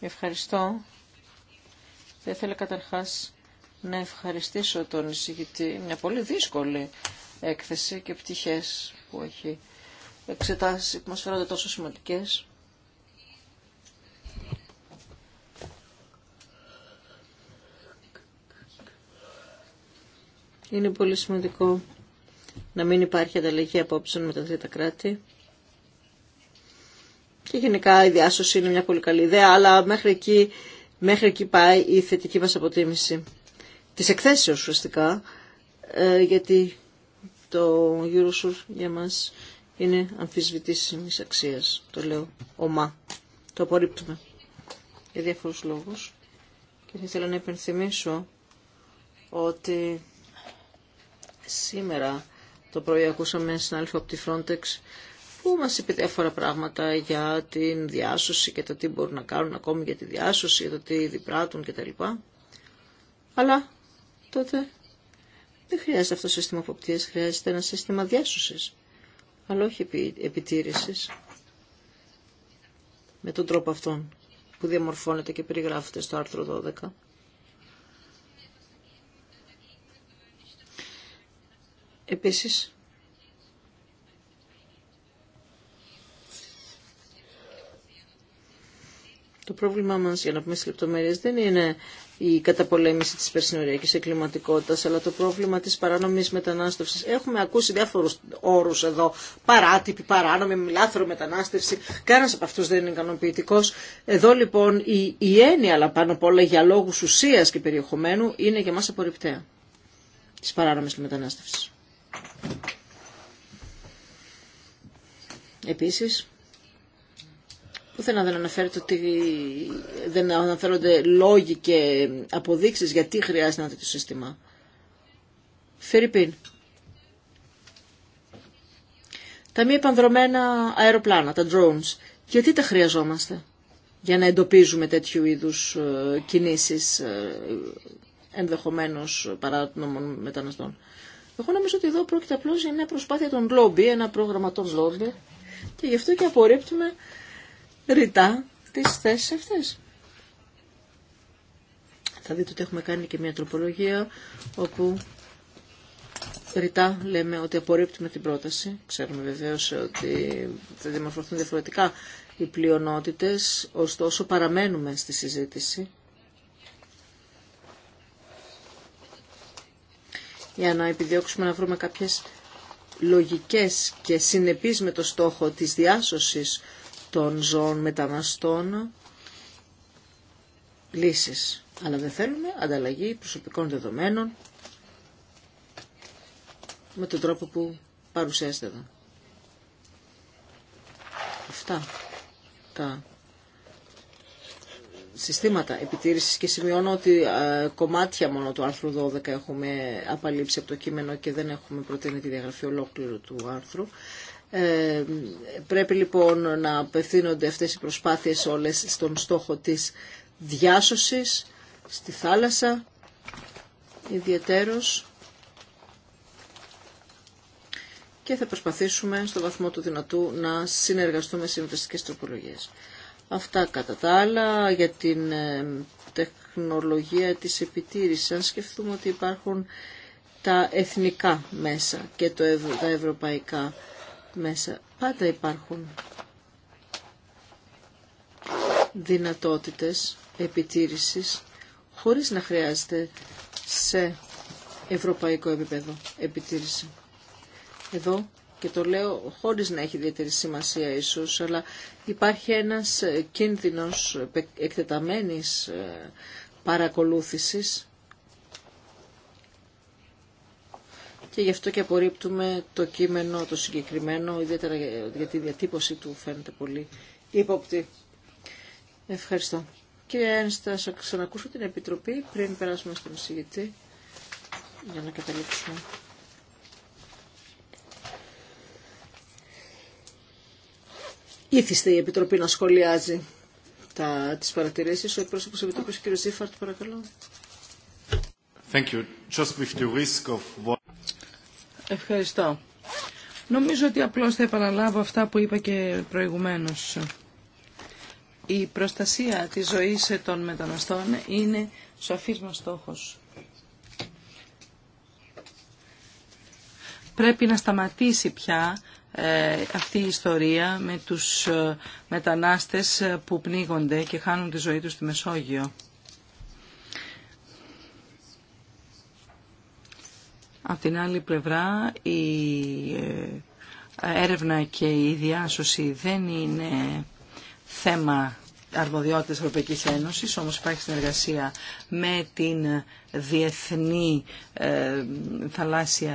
Ευχαριστώ. Θα ήθελα καταρχάς να ευχαριστήσω τον εισηγητή. Μια πολύ δύσκολη έκθεση και πτυχές που έχει εξετάσεις που μας φέρονται τόσο σημαντικές. Είναι πολύ σημαντικό να μην υπάρχει ανταλλαγή απόψεων με τα τρίτα κράτη. Και γενικά η διάσωση είναι μια πολύ καλή ιδέα, αλλά μέχρι εκεί, μέχρι εκεί πάει η θετική μας αποτίμηση. Της εκθέσεως ουσιαστικά, ε, γιατί το Eurosur για μας είναι αμφισβητήσιμης αξίας. Το λέω ομά. Το απορρίπτουμε για διάφορους λόγους. Και θα ήθελα να υπενθυμίσω ότι σήμερα το πρωί ακούσαμε έναν συνάδελφο από τη Frontex που μας είπε διάφορα πράγματα για την διάσωση και το τι μπορούν να κάνουν ακόμη για τη διάσωση, για το τι διπράττουν κτλ. Αλλά τότε δεν χρειάζεται αυτό το σύστημα αποπτίας, χρειάζεται ένα σύστημα διάσωσης αλλά όχι επιτήρησης με τον τρόπο αυτόν που διαμορφώνεται και περιγράφεται στο άρθρο 12. Επίσης, το πρόβλημά μας, για να πούμε στις λεπτομέρειες, δεν είναι η καταπολέμηση της περσινοριακής εγκληματικότητας, αλλά το πρόβλημα της παράνομης μετανάστευσης. Έχουμε ακούσει διάφορους όρους εδώ, παράτυπη, παράνομη, μιλάθρο μετανάστευση. Κανένας από αυτούς δεν είναι ικανοποιητικό. Εδώ λοιπόν η, η έννοια, αλλά πάνω απ' όλα για λόγους ουσίας και περιεχομένου, είναι για μας απορριπταία της παράνομης μετανάστευσης. Επίσης, Πουθενά δεν αναφέρεται ότι δεν αναφέρονται λόγοι και αποδείξεις γιατί χρειάζεται ένα τέτοιο σύστημα. Φερρυπίν. Τα μη επανδρομένα αεροπλάνα, τα drones. Γιατί τα χρειαζόμαστε για να εντοπίζουμε τέτοιου είδους ε, κινήσεις ε, ενδεχομένως παράνομων μεταναστών. Εγώ νομίζω ότι εδώ πρόκειται απλώς για μια προσπάθεια των λόμπι, ένα πρόγραμμα των λόμπι και γι' αυτό και απορρίπτουμε ρητά τις θέσεις αυτές. Θα δείτε ότι έχουμε κάνει και μια τροπολογία όπου ρητά λέμε ότι απορρίπτουμε την πρόταση. Ξέρουμε βεβαίως ότι θα δημορφωθούν διαφορετικά οι πλειονότητες, ωστόσο παραμένουμε στη συζήτηση. για να επιδιώξουμε να βρούμε κάποιες λογικές και συνεπείς με το στόχο της διάσωσης των ζώων μεταναστών λύσεις. Αλλά δεν θέλουμε ανταλλαγή προσωπικών δεδομένων με τον τρόπο που παρουσιάζεται εδώ. Αυτά τα συστήματα επιτήρησης και σημειώνω ότι ε, κομμάτια μόνο του άρθρου 12 έχουμε απαλείψει από το κείμενο και δεν έχουμε προτείνει τη διαγραφή ολόκληρου του άρθρου. Ε, πρέπει λοιπόν να απευθύνονται αυτές οι προσπάθειες όλες στον στόχο της διάσωσης στη θάλασσα ιδιαίτερος και θα προσπαθήσουμε στο βαθμό του δυνατού να συνεργαστούμε σε συμβουλευτικές τροπολογίες. Αυτά κατά τα άλλα για την ε, τεχνολογία της επιτήρησης. Αν σκεφτούμε ότι υπάρχουν τα εθνικά μέσα και το, τα ευρωπαϊκά μέσα. Πάντα υπάρχουν δυνατότητες επιτήρησης χωρίς να χρειάζεται σε ευρωπαϊκό επίπεδο επιτήρηση. Εδώ και το λέω χωρίς να έχει ιδιαίτερη σημασία ίσως, αλλά υπάρχει ένας κίνδυνος εκτεταμένης ε, παρακολούθησης και γι' αυτό και απορρίπτουμε το κείμενο το συγκεκριμένο, ιδιαίτερα γιατί τη διατύπωση του φαίνεται πολύ ύποπτη. Ευχαριστώ. Κύριε Ένστα, θα ξανακούσω την Επιτροπή πριν περάσουμε στον εισηγητή για να καταλήξουμε. Ήθιστε η Επιτροπή να σχολιάζει τα, τις παρατηρήσεις. Ο εκπρόσωπος Επιτροπής, κύριο Ζήφαρτ, παρακαλώ. Thank Ευχαριστώ. Νομίζω ότι απλώς θα επαναλάβω αυτά που είπα και προηγουμένως. Η προστασία της ζωής των μεταναστών είναι σοφής μας στόχος. Πρέπει να σταματήσει πια ε, αυτή η ιστορία με τους ε, μετανάστες που πνίγονται και χάνουν τη ζωή τους στη Μεσόγειο. Από την άλλη πλευρά η ε, έρευνα και η διάσωση δεν είναι θέμα αρμοδιότητας Ευρωπαϊκής Ένωσης, όμως υπάρχει συνεργασία με την διεθνή ε, θαλάσσια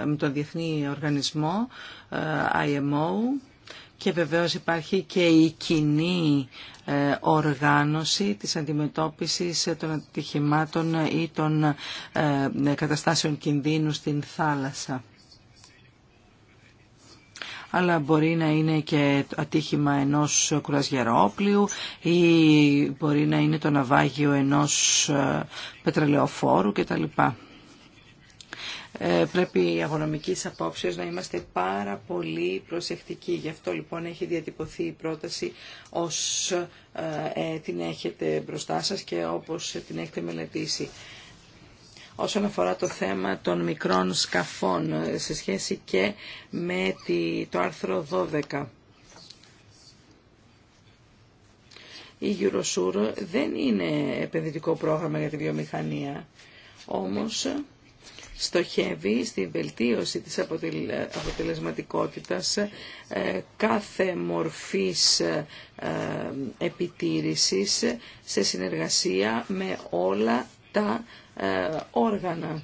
ε, με τον Διεθνή Οργανισμό IMO και βεβαίως υπάρχει και η κοινή ε, οργάνωση της αντιμετώπισης ε, των ατυχημάτων ή των ε, καταστάσεων κινδύνου στην θάλασσα αλλά μπορεί να είναι και ατύχημα ενός κουρασγερόπλιου ή μπορεί να είναι το ναυάγιο ενός πετρελαιοφόρου κτλ. Ε, πρέπει οι αγωνομικής απόψεως να είμαστε πάρα πολύ προσεκτικοί. Γι' αυτό λοιπόν έχει διατυπωθεί η πρόταση ως ε, ε, την έχετε μπροστά σας και όπως την έχετε μελετήσει. Όσον αφορά το θέμα των μικρών σκαφών σε σχέση και με το άρθρο 12. Η Eurosur δεν είναι επενδυτικό πρόγραμμα για τη βιομηχανία, όμως στοχεύει στην βελτίωση της αποτελεσματικότητας ε, κάθε μορφής ε, ε, επιτήρησης σε συνεργασία με όλα τα όργανα.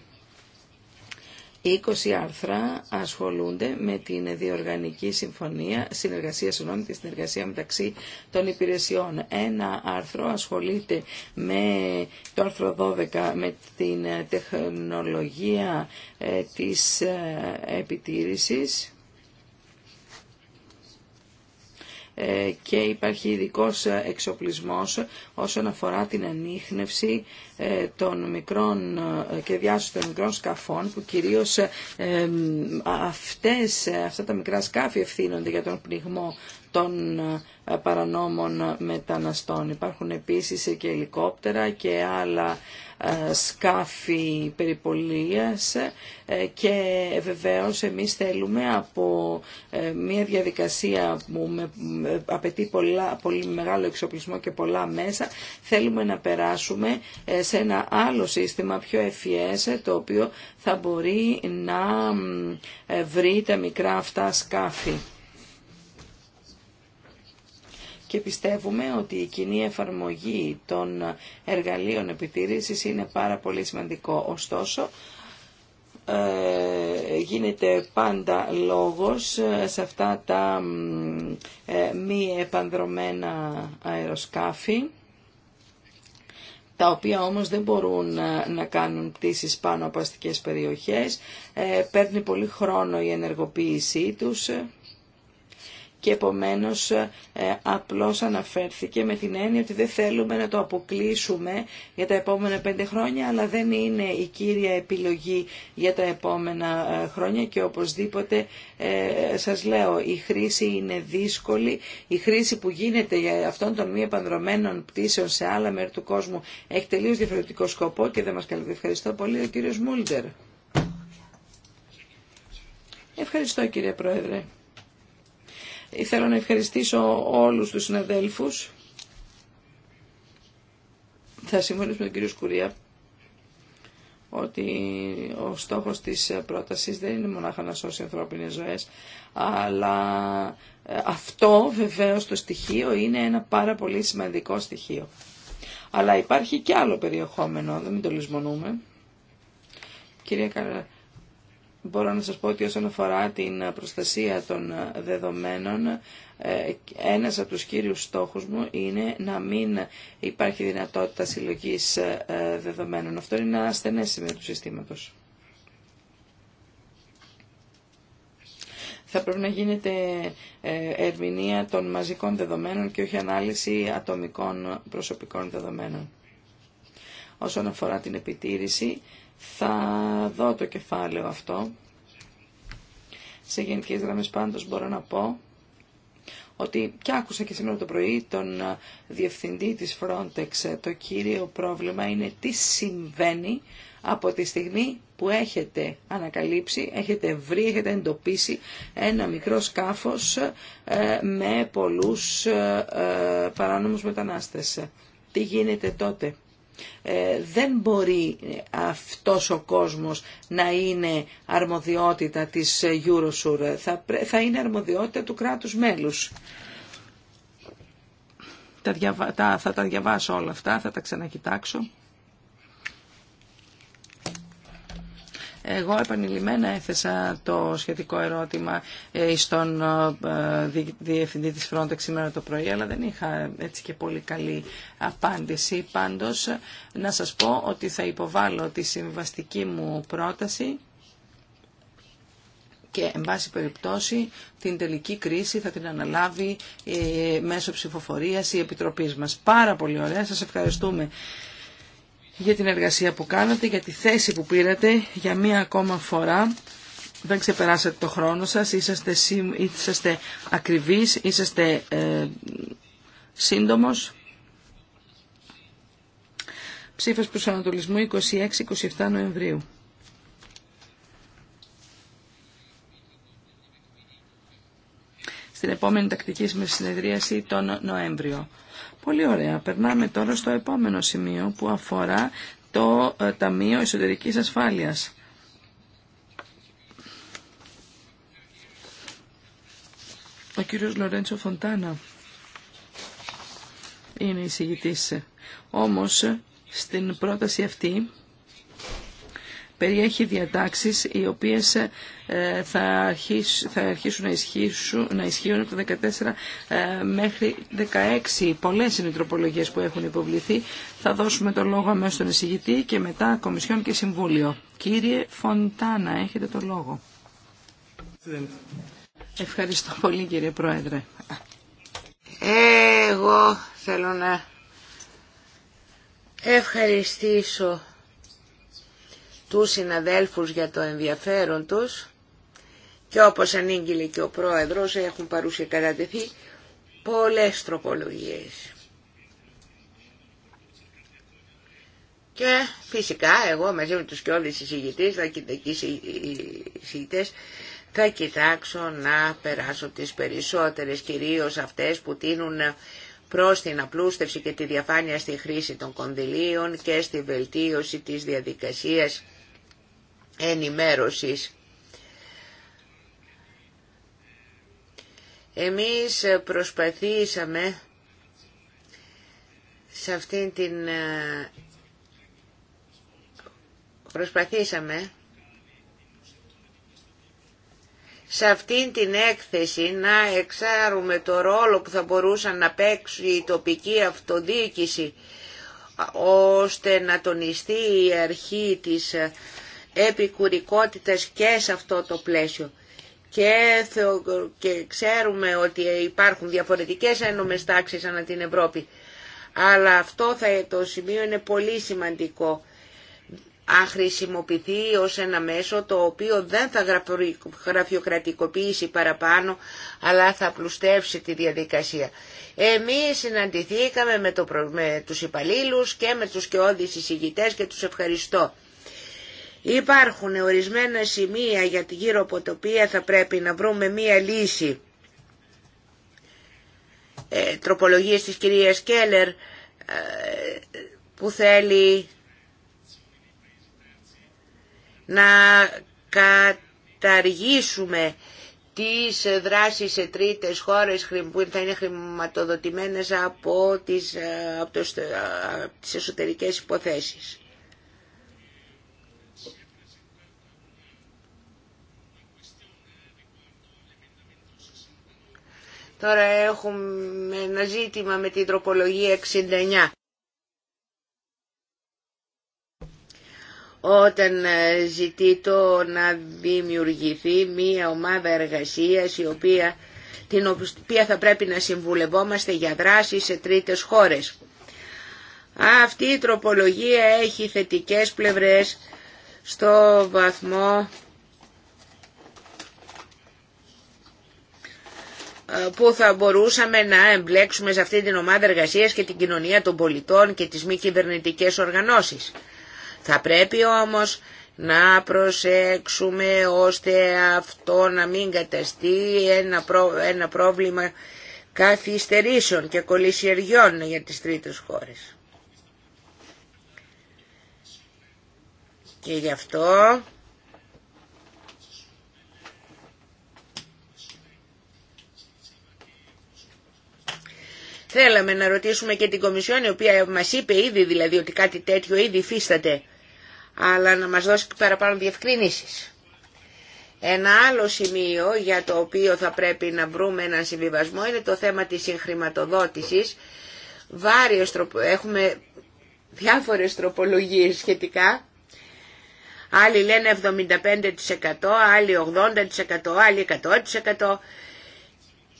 20 άρθρα ασχολούνται με την διοργανική συμφωνία, συνεργασία, συγγνώμη, τη συνεργασία μεταξύ των υπηρεσιών. Ένα άρθρο ασχολείται με το άρθρο 12, με την τεχνολογία ε, της ε, επιτήρησης Ε, και υπάρχει ειδικό ε, εξοπλισμός όσον αφορά την ανείχνευση ε, των μικρών και διάσωση των μικρών σκαφών που κυρίως αυτές, αυτά τα μικρά σκάφη ευθύνονται για τον πνιγμό των ε, παρανόμων μεταναστών. Υπάρχουν επίσης και ελικόπτερα και άλλα ε, σκάφη περιπολίας ε, και βεβαίως εμείς θέλουμε από μια διαδικασία που απαιτεί πολλά, πολύ μεγάλο εξοπλισμό και πολλά μέσα θέλουμε να περάσουμε σε ένα άλλο σύστημα πιο ευφιές το οποίο θα μπορεί να βρει τα μικρά αυτά σκάφη και πιστεύουμε ότι η κοινή εφαρμογή των εργαλείων επιτήρησης είναι πάρα πολύ σημαντικό. Ωστόσο, ε, γίνεται πάντα λόγος ε, σε αυτά τα ε, μη επανδρομένα αεροσκάφη τα οποία όμως δεν μπορούν να κάνουν πτήσεις πάνω από αστικές περιοχές. Παίρνει πολύ χρόνο η ενεργοποίησή τους και επομένως ε, απλώς αναφέρθηκε με την έννοια ότι δεν θέλουμε να το αποκλείσουμε για τα επόμενα πέντε χρόνια αλλά δεν είναι η κύρια επιλογή για τα επόμενα ε, χρόνια και οπωσδήποτε ε, σας λέω η χρήση είναι δύσκολη η χρήση που γίνεται για αυτόν τον μη επανδρομένων πτήσεων σε άλλα μέρη του κόσμου έχει τελείως διαφορετικό σκοπό και δεν μας καλύπτει. Ευχαριστώ πολύ ο κύριος Μούλτερ. Ευχαριστώ κύριε Πρόεδρε. Θέλω να ευχαριστήσω όλους τους συναδέλφους. Θα συμφωνήσω με τον κύριο Σκουρία ότι ο στόχος της πρότασης δεν είναι μονάχα να σώσει ανθρώπινες ζωές, αλλά ε, αυτό βεβαίως το στοιχείο είναι ένα πάρα πολύ σημαντικό στοιχείο. Αλλά υπάρχει και άλλο περιεχόμενο, δεν το λησμονούμε. Κυρία Καρα, μπορώ να σας πω ότι όσον αφορά την προστασία των δεδομένων, ε, ένας από τους κύριους στόχους μου είναι να μην υπάρχει δυνατότητα συλλογής ε, δεδομένων. Αυτό είναι ένα ασθενέ σημείο του συστήματος. Θα πρέπει να γίνεται ε, ερμηνεία των μαζικών δεδομένων και όχι ανάλυση ατομικών προσωπικών δεδομένων. Όσον αφορά την επιτήρηση, θα δω το κεφάλαιο αυτό. Σε γενικές γραμμές πάντως μπορώ να πω ότι και άκουσα και σήμερα το πρωί τον ε, διευθυντή της Frontex το κύριο πρόβλημα είναι τι συμβαίνει από τη στιγμή που έχετε ανακαλύψει, έχετε βρει, έχετε εντοπίσει ένα μικρό σκάφος ε, με πολλούς ε, παράνομους μετανάστες. Τι γίνεται τότε. Ε, δεν μπορεί αυτός ο κόσμος να είναι αρμοδιότητα της Eurosur. Θα, θα είναι αρμοδιότητα του κράτους μέλους. Θα τα διαβάσω όλα αυτά, θα τα ξανακοιτάξω. Εγώ επανειλημμένα έθεσα το σχετικό ερώτημα στον ε, ε, διευθυντή της Frontex σήμερα το πρωί, αλλά δεν είχα έτσι και πολύ καλή απάντηση. Πάντως, να σας πω ότι θα υποβάλω τη συμβαστική μου πρόταση και εν πάση περιπτώσει την τελική κρίση θα την αναλάβει ε, μέσω ψηφοφορίας η Επιτροπής μας. Πάρα πολύ ωραία, σας ευχαριστούμε για την εργασία που κάνατε, για τη θέση που πήρατε για μία ακόμα φορά. Δεν ξεπεράσατε το χρόνο σας, είσαστε, είσαστε ακριβείς, είσαστε ε, σύντομος. Ψήφος προσανατολισμού 26-27 Νοεμβρίου. στην επόμενη τακτική μας συνεδρίαση τον Νοέμβριο. Πολύ ωραία. Περνάμε τώρα στο επόμενο σημείο που αφορά το ε, Ταμείο Εσωτερικής Ασφάλειας. Ο κύριος Λορέντσο Φοντάνα είναι εισηγητής. Όμως στην πρόταση αυτή περιέχει διατάξεις οι οποίες ε, θα, αρχίσουν, θα αρχίσουν να ισχύουν, να ισχύουν από το 14 ε, μέχρι 16. Πολλές είναι οι τροπολογίες που έχουν υποβληθεί. Θα δώσουμε το λόγο αμέσως στον εισηγητή και μετά Κομισιόν και Συμβούλιο. Κύριε Φοντάνα, έχετε το λόγο. Ευχαριστώ πολύ κύριε Πρόεδρε. Εγώ θέλω να ευχαριστήσω τους συναδέλφους για το ενδιαφέρον τους και όπως ανήγγειλε και ο πρόεδρος έχουν παρουσιακατατεθεί πολλές τροπολογίες. Και φυσικά εγώ μαζί με τους και όλες οι συγητές, θα, θα κοιτάξω να περάσω τις περισσότερες, κυρίως αυτές που τίνουν προς την απλούστευση και τη διαφάνεια στη χρήση των κονδυλίων και στη βελτίωση της διαδικασίας ενημέρωσης. Εμείς προσπαθήσαμε σε αυτήν την ε, προσπαθήσαμε σε αυτήν την έκθεση να εξάρουμε το ρόλο που θα μπορούσαν να παίξει η τοπική αυτοδιοίκηση ώστε να τονιστεί η αρχή της ε, επικουρικότητες και σε αυτό το πλαίσιο. Και, θεω... και ξέρουμε ότι υπάρχουν διαφορετικές ένομες τάξεις ανά την Ευρώπη. Αλλά αυτό θα, το σημείο είναι πολύ σημαντικό. Αν χρησιμοποιηθεί ως ένα μέσο το οποίο δεν θα γραφειοκρατικοποιήσει παραπάνω αλλά θα πλουστεύσει τη διαδικασία. Εμείς συναντηθήκαμε με, το, με τους υπαλλήλους και με τους και όδης και τους ευχαριστώ. Υπάρχουν ορισμένα σημεία για τη γύρω από τα οποία θα πρέπει να βρούμε μία λύση. Ε, τροπολογίες της κυρίας Κέλλερ ε, που θέλει να καταργήσουμε τις δράσεις σε τρίτες χώρες που θα είναι χρηματοδοτημένες από τις, ε, ε, από τις εσωτερικές υποθέσεις. Τώρα έχουμε ένα ζήτημα με την τροπολογία 69. όταν ε, ζητεί το να δημιουργηθεί μία ομάδα εργασίας η οποία, την οποία θα πρέπει να συμβουλευόμαστε για δράση σε τρίτες χώρες. Αυτή η τροπολογία έχει θετικές πλευρές στο βαθμό που θα μπορούσαμε να εμπλέξουμε σε αυτή την ομάδα εργασίας και την κοινωνία των πολιτών και τις μη κυβερνητικέ οργανώσεις. Θα πρέπει όμως να προσέξουμε ώστε αυτό να μην καταστεί ένα, ένα πρόβλημα καθυστερήσεων και κολλησιεργιών για τις τρίτες χώρες. Και γι' αυτό Θέλαμε να ρωτήσουμε και την Κομισιόν η οποία μας είπε ήδη δηλαδή ότι κάτι τέτοιο ήδη υφίσταται αλλά να μας δώσει παραπάνω διευκρινήσεις. Ένα άλλο σημείο για το οποίο θα πρέπει να βρούμε έναν συμβιβασμό είναι το θέμα της συγχρηματοδότησης. έχουμε διάφορες τροπολογίες σχετικά. Άλλοι λένε 75%, άλλοι 80%, άλλοι 100%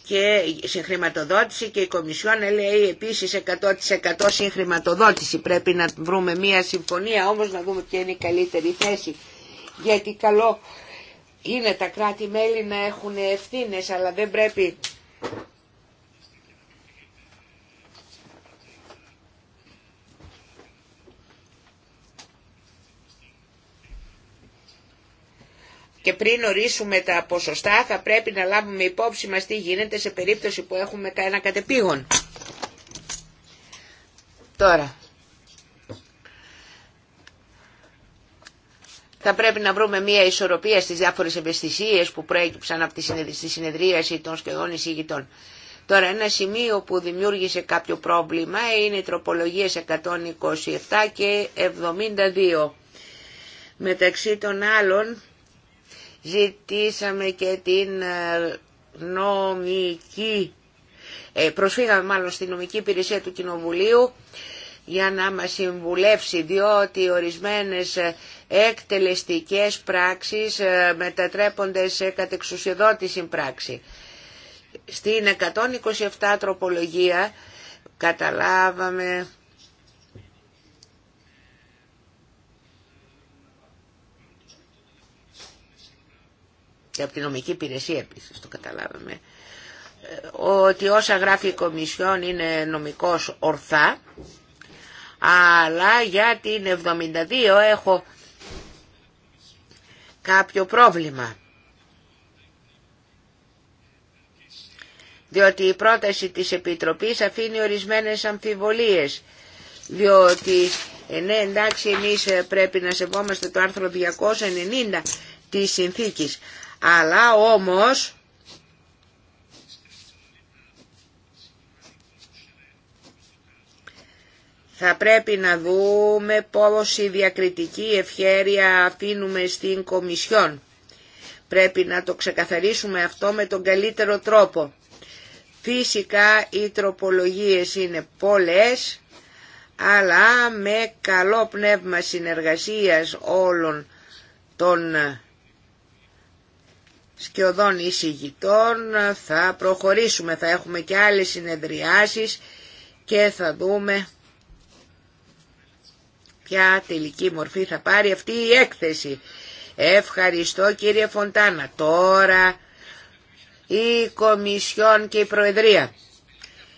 και συγχρηματοδότηση και η Κομισιόν λέει επίσης 100% συγχρηματοδότηση. Πρέπει να βρούμε μια συμφωνία όμως να δούμε ποια είναι η καλύτερη θέση. Γιατί καλό είναι τα κράτη-μέλη να έχουν ευθύνες αλλά δεν πρέπει και πριν ορίσουμε τα ποσοστά θα πρέπει να λάβουμε υπόψη μας τι γίνεται σε περίπτωση που έχουμε ένα κατεπήγον. Τώρα, θα πρέπει να βρούμε μια ισορροπία στις διάφορες ευαισθησίες που προέκυψαν από τη συνεδρίαση των σχεδόν εισηγητών. Τώρα ένα σημείο που δημιούργησε κάποιο πρόβλημα είναι οι τροπολογίες 127 και 72. Μεταξύ των άλλων Ζητήσαμε και την ε, νομική, ε, προσφύγαμε μάλλον στην νομική υπηρεσία του Κοινοβουλίου για να μας συμβουλεύσει διότι ορισμένες ε, εκτελεστικές πράξεις μετατρέπονται σε κατεξουσιοδότηση πράξη. Στην 127 τροπολογία καταλάβαμε και από την νομική υπηρεσία επίση, το καταλάβαμε, ε, ότι όσα γράφει η Κομισιόν είναι νομικός ορθά, αλλά για την 72 έχω κάποιο πρόβλημα. Διότι η πρόταση της Επιτροπής αφήνει ορισμένες αμφιβολίες, διότι ε, ναι εντάξει εμείς ε, πρέπει να σεβόμαστε το άρθρο 290 της συνθήκης, αλλά όμως θα πρέπει να δούμε πώς η διακριτική ευχέρεια αφήνουμε στην Κομισιόν. Πρέπει να το ξεκαθαρίσουμε αυτό με τον καλύτερο τρόπο. Φυσικά οι τροπολογίες είναι πολλές, αλλά με καλό πνεύμα συνεργασίας όλων των σκιωδών εισηγητών, θα προχωρήσουμε, θα έχουμε και άλλες συνεδριάσεις και θα δούμε ποια τελική μορφή θα πάρει αυτή η έκθεση. Ευχαριστώ κύριε Φοντάνα. Τώρα η Κομισιόν και η Προεδρία.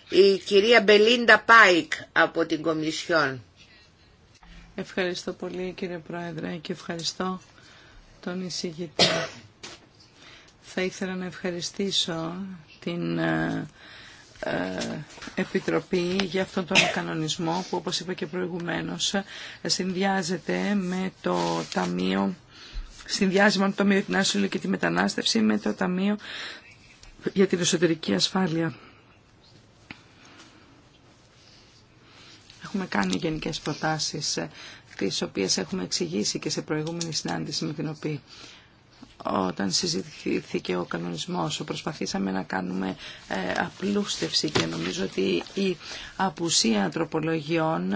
Η κυρία Μπελίντα Πάικ από την Κομισιόν. Ευχαριστώ πολύ κύριε Πρόεδρε και ευχαριστώ τον εισηγητή θα ήθελα να ευχαριστήσω την ε, ε, Επιτροπή για αυτόν τον κανονισμό που όπως είπα και προηγουμένως συνδυάζεται με το Ταμείο συνδυάζει με το Ταμείο την Άσυλο και τη Μετανάστευση με το Ταμείο για την Εσωτερική Ασφάλεια. Έχουμε κάνει γενικές προτάσεις τις οποίες έχουμε εξηγήσει και σε προηγούμενη συνάντηση με την οποία όταν συζητήθηκε ο κανονισμός. Προσπαθήσαμε να κάνουμε ε, απλούστευση και νομίζω ότι η απουσία τροπολογιών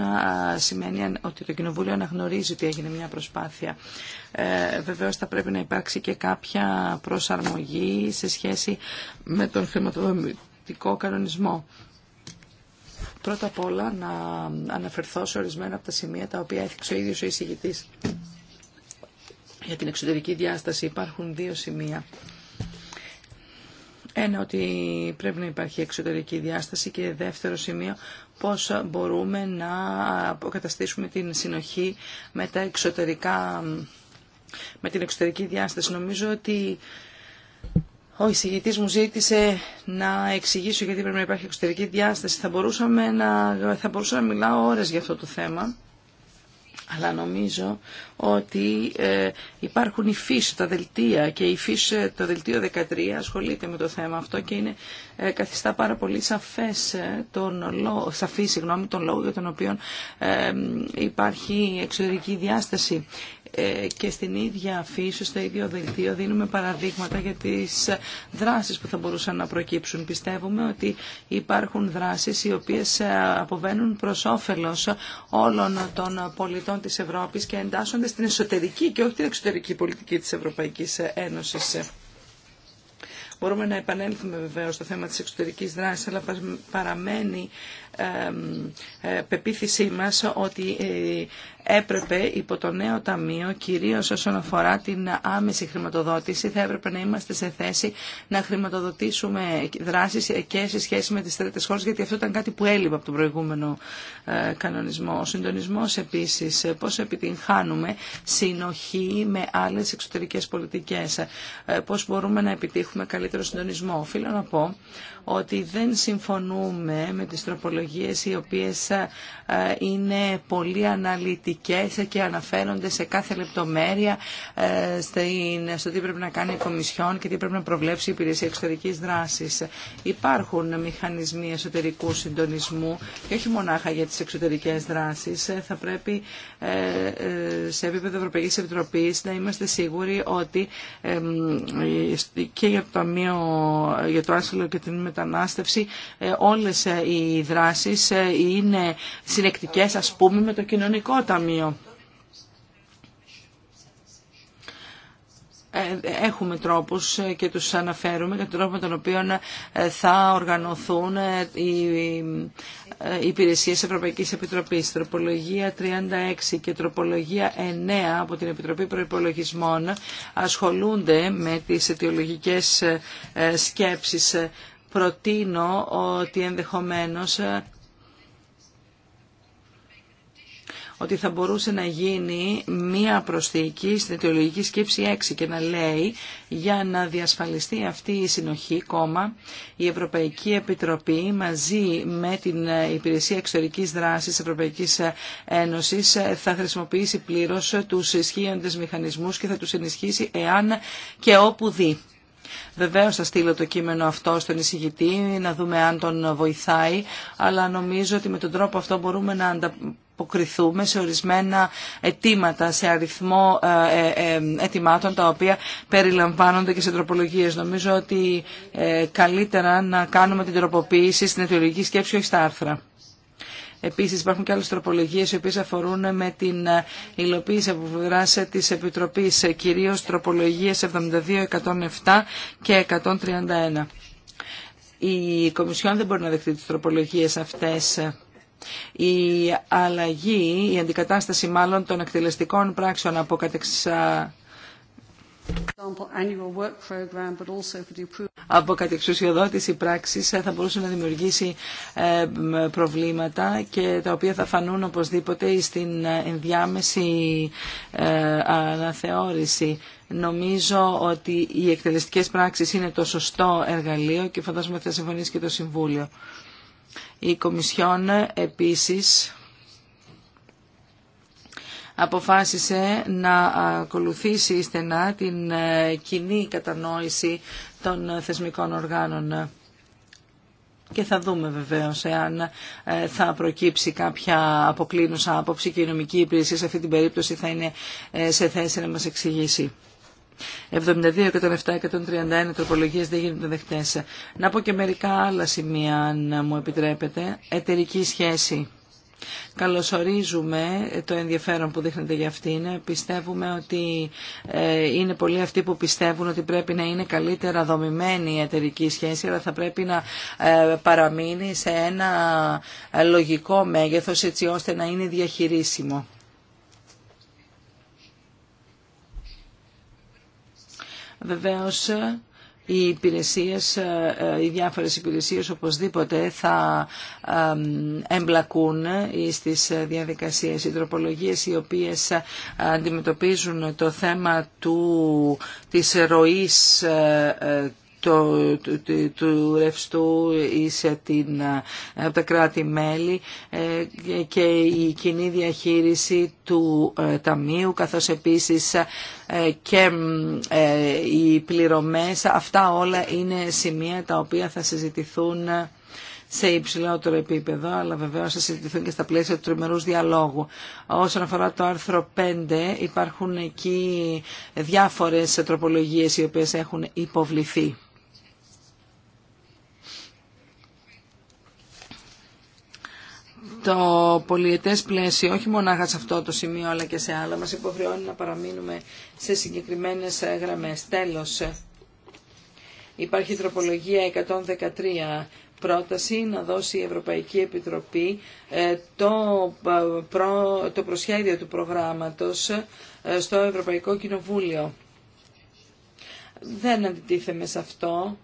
σημαίνει ότι το Κοινοβούλιο αναγνωρίζει ότι έγινε μια προσπάθεια. Ε, βεβαίως θα πρέπει να υπάρξει και κάποια προσαρμογή σε σχέση με τον χρηματοδομητικό κανονισμό. Πρώτα απ' όλα να αναφερθώ σε ορισμένα από τα σημεία τα οποία έθιξε ο ίδιος ο εισηγητής για την εξωτερική διάσταση υπάρχουν δύο σημεία. Ένα, ότι πρέπει να υπάρχει εξωτερική διάσταση και δεύτερο σημείο, πώς μπορούμε να αποκαταστήσουμε την συνοχή με εξωτερικά, με την εξωτερική διάσταση. Νομίζω ότι ο εισηγητή μου ζήτησε να εξηγήσω γιατί πρέπει να υπάρχει εξωτερική διάσταση. Θα, μπορούσαμε να, θα μπορούσα να μιλάω ώρες για αυτό το θέμα αλλά νομίζω ότι ε, υπάρχουν οι φύση τα δελτία και η φύση, ε, το δελτίο 13 ασχολείται με το θέμα αυτό και είναι ε, καθιστά πάρα πολύ σαφές τον λόγο, σαφή συγγνώμη, τον λόγο για τον οποίο υπάρχει εξωτερική διάσταση και στην ίδια φύση, στο ίδιο δελτίο δίνουμε παραδείγματα για τις δράσεις που θα μπορούσαν να προκύψουν. Πιστεύουμε ότι υπάρχουν δράσεις οι οποίες αποβαίνουν προς όφελος όλων των πολιτών κρατών της Ευρώπης και εντάσσονται στην εσωτερική και όχι την εξωτερική πολιτική της Ευρωπαϊκής Ένωσης. Μπορούμε να επανέλθουμε βεβαίω στο θέμα της εξωτερικής δράσης, αλλά παραμένει ε, πεποίθησή μας ότι ε, έπρεπε υπό το νέο ταμείο, κυρίως όσον αφορά την άμεση χρηματοδότηση, θα έπρεπε να είμαστε σε θέση να χρηματοδοτήσουμε δράσεις και σε σχέση με τι τρίτε χώρε, γιατί αυτό ήταν κάτι που έλειπε από τον προηγούμενο ε, κανονισμό. Ο συντονισμό επίση, ε, πώ επιτυγχάνουμε συνοχή με άλλες εξωτερικές πολιτικές, ε, πώ μπορούμε να επιτύχουμε καλύτερο συντονισμό. Οφείλω να πω ότι δεν συμφωνούμε με τις τροπολογίες οι οποίες ε, είναι πολύ αναλυτικές και αναφέρονται σε κάθε λεπτομέρεια ε, στο τι πρέπει να κάνει η Κομισιόν και τι πρέπει να προβλέψει η Υπηρεσία Εξωτερικής Δράσης. Υπάρχουν μηχανισμοί εσωτερικού συντονισμού και όχι μονάχα για τις εξωτερικές δράσεις. Ε, θα πρέπει σε επίπεδο Ευρωπαϊκής Επιτροπής να είμαστε σίγουροι ότι και για το, για το άσυλο και την μετανάστευση, ε, όλες ε, οι δράσεις ε, είναι συνεκτικές, ας πούμε, με το κοινωνικό ταμείο. έχουμε τρόπους και τους αναφέρουμε για τον τρόπο με τον οποίο θα οργανωθούν οι υπηρεσίες Ευρωπαϊκής Επιτροπής. Τροπολογία 36 και τροπολογία 9 από την Επιτροπή Προϋπολογισμών ασχολούνται με τις αιτιολογικές σκέψεις προτείνω ότι ενδεχομένως ε, ότι θα μπορούσε να γίνει μία προσθήκη στην αιτιολογική σκέψη 6 και να λέει για να διασφαλιστεί αυτή η συνοχή, κόμμα, η Ευρωπαϊκή Επιτροπή μαζί με την ε, Υπηρεσία Εξωτερικής Δράσης Ευρωπαϊκής ε, Ένωσης θα χρησιμοποιήσει πλήρως τους ισχύοντες μηχανισμούς και θα τους ενισχύσει εάν και όπου δει. Βεβαίω θα στείλω το κείμενο αυτό στον εισηγητή, να δούμε αν τον βοηθάει, αλλά νομίζω ότι με τον τρόπο αυτό μπορούμε να ανταποκριθούμε σε ορισμένα αιτήματα, σε αριθμό ε, ε, ε, αιτημάτων τα οποία περιλαμβάνονται και σε τροπολογίε. Νομίζω ότι καλύτερα να κάνουμε την τροποποίηση στην αιτιολογική σκέψη, όχι στα άρθρα. Επίσης υπάρχουν και άλλες τροπολογίες οι οποίες αφορούν με την υλοποίηση από δράση της Επιτροπής, κυρίως τροπολογίες 72, 107 και 131. Η Κομισιόν δεν μπορεί να δεχτεί τις τροπολογίες αυτές. Η αλλαγή, η αντικατάσταση μάλλον των εκτελεστικών πράξεων από κατεξα από κατεξουσιοδότηση πράξης ε, θα μπορούσε να δημιουργήσει ε, προβλήματα και τα οποία θα φανούν οπωσδήποτε στην ε, ενδιάμεση αναθεώρηση. Νομίζω ότι οι εκτελεστικές πράξεις είναι το σωστό εργαλείο και φαντάζομαι ότι θα συμφωνήσει και το Συμβούλιο. Η Κομισιόν επίσης αποφάσισε να ακολουθήσει στενά την ε, κοινή κατανόηση των ε, θεσμικών οργάνων. Και θα δούμε βεβαίως εάν ε, θα προκύψει κάποια αποκλίνουσα άποψη και η νομική υπηρεσία σε αυτή την περίπτωση θα είναι σε θέση να μας εξηγήσει. 72, 107, 131 τροπολογίες δεν γίνονται δεχτές. Να πω και μερικά άλλα σημεία, αν μου επιτρέπετε. Εταιρική σχέση. Καλωσορίζουμε το ενδιαφέρον που δείχνεται για αυτήν. Πιστεύουμε ότι ε, είναι πολλοί αυτοί που πιστεύουν ότι πρέπει να είναι καλύτερα δομημένη η εταιρική σχέση, αλλά θα πρέπει να ε, παραμείνει σε ένα ε, λογικό μέγεθος έτσι ώστε να είναι διαχειρίσιμο. Βεβαίως, οι υπηρεσίες, ε, ε, οι διάφορες υπηρεσίες οπωσδήποτε θα εμπλακούν στις διαδικασίες. Οι τροπολογίες οι οποίες ε, αντιμετωπίζουν το θέμα του, της ροής του, του ρευστού σε την, από τα κράτη-μέλη ε, και η κοινή διαχείριση του ε, Ταμείου καθώς επίσης ε, και οι πληρωμές. Αυτά όλα είναι σημεία τα οποία θα συζητηθούν σε υψηλότερο επίπεδο, αλλά βεβαίως θα συζητηθούν και στα πλαίσια του τριμερούς διαλόγου. Όσον αφορά το άρθρο 5, υπάρχουν εκεί διάφορες τροπολογίες οι οποίες έχουν υποβληθεί. το πολιετές πλαίσιο, όχι μονάχα σε αυτό το σημείο αλλά και σε άλλα, μας υποχρεώνει να παραμείνουμε σε συγκεκριμένες ε, γραμμές. Τέλος, ε, υπάρχει τροπολογία 113 πρόταση να δώσει η Ευρωπαϊκή Επιτροπή ε, το, προ, το προσχέδιο του προγράμματος στο Ευρωπαϊκό Κοινοβούλιο. Δεν αντιτίθεμαι σε αυτό.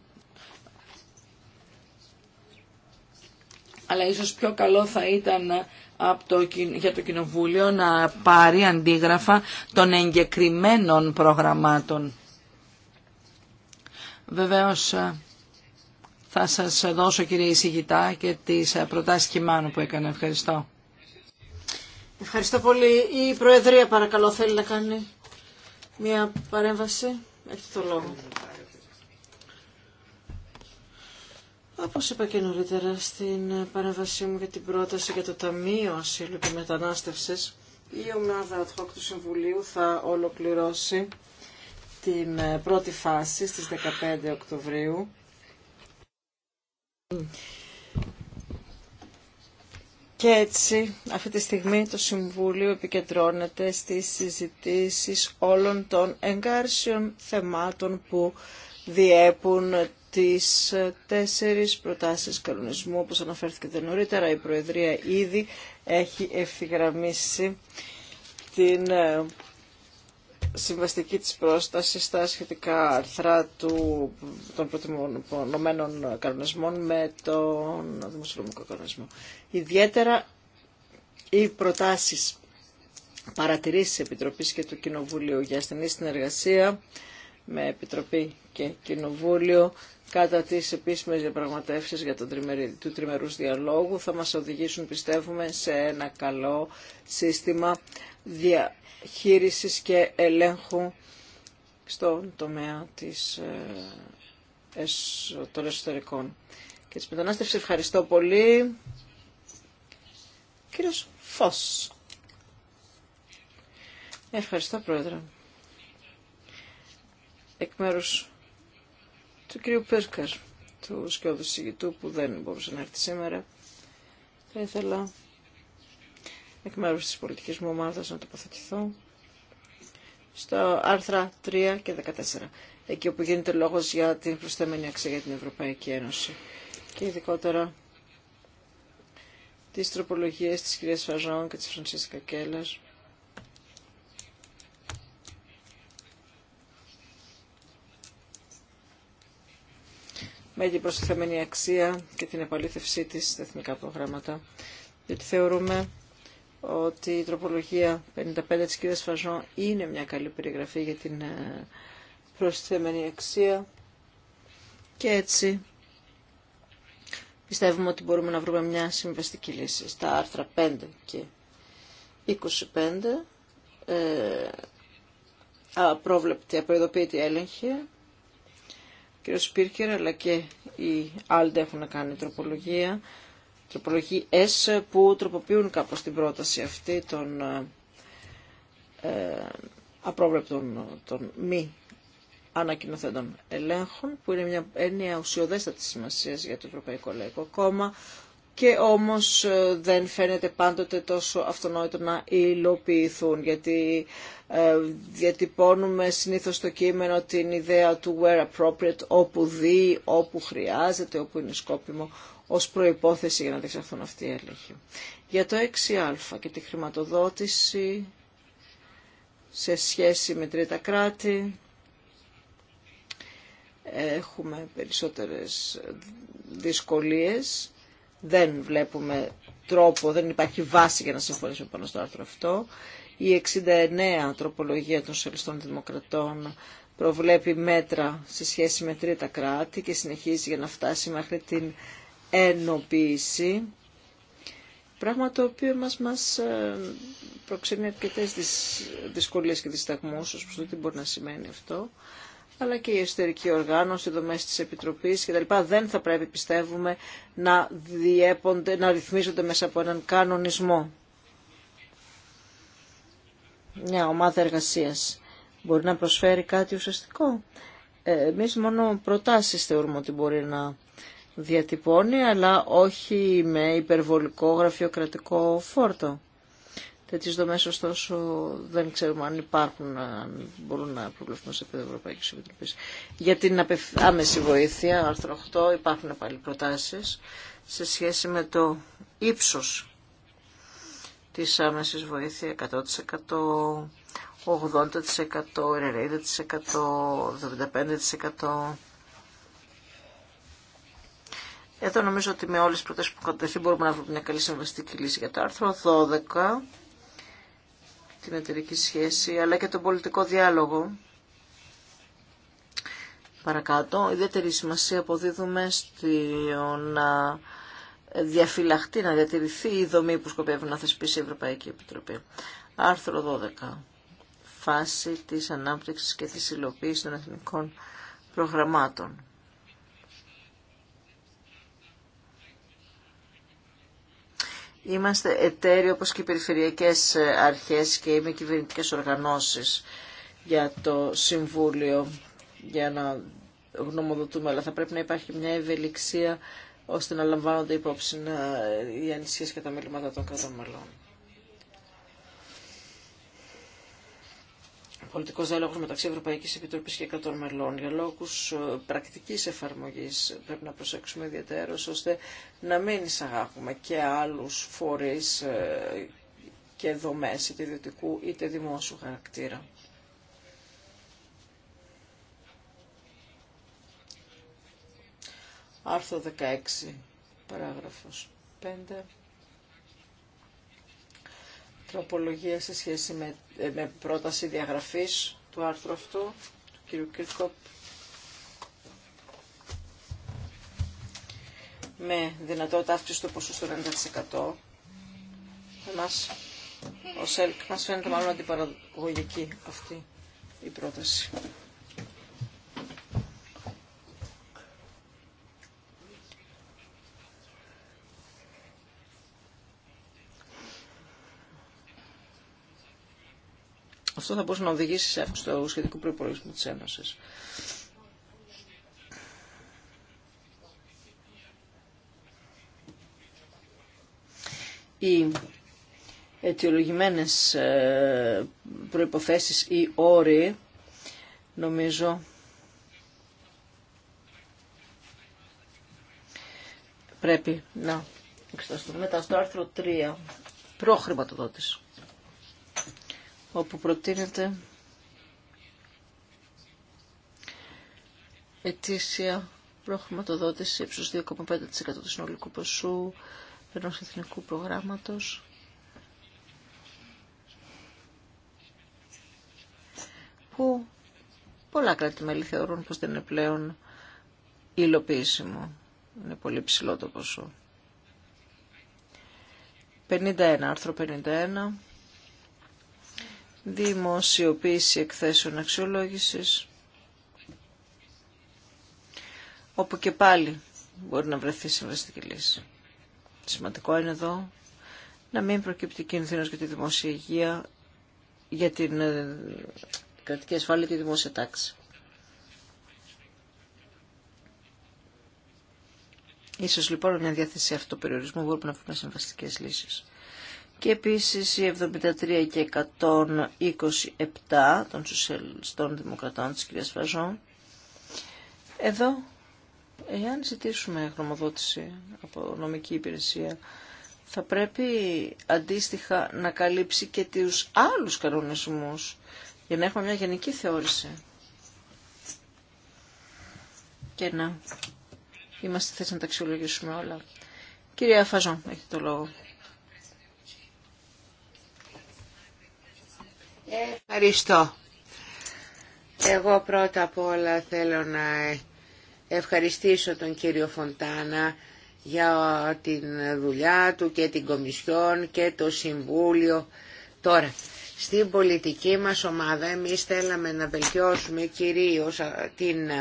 αλλά ίσως πιο καλό θα ήταν ε, από το, για το Κοινοβούλιο να πάρει αντίγραφα των εγκεκριμένων προγραμμάτων. Βεβαίως ε, θα σας δώσω κύριε Ισηγητά και τις ε, προτάσεις Κιμάνου που έκανε. Ευχαριστώ. Ευχαριστώ πολύ. Η Προεδρία παρακαλώ θέλει να κάνει μια παρέμβαση. Έχετε το λόγο. Όπως είπα και νωρίτερα στην παρέμβασή μου για την πρόταση για το Ταμείο Ασύλου και Μετανάστευσης, η ομάδα ad του Συμβουλίου θα ολοκληρώσει την ε, πρώτη φάση στις 15 Οκτωβρίου. Και έτσι αυτή τη στιγμή το Συμβούλιο επικεντρώνεται στις συζητήσεις όλων των εγκάρσιων θεμάτων που διέπουν τις ε, τέσσερις προτάσεις κανονισμού, όπως αναφέρθηκε νωρίτερα, η Προεδρία ήδη έχει ευθυγραμμίσει την ε, συμβαστική της πρόσταση στα σχετικά αρθρά του, των προτιμωμένων κανονισμών με τον δημοσιονομικό κανονισμό. Ιδιαίτερα οι προτάσεις παρατηρήσεις Επιτροπής και του Κοινοβουλίου για ασθενή συνεργασία με Επιτροπή και Κοινοβούλιο κατά τις επίσημες διαπραγματεύσεις για τον τριμερι, του τριμερούς διαλόγου θα μας οδηγήσουν πιστεύουμε σε ένα καλό σύστημα διαχείρισης και ελέγχου στον τομέα της, ε, των εσωτερικών. Και της μετανάστευσης ευχαριστώ πολύ. Κύριος Φως. Ευχαριστώ Πρόεδρε. Εκ μέρους του κ. Πέρκαρ, του σκιώδου συγητού που δεν μπορούσε να έρθει σήμερα. Θα ήθελα εκ μέρους της πολιτικής μου ομάδας να τοποθετηθώ στο άρθρα 3 και 14, εκεί όπου γίνεται λόγος για την προσθέμενη αξία για την Ευρωπαϊκή Ένωση και ειδικότερα τις τροπολογίες της κυρίας Φαζόν και της Φρανσίσκα Κέλλας Με την προστιθέμενη αξία και την επαλήθευσή της στα εθνικά προγράμματα. Διότι θεωρούμε ότι η τροπολογία 55 της κ. Φαζόν είναι μια καλή περιγραφή για την ε, προστιθέμενη αξία και έτσι πιστεύουμε ότι μπορούμε να βρούμε μια συμβαστική λύση στα άρθρα 5 και 25 ε, απρόβλεπτη, απροειδοποίητη έλεγχη κ. Σπίρκερ αλλά και οι άλλοι έχουν κάνει τροπολογία, τροπολογίες που τροποποιούν κάπως την πρόταση αυτή των ε, ε, απρόβλεπτων των μη ανακοινωθέντων ελέγχων, που είναι μια έννοια ουσιοδέστατη σημασία για το Ευρωπαϊκό Λαϊκό Κόμμα, και όμως ε, δεν φαίνεται πάντοτε τόσο αυτονόητο να υλοποιηθούν γιατί ε, διατυπώνουμε συνήθως στο κείμενο την ιδέα του where appropriate, όπου δει, όπου χρειάζεται, όπου είναι σκόπιμο ως προϋπόθεση για να διεξαχθούν αυτοί οι έλεγχοι. Για το 6α και τη χρηματοδότηση σε σχέση με τρίτα κράτη έχουμε περισσότερες δυσκολίες δεν βλέπουμε τρόπο, δεν υπάρχει βάση για να συμφωνήσουμε πάνω στο άρθρο αυτό. Η 69 τροπολογία των Σοσιαλιστών Δημοκρατών προβλέπει μέτρα σε σχέση με τρίτα κράτη και συνεχίζει για να φτάσει μέχρι την ενοποίηση. Πράγμα το οποίο μας, μας ε, προξενεί αρκετές δυσκολίες και δισταγμούς, όσο προς το τι μπορεί να σημαίνει αυτό αλλά και η εσωτερική οργάνωση, οι δομές της Επιτροπής κτλ. δεν θα πρέπει, πιστεύουμε, να, διέπονται, να ρυθμίζονται μέσα από έναν κανονισμό. Μια ομάδα εργασίας μπορεί να προσφέρει κάτι ουσιαστικό. Ε, εμείς μόνο προτάσεις θεωρούμε ότι μπορεί να διατυπώνει, αλλά όχι με υπερβολικό γραφειοκρατικό φόρτο. Τέτοιες δομές ωστόσο δεν ξέρουμε αν υπάρχουν, αν μπορούν να προβληθούν σε επίπεδο Ευρωπαϊκή Επιτροπή. Για την άμεση βοήθεια, άρθρο 8, υπάρχουν πάλι προτάσεις σε σχέση με το ύψος της άμεσης βοήθεια 100%. 80%, 90%, 75%. Εδώ νομίζω ότι με όλες τις προτάσεις που κατευθεί μπορούμε να βρούμε μια καλή συμβαστική λύση για το άρθρο 12 την εταιρική σχέση, αλλά και τον πολιτικό διάλογο. Παρακάτω, ιδιαίτερη σημασία αποδίδουμε στο να διαφυλαχτεί, να διατηρηθεί η δομή που σκοπεύει να θεσπίσει η Ευρωπαϊκή Επιτροπή. Άρθρο 12. Φάση της ανάπτυξης και της υλοποίησης των εθνικών προγραμμάτων. Είμαστε εταίροι όπως και οι περιφερειακές αρχές και οι μη κυβερνητικές οργανώσεις για το Συμβούλιο για να γνωμοδοτούμε, αλλά θα πρέπει να υπάρχει μια ευελιξία ώστε να λαμβάνονται υπόψη οι ανησυχίες και τα μέληματα των κρατών μελών. πολιτικός διάλογος μεταξύ Ευρωπαϊκής Επιτροπής και 100 μελών. Για λόγους ε, πρακτικής εφαρμογής πρέπει να προσέξουμε ιδιαίτερως ώστε να μην εισαγάγουμε και άλλους φορείς ε, και δομές είτε ιδιωτικού είτε δημόσιου χαρακτήρα. Άρθρο 16, παράγραφος 5 τροπολογία σε σχέση με, ε, με πρόταση διαγραφής του άρθρου αυτού του κ. Κίρκοπ με δυνατότητα αύξηση του ποσού στο 90%. Εμάς, ως ΕΛΚ, μας φαίνεται μάλλον αντιπαραγωγική αυτή η πρόταση. αυτό θα μπορούσε να οδηγήσει στο σχετικό προπολογισμό της Ένωσης. Οι αιτιολογημένες ε, προϋποθέσεις ή όροι νομίζω πρέπει να εξεταστούν. Μετά στο άρθρο 3, προχρηματοδότηση όπου προτείνεται ετήσια προχρηματοδότηση ύψους 2,5% του συνολικού ποσού ενός εθνικού προγράμματος. που πολλά κράτη-μέλη θεωρούν πως δεν είναι πλέον υλοποιήσιμο. Είναι πολύ ψηλό το ποσό. 51, άρθρο 51 δημοσιοποίηση εκθέσεων αξιολόγησης, όπου και πάλι μπορεί να βρεθεί συμβαστική λύση. Σημαντικό είναι εδώ να μην προκύπτει κίνδυνος για τη δημόσια υγεία, για την ε, κρατική ασφάλεια και τη δημόσια τάξη. Ίσως λοιπόν μια διάθεση αυτοπεριορισμού μπορούμε να βρούμε συμβαστικές λύσεις και επίσης η 73 και 127 των σοσιαλιστών δημοκρατών της κυρίας Φαζόν. Εδώ, εάν ζητήσουμε γνωμοδότηση από νομική υπηρεσία, θα πρέπει αντίστοιχα να καλύψει και τους άλλους κανονισμούς για να έχουμε μια γενική θεώρηση και να είμαστε θέσεις να τα αξιολογήσουμε όλα. Κυρία Φαζόν, έχετε το λόγο. Ευχαριστώ. Εγώ πρώτα απ' όλα θέλω να ευχαριστήσω τον κύριο Φοντάνα για την δουλειά του και την Κομισιόν και το Συμβούλιο. Τώρα, στην πολιτική μας ομάδα εμείς θέλαμε να βελτιώσουμε κυρίως την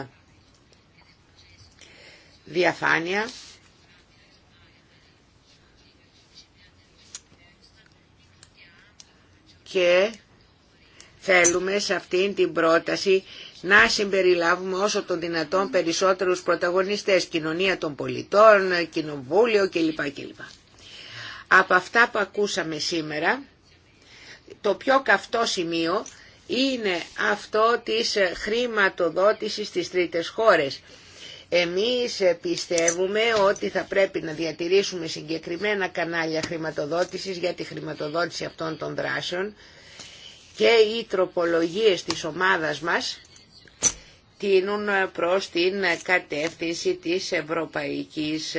διαφάνεια και θέλουμε σε αυτήν την πρόταση να συμπεριλάβουμε όσο των δυνατόν περισσότερους πρωταγωνιστές, κοινωνία των πολιτών, κοινοβούλιο κλπ. κλπ. Από αυτά που ακούσαμε σήμερα, το πιο καυτό σημείο είναι αυτό της χρηματοδότησης στις τρίτες χώρες. Εμείς πιστεύουμε ότι θα πρέπει να διατηρήσουμε συγκεκριμένα κανάλια χρηματοδότησης για τη χρηματοδότηση αυτών των δράσεων, και οι τροπολογίες της ομάδας μας τίνουν προς την κατεύθυνση της Ευρωπαϊκής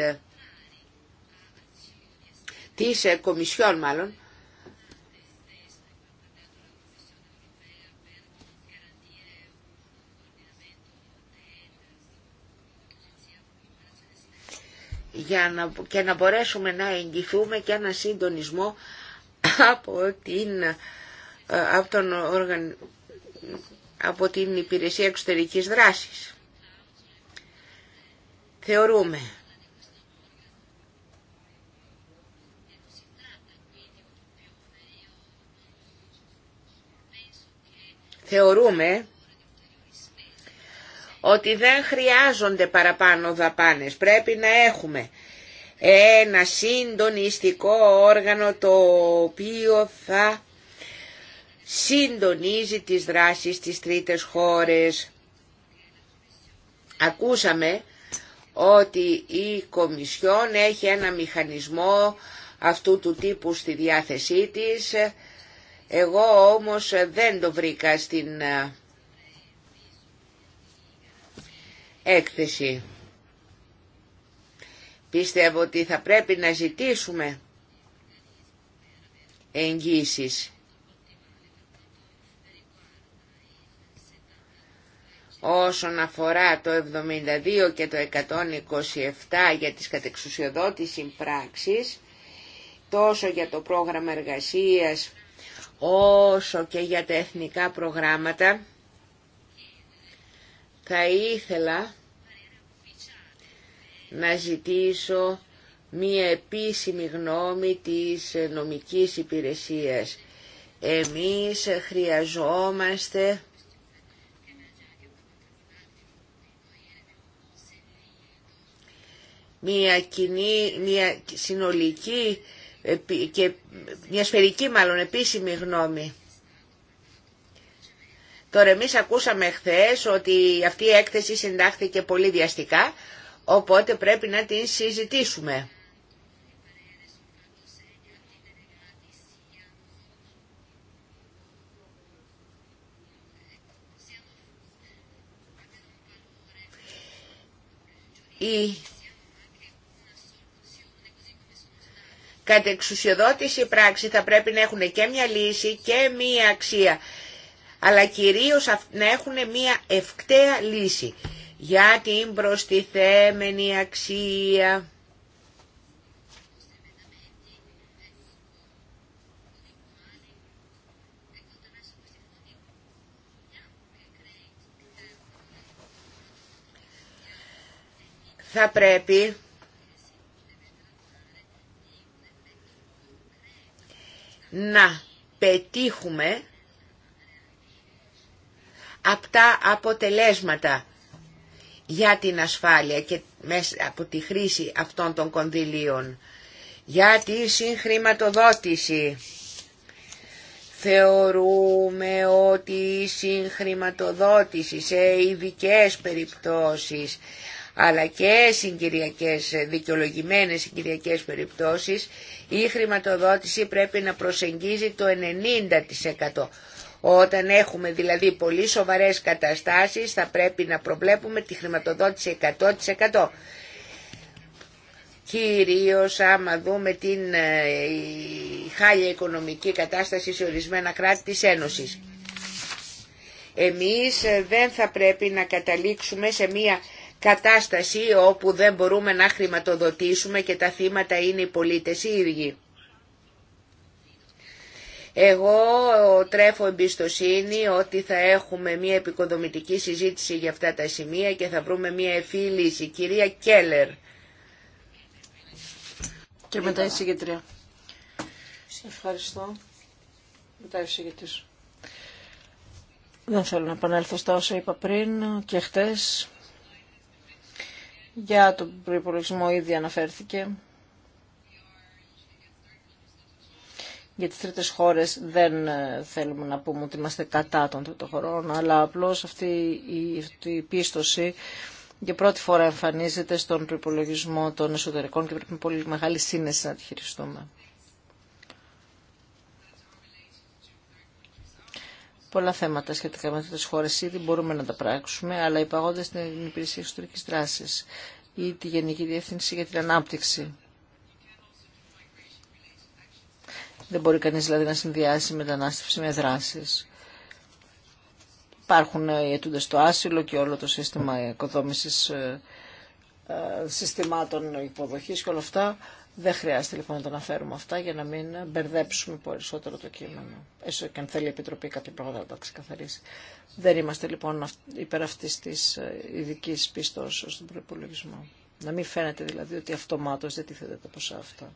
της Κομισιόν μάλλον για να, και να μπορέσουμε να εγγυθούμε και ένα συντονισμό από την ε, από, τον οργαν... από την Υπηρεσία Εξωτερικής Δράσης. Θεωρούμε θεωρούμε ότι δεν χρειάζονται παραπάνω δαπάνες. Πρέπει να έχουμε ένα συντονιστικό όργανο το οποίο θα συντονίζει τις δράσεις στις τρίτες χώρες. Ακούσαμε ότι η Κομισιόν έχει ένα μηχανισμό αυτού του τύπου στη διάθεσή της. Εγώ όμως δεν το βρήκα στην ε, έκθεση. Πιστεύω ότι θα πρέπει να ζητήσουμε εγγύσεις όσον αφορά το 72 και το 127 για τις κατεξουσιοδότης πράξεις, τόσο για το πρόγραμμα εργασίας όσο και για τα εθνικά προγράμματα, θα ήθελα να ζητήσω μία επίσημη γνώμη της νομικής υπηρεσίας. Εμείς χρειαζόμαστε μια, κοινή, μια συνολική και μια σφαιρική μάλλον επίσημη γνώμη. Τώρα εμείς ακούσαμε χθες ότι αυτή η έκθεση συντάχθηκε πολύ διαστικά, οπότε πρέπει να την συζητήσουμε. Η κατ' εξουσιοδότηση πράξη θα πρέπει να έχουν και μια λύση και μια αξία, αλλά κυρίως να έχουν μια ευκταία λύση για την προστιθέμενη αξία. Θα πρέπει να πετύχουμε αυτά αποτελέσματα για την ασφάλεια και από τη χρήση αυτών των κονδυλίων, για τη συγχρηματοδότηση. Θεωρούμε ότι η συγχρηματοδότηση σε ειδικέ περιπτώσεις αλλά και συγκυριακές, ε, δικαιολογημένες συγκυριακές περιπτώσεις, η χρηματοδότηση πρέπει να προσεγγίζει το 90%. Όταν έχουμε δηλαδή πολύ σοβαρές καταστάσεις θα πρέπει να προβλέπουμε τη χρηματοδότηση 100%. Κυρίως άμα δούμε την ε, χάλια οικονομική κατάσταση σε ορισμένα κράτη της Ένωσης. Εμείς ε, δεν θα πρέπει να καταλήξουμε σε μία κατάσταση όπου δεν μπορούμε να χρηματοδοτήσουμε και τα θύματα είναι οι πολίτες οι ίδιοι. Εγώ τρέφω εμπιστοσύνη ότι θα έχουμε μια επικοδομητική συζήτηση για αυτά τα σημεία και θα βρούμε μια ευφύ Κυρία Κέλλερ. Και μετά η συγκεκριτρία. Ευχαριστώ. Μετά η συγκεντρία. Δεν θέλω να επανέλθω στα όσα είπα πριν και χτες. Για τον προϋπολογισμό ήδη αναφέρθηκε. Για τις τρίτες χώρες δεν ε, θέλουμε να πούμε ότι είμαστε κατά των τρίτων χωρών, αλλά απλώς αυτή η πίστοση για πρώτη φορά εμφανίζεται στον προϋπολογισμό των εσωτερικών και πρέπει με πολύ μεγάλη σύνεση να τη χειριστούμε. πολλά θέματα σχετικά με τις χώρες ήδη μπορούμε να τα πράξουμε, αλλά υπαγόντας την υπηρεσία εξωτερικής δράση ή τη Γενική Διεύθυνση για την Ανάπτυξη. Δεν μπορεί κανείς δηλαδή να συνδυάσει μετανάστευση με δράσεις. Υπάρχουν ε, οι αιτούντες στο άσυλο και όλο το σύστημα οικοδόμησης ε, ε, συστημάτων υποδοχής και όλα αυτά δεν χρειάζεται λοιπόν να τα αναφέρουμε αυτά για να μην μπερδέψουμε περισσότερο το κείμενο. Έστω και αν θέλει η Επιτροπή κάποια πράγματα να τα ξεκαθαρίσει. Δεν είμαστε λοιπόν υπέρ αυτή τη ε, ειδική του στον προπολογισμό. Να μην φαίνεται δηλαδή ότι αυτομάτω δεν τίθεται τα ποσά αυτά.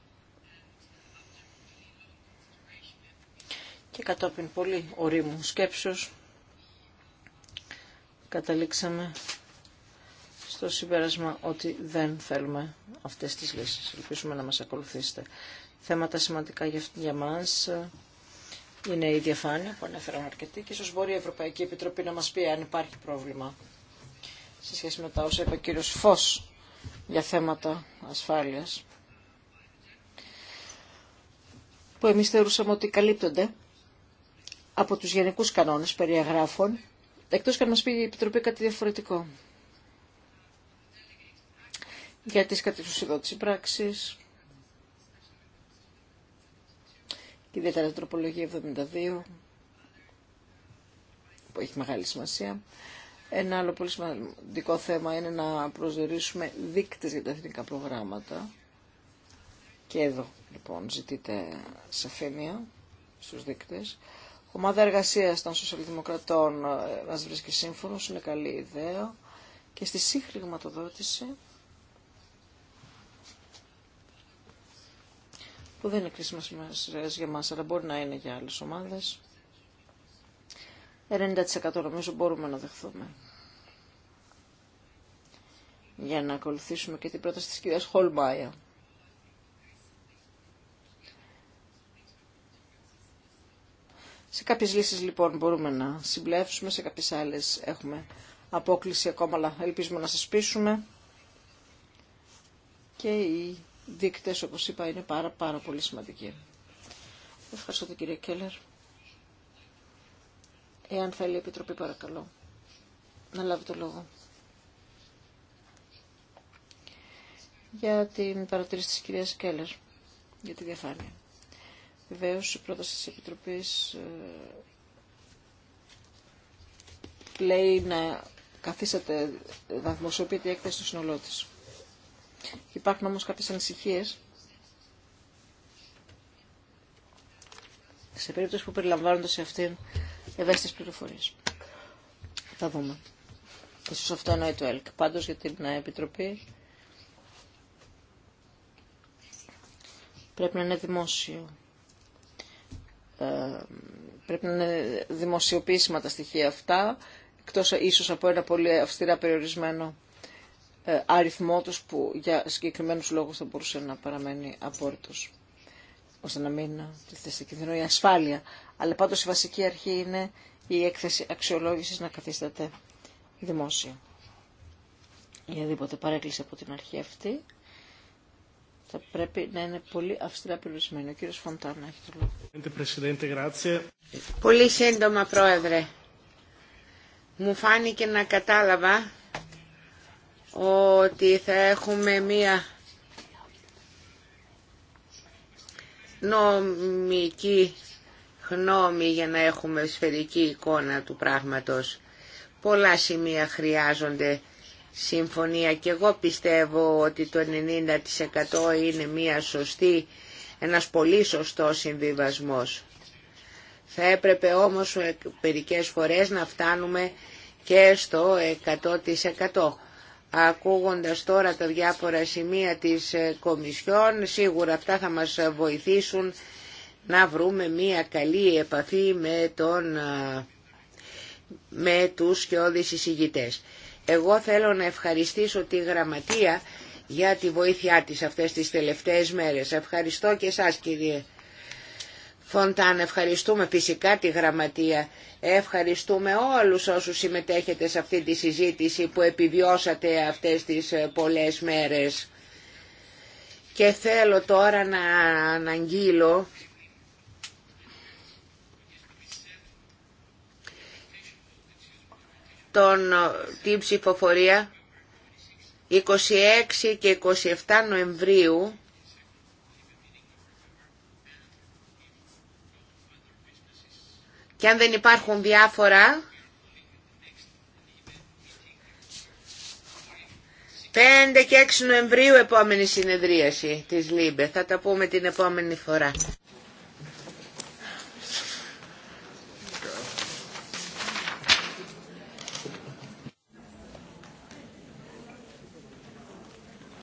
Και κατόπιν πολύ ορίμου σκέψεως καταλήξαμε στο συμπέρασμα ότι δεν θέλουμε αυτές τις λύσεις. Ελπίζουμε να μας ακολουθήσετε. Θέματα σημαντικά για μας ε, είναι η διαφάνεια που ανέφεραν αρκετοί και ίσως μπορεί η Ευρωπαϊκή Επιτροπή να μας πει αν υπάρχει πρόβλημα σε σχέση με τα όσα είπε ο κύριος Φως για θέματα ασφάλειας που εμείς θεωρούσαμε ότι καλύπτονται από τους γενικούς κανόνες περιεγράφων εκτό εκτός και αν μας πει η Επιτροπή κάτι διαφορετικό για τις κατεξουσιοδότηση πράξεις και ιδιαίτερα την τροπολογία 72 που έχει μεγάλη σημασία. Ένα άλλο πολύ σημαντικό θέμα είναι να προσδιορίσουμε δείκτες για τα εθνικά προγράμματα. Και εδώ λοιπόν ζητείτε σαφήνεια στους δείκτες. Ομάδα εργασία των σοσιαλδημοκρατών ε, μας βρίσκει σύμφωνος, είναι καλή ιδέα. Και στη σύγχρηματοδότηση που δεν είναι κρίσιμα σημασία για μας, αλλά μπορεί να είναι για άλλες ομάδες. 90% νομίζω μπορούμε να δεχθούμε. Για να ακολουθήσουμε και την πρόταση της κυρίας Χολμπάια. Σε κάποιες λύσεις λοιπόν μπορούμε να συμπλέψουμε, σε κάποιες άλλες έχουμε απόκληση ακόμα, αλλά ελπίζουμε να σας πείσουμε. Και η δείκτες, όπως είπα, είναι πάρα, πάρα πολύ σημαντικοί. Ευχαριστώ την κυρία Κέλλερ. Εάν θέλει η Επιτροπή, παρακαλώ, να λάβει το λόγο. Για την παρατηρήση της κυρίας Κέλλερ, για τη διαφάνεια. Βεβαίω, η πρόταση της Επιτροπής ε, λέει να καθίσατε να δημοσιοποιείτε η έκθεση στο σύνολό της. Υπάρχουν όμως κάποιες ανησυχίες. Σε περίπτωση που περιλαμβάνονται σε αυτήν ευαίσθητες πληροφορίες. Θα δούμε. Ίσως αυτό εννοεί το ΕΛΚ. Πάντως για την ε, Επιτροπή πρέπει να είναι δημόσιο. Ε, πρέπει να είναι δημοσιοποιήσιμα τα στοιχεία αυτά, εκτός ίσως από ένα πολύ αυστηρά περιορισμένο ε, αριθμό τους που για συγκεκριμένους λόγους θα μπορούσε να παραμένει απόρριτος ώστε να μην τίθεται σε κινδυνό η ασφάλεια. Αλλά πάντως η βασική αρχή είναι η έκθεση αξιολόγησης να καθίσταται δημόσια. Η αδίποτε παρέκκληση από την αρχή αυτή θα πρέπει να είναι πολύ αυστηρά περιορισμένη. Ο κύριος Φοντάνα έχει το λόγο. Πολύ σύντομα, Πρόεδρε. Μου φάνηκε να κατάλαβα ότι θα έχουμε μία νομική γνώμη για να έχουμε σφαιρική εικόνα του πράγματος. Πολλά σημεία χρειάζονται συμφωνία και εγώ πιστεύω ότι το 90% είναι μία σωστή, ένας πολύ σωστός συμβιβασμός. Θα έπρεπε όμως μερικές φορές να φτάνουμε και στο 100% ακούγοντας τώρα τα διάφορα σημεία της ε, Κομισιόν, σίγουρα αυτά θα μας βοηθήσουν να βρούμε μία καλή επαφή με, τον, ε, με τους και εισηγητές. Εγώ θέλω να ευχαριστήσω τη Γραμματεία για τη βοήθειά της αυτές τις τελευταίες μέρες. Ευχαριστώ και εσάς κύριε Φοντάν. Ευχαριστούμε φυσικά τη Γραμματεία. Ευχαριστούμε όλους όσους συμμετέχετε σε αυτή τη συζήτηση που επιβιώσατε αυτές τις ε, πολλές μέρες. Και θέλω τώρα να αναγγείλω τον, ε, την ψηφοφορία 26 και 27 Νοεμβρίου Και αν δεν υπάρχουν διάφορα, Πέντε και 6 Νοεμβρίου επόμενη συνεδρίαση της ΛΥΜΠΕ. Θα τα πούμε την επόμενη φορά.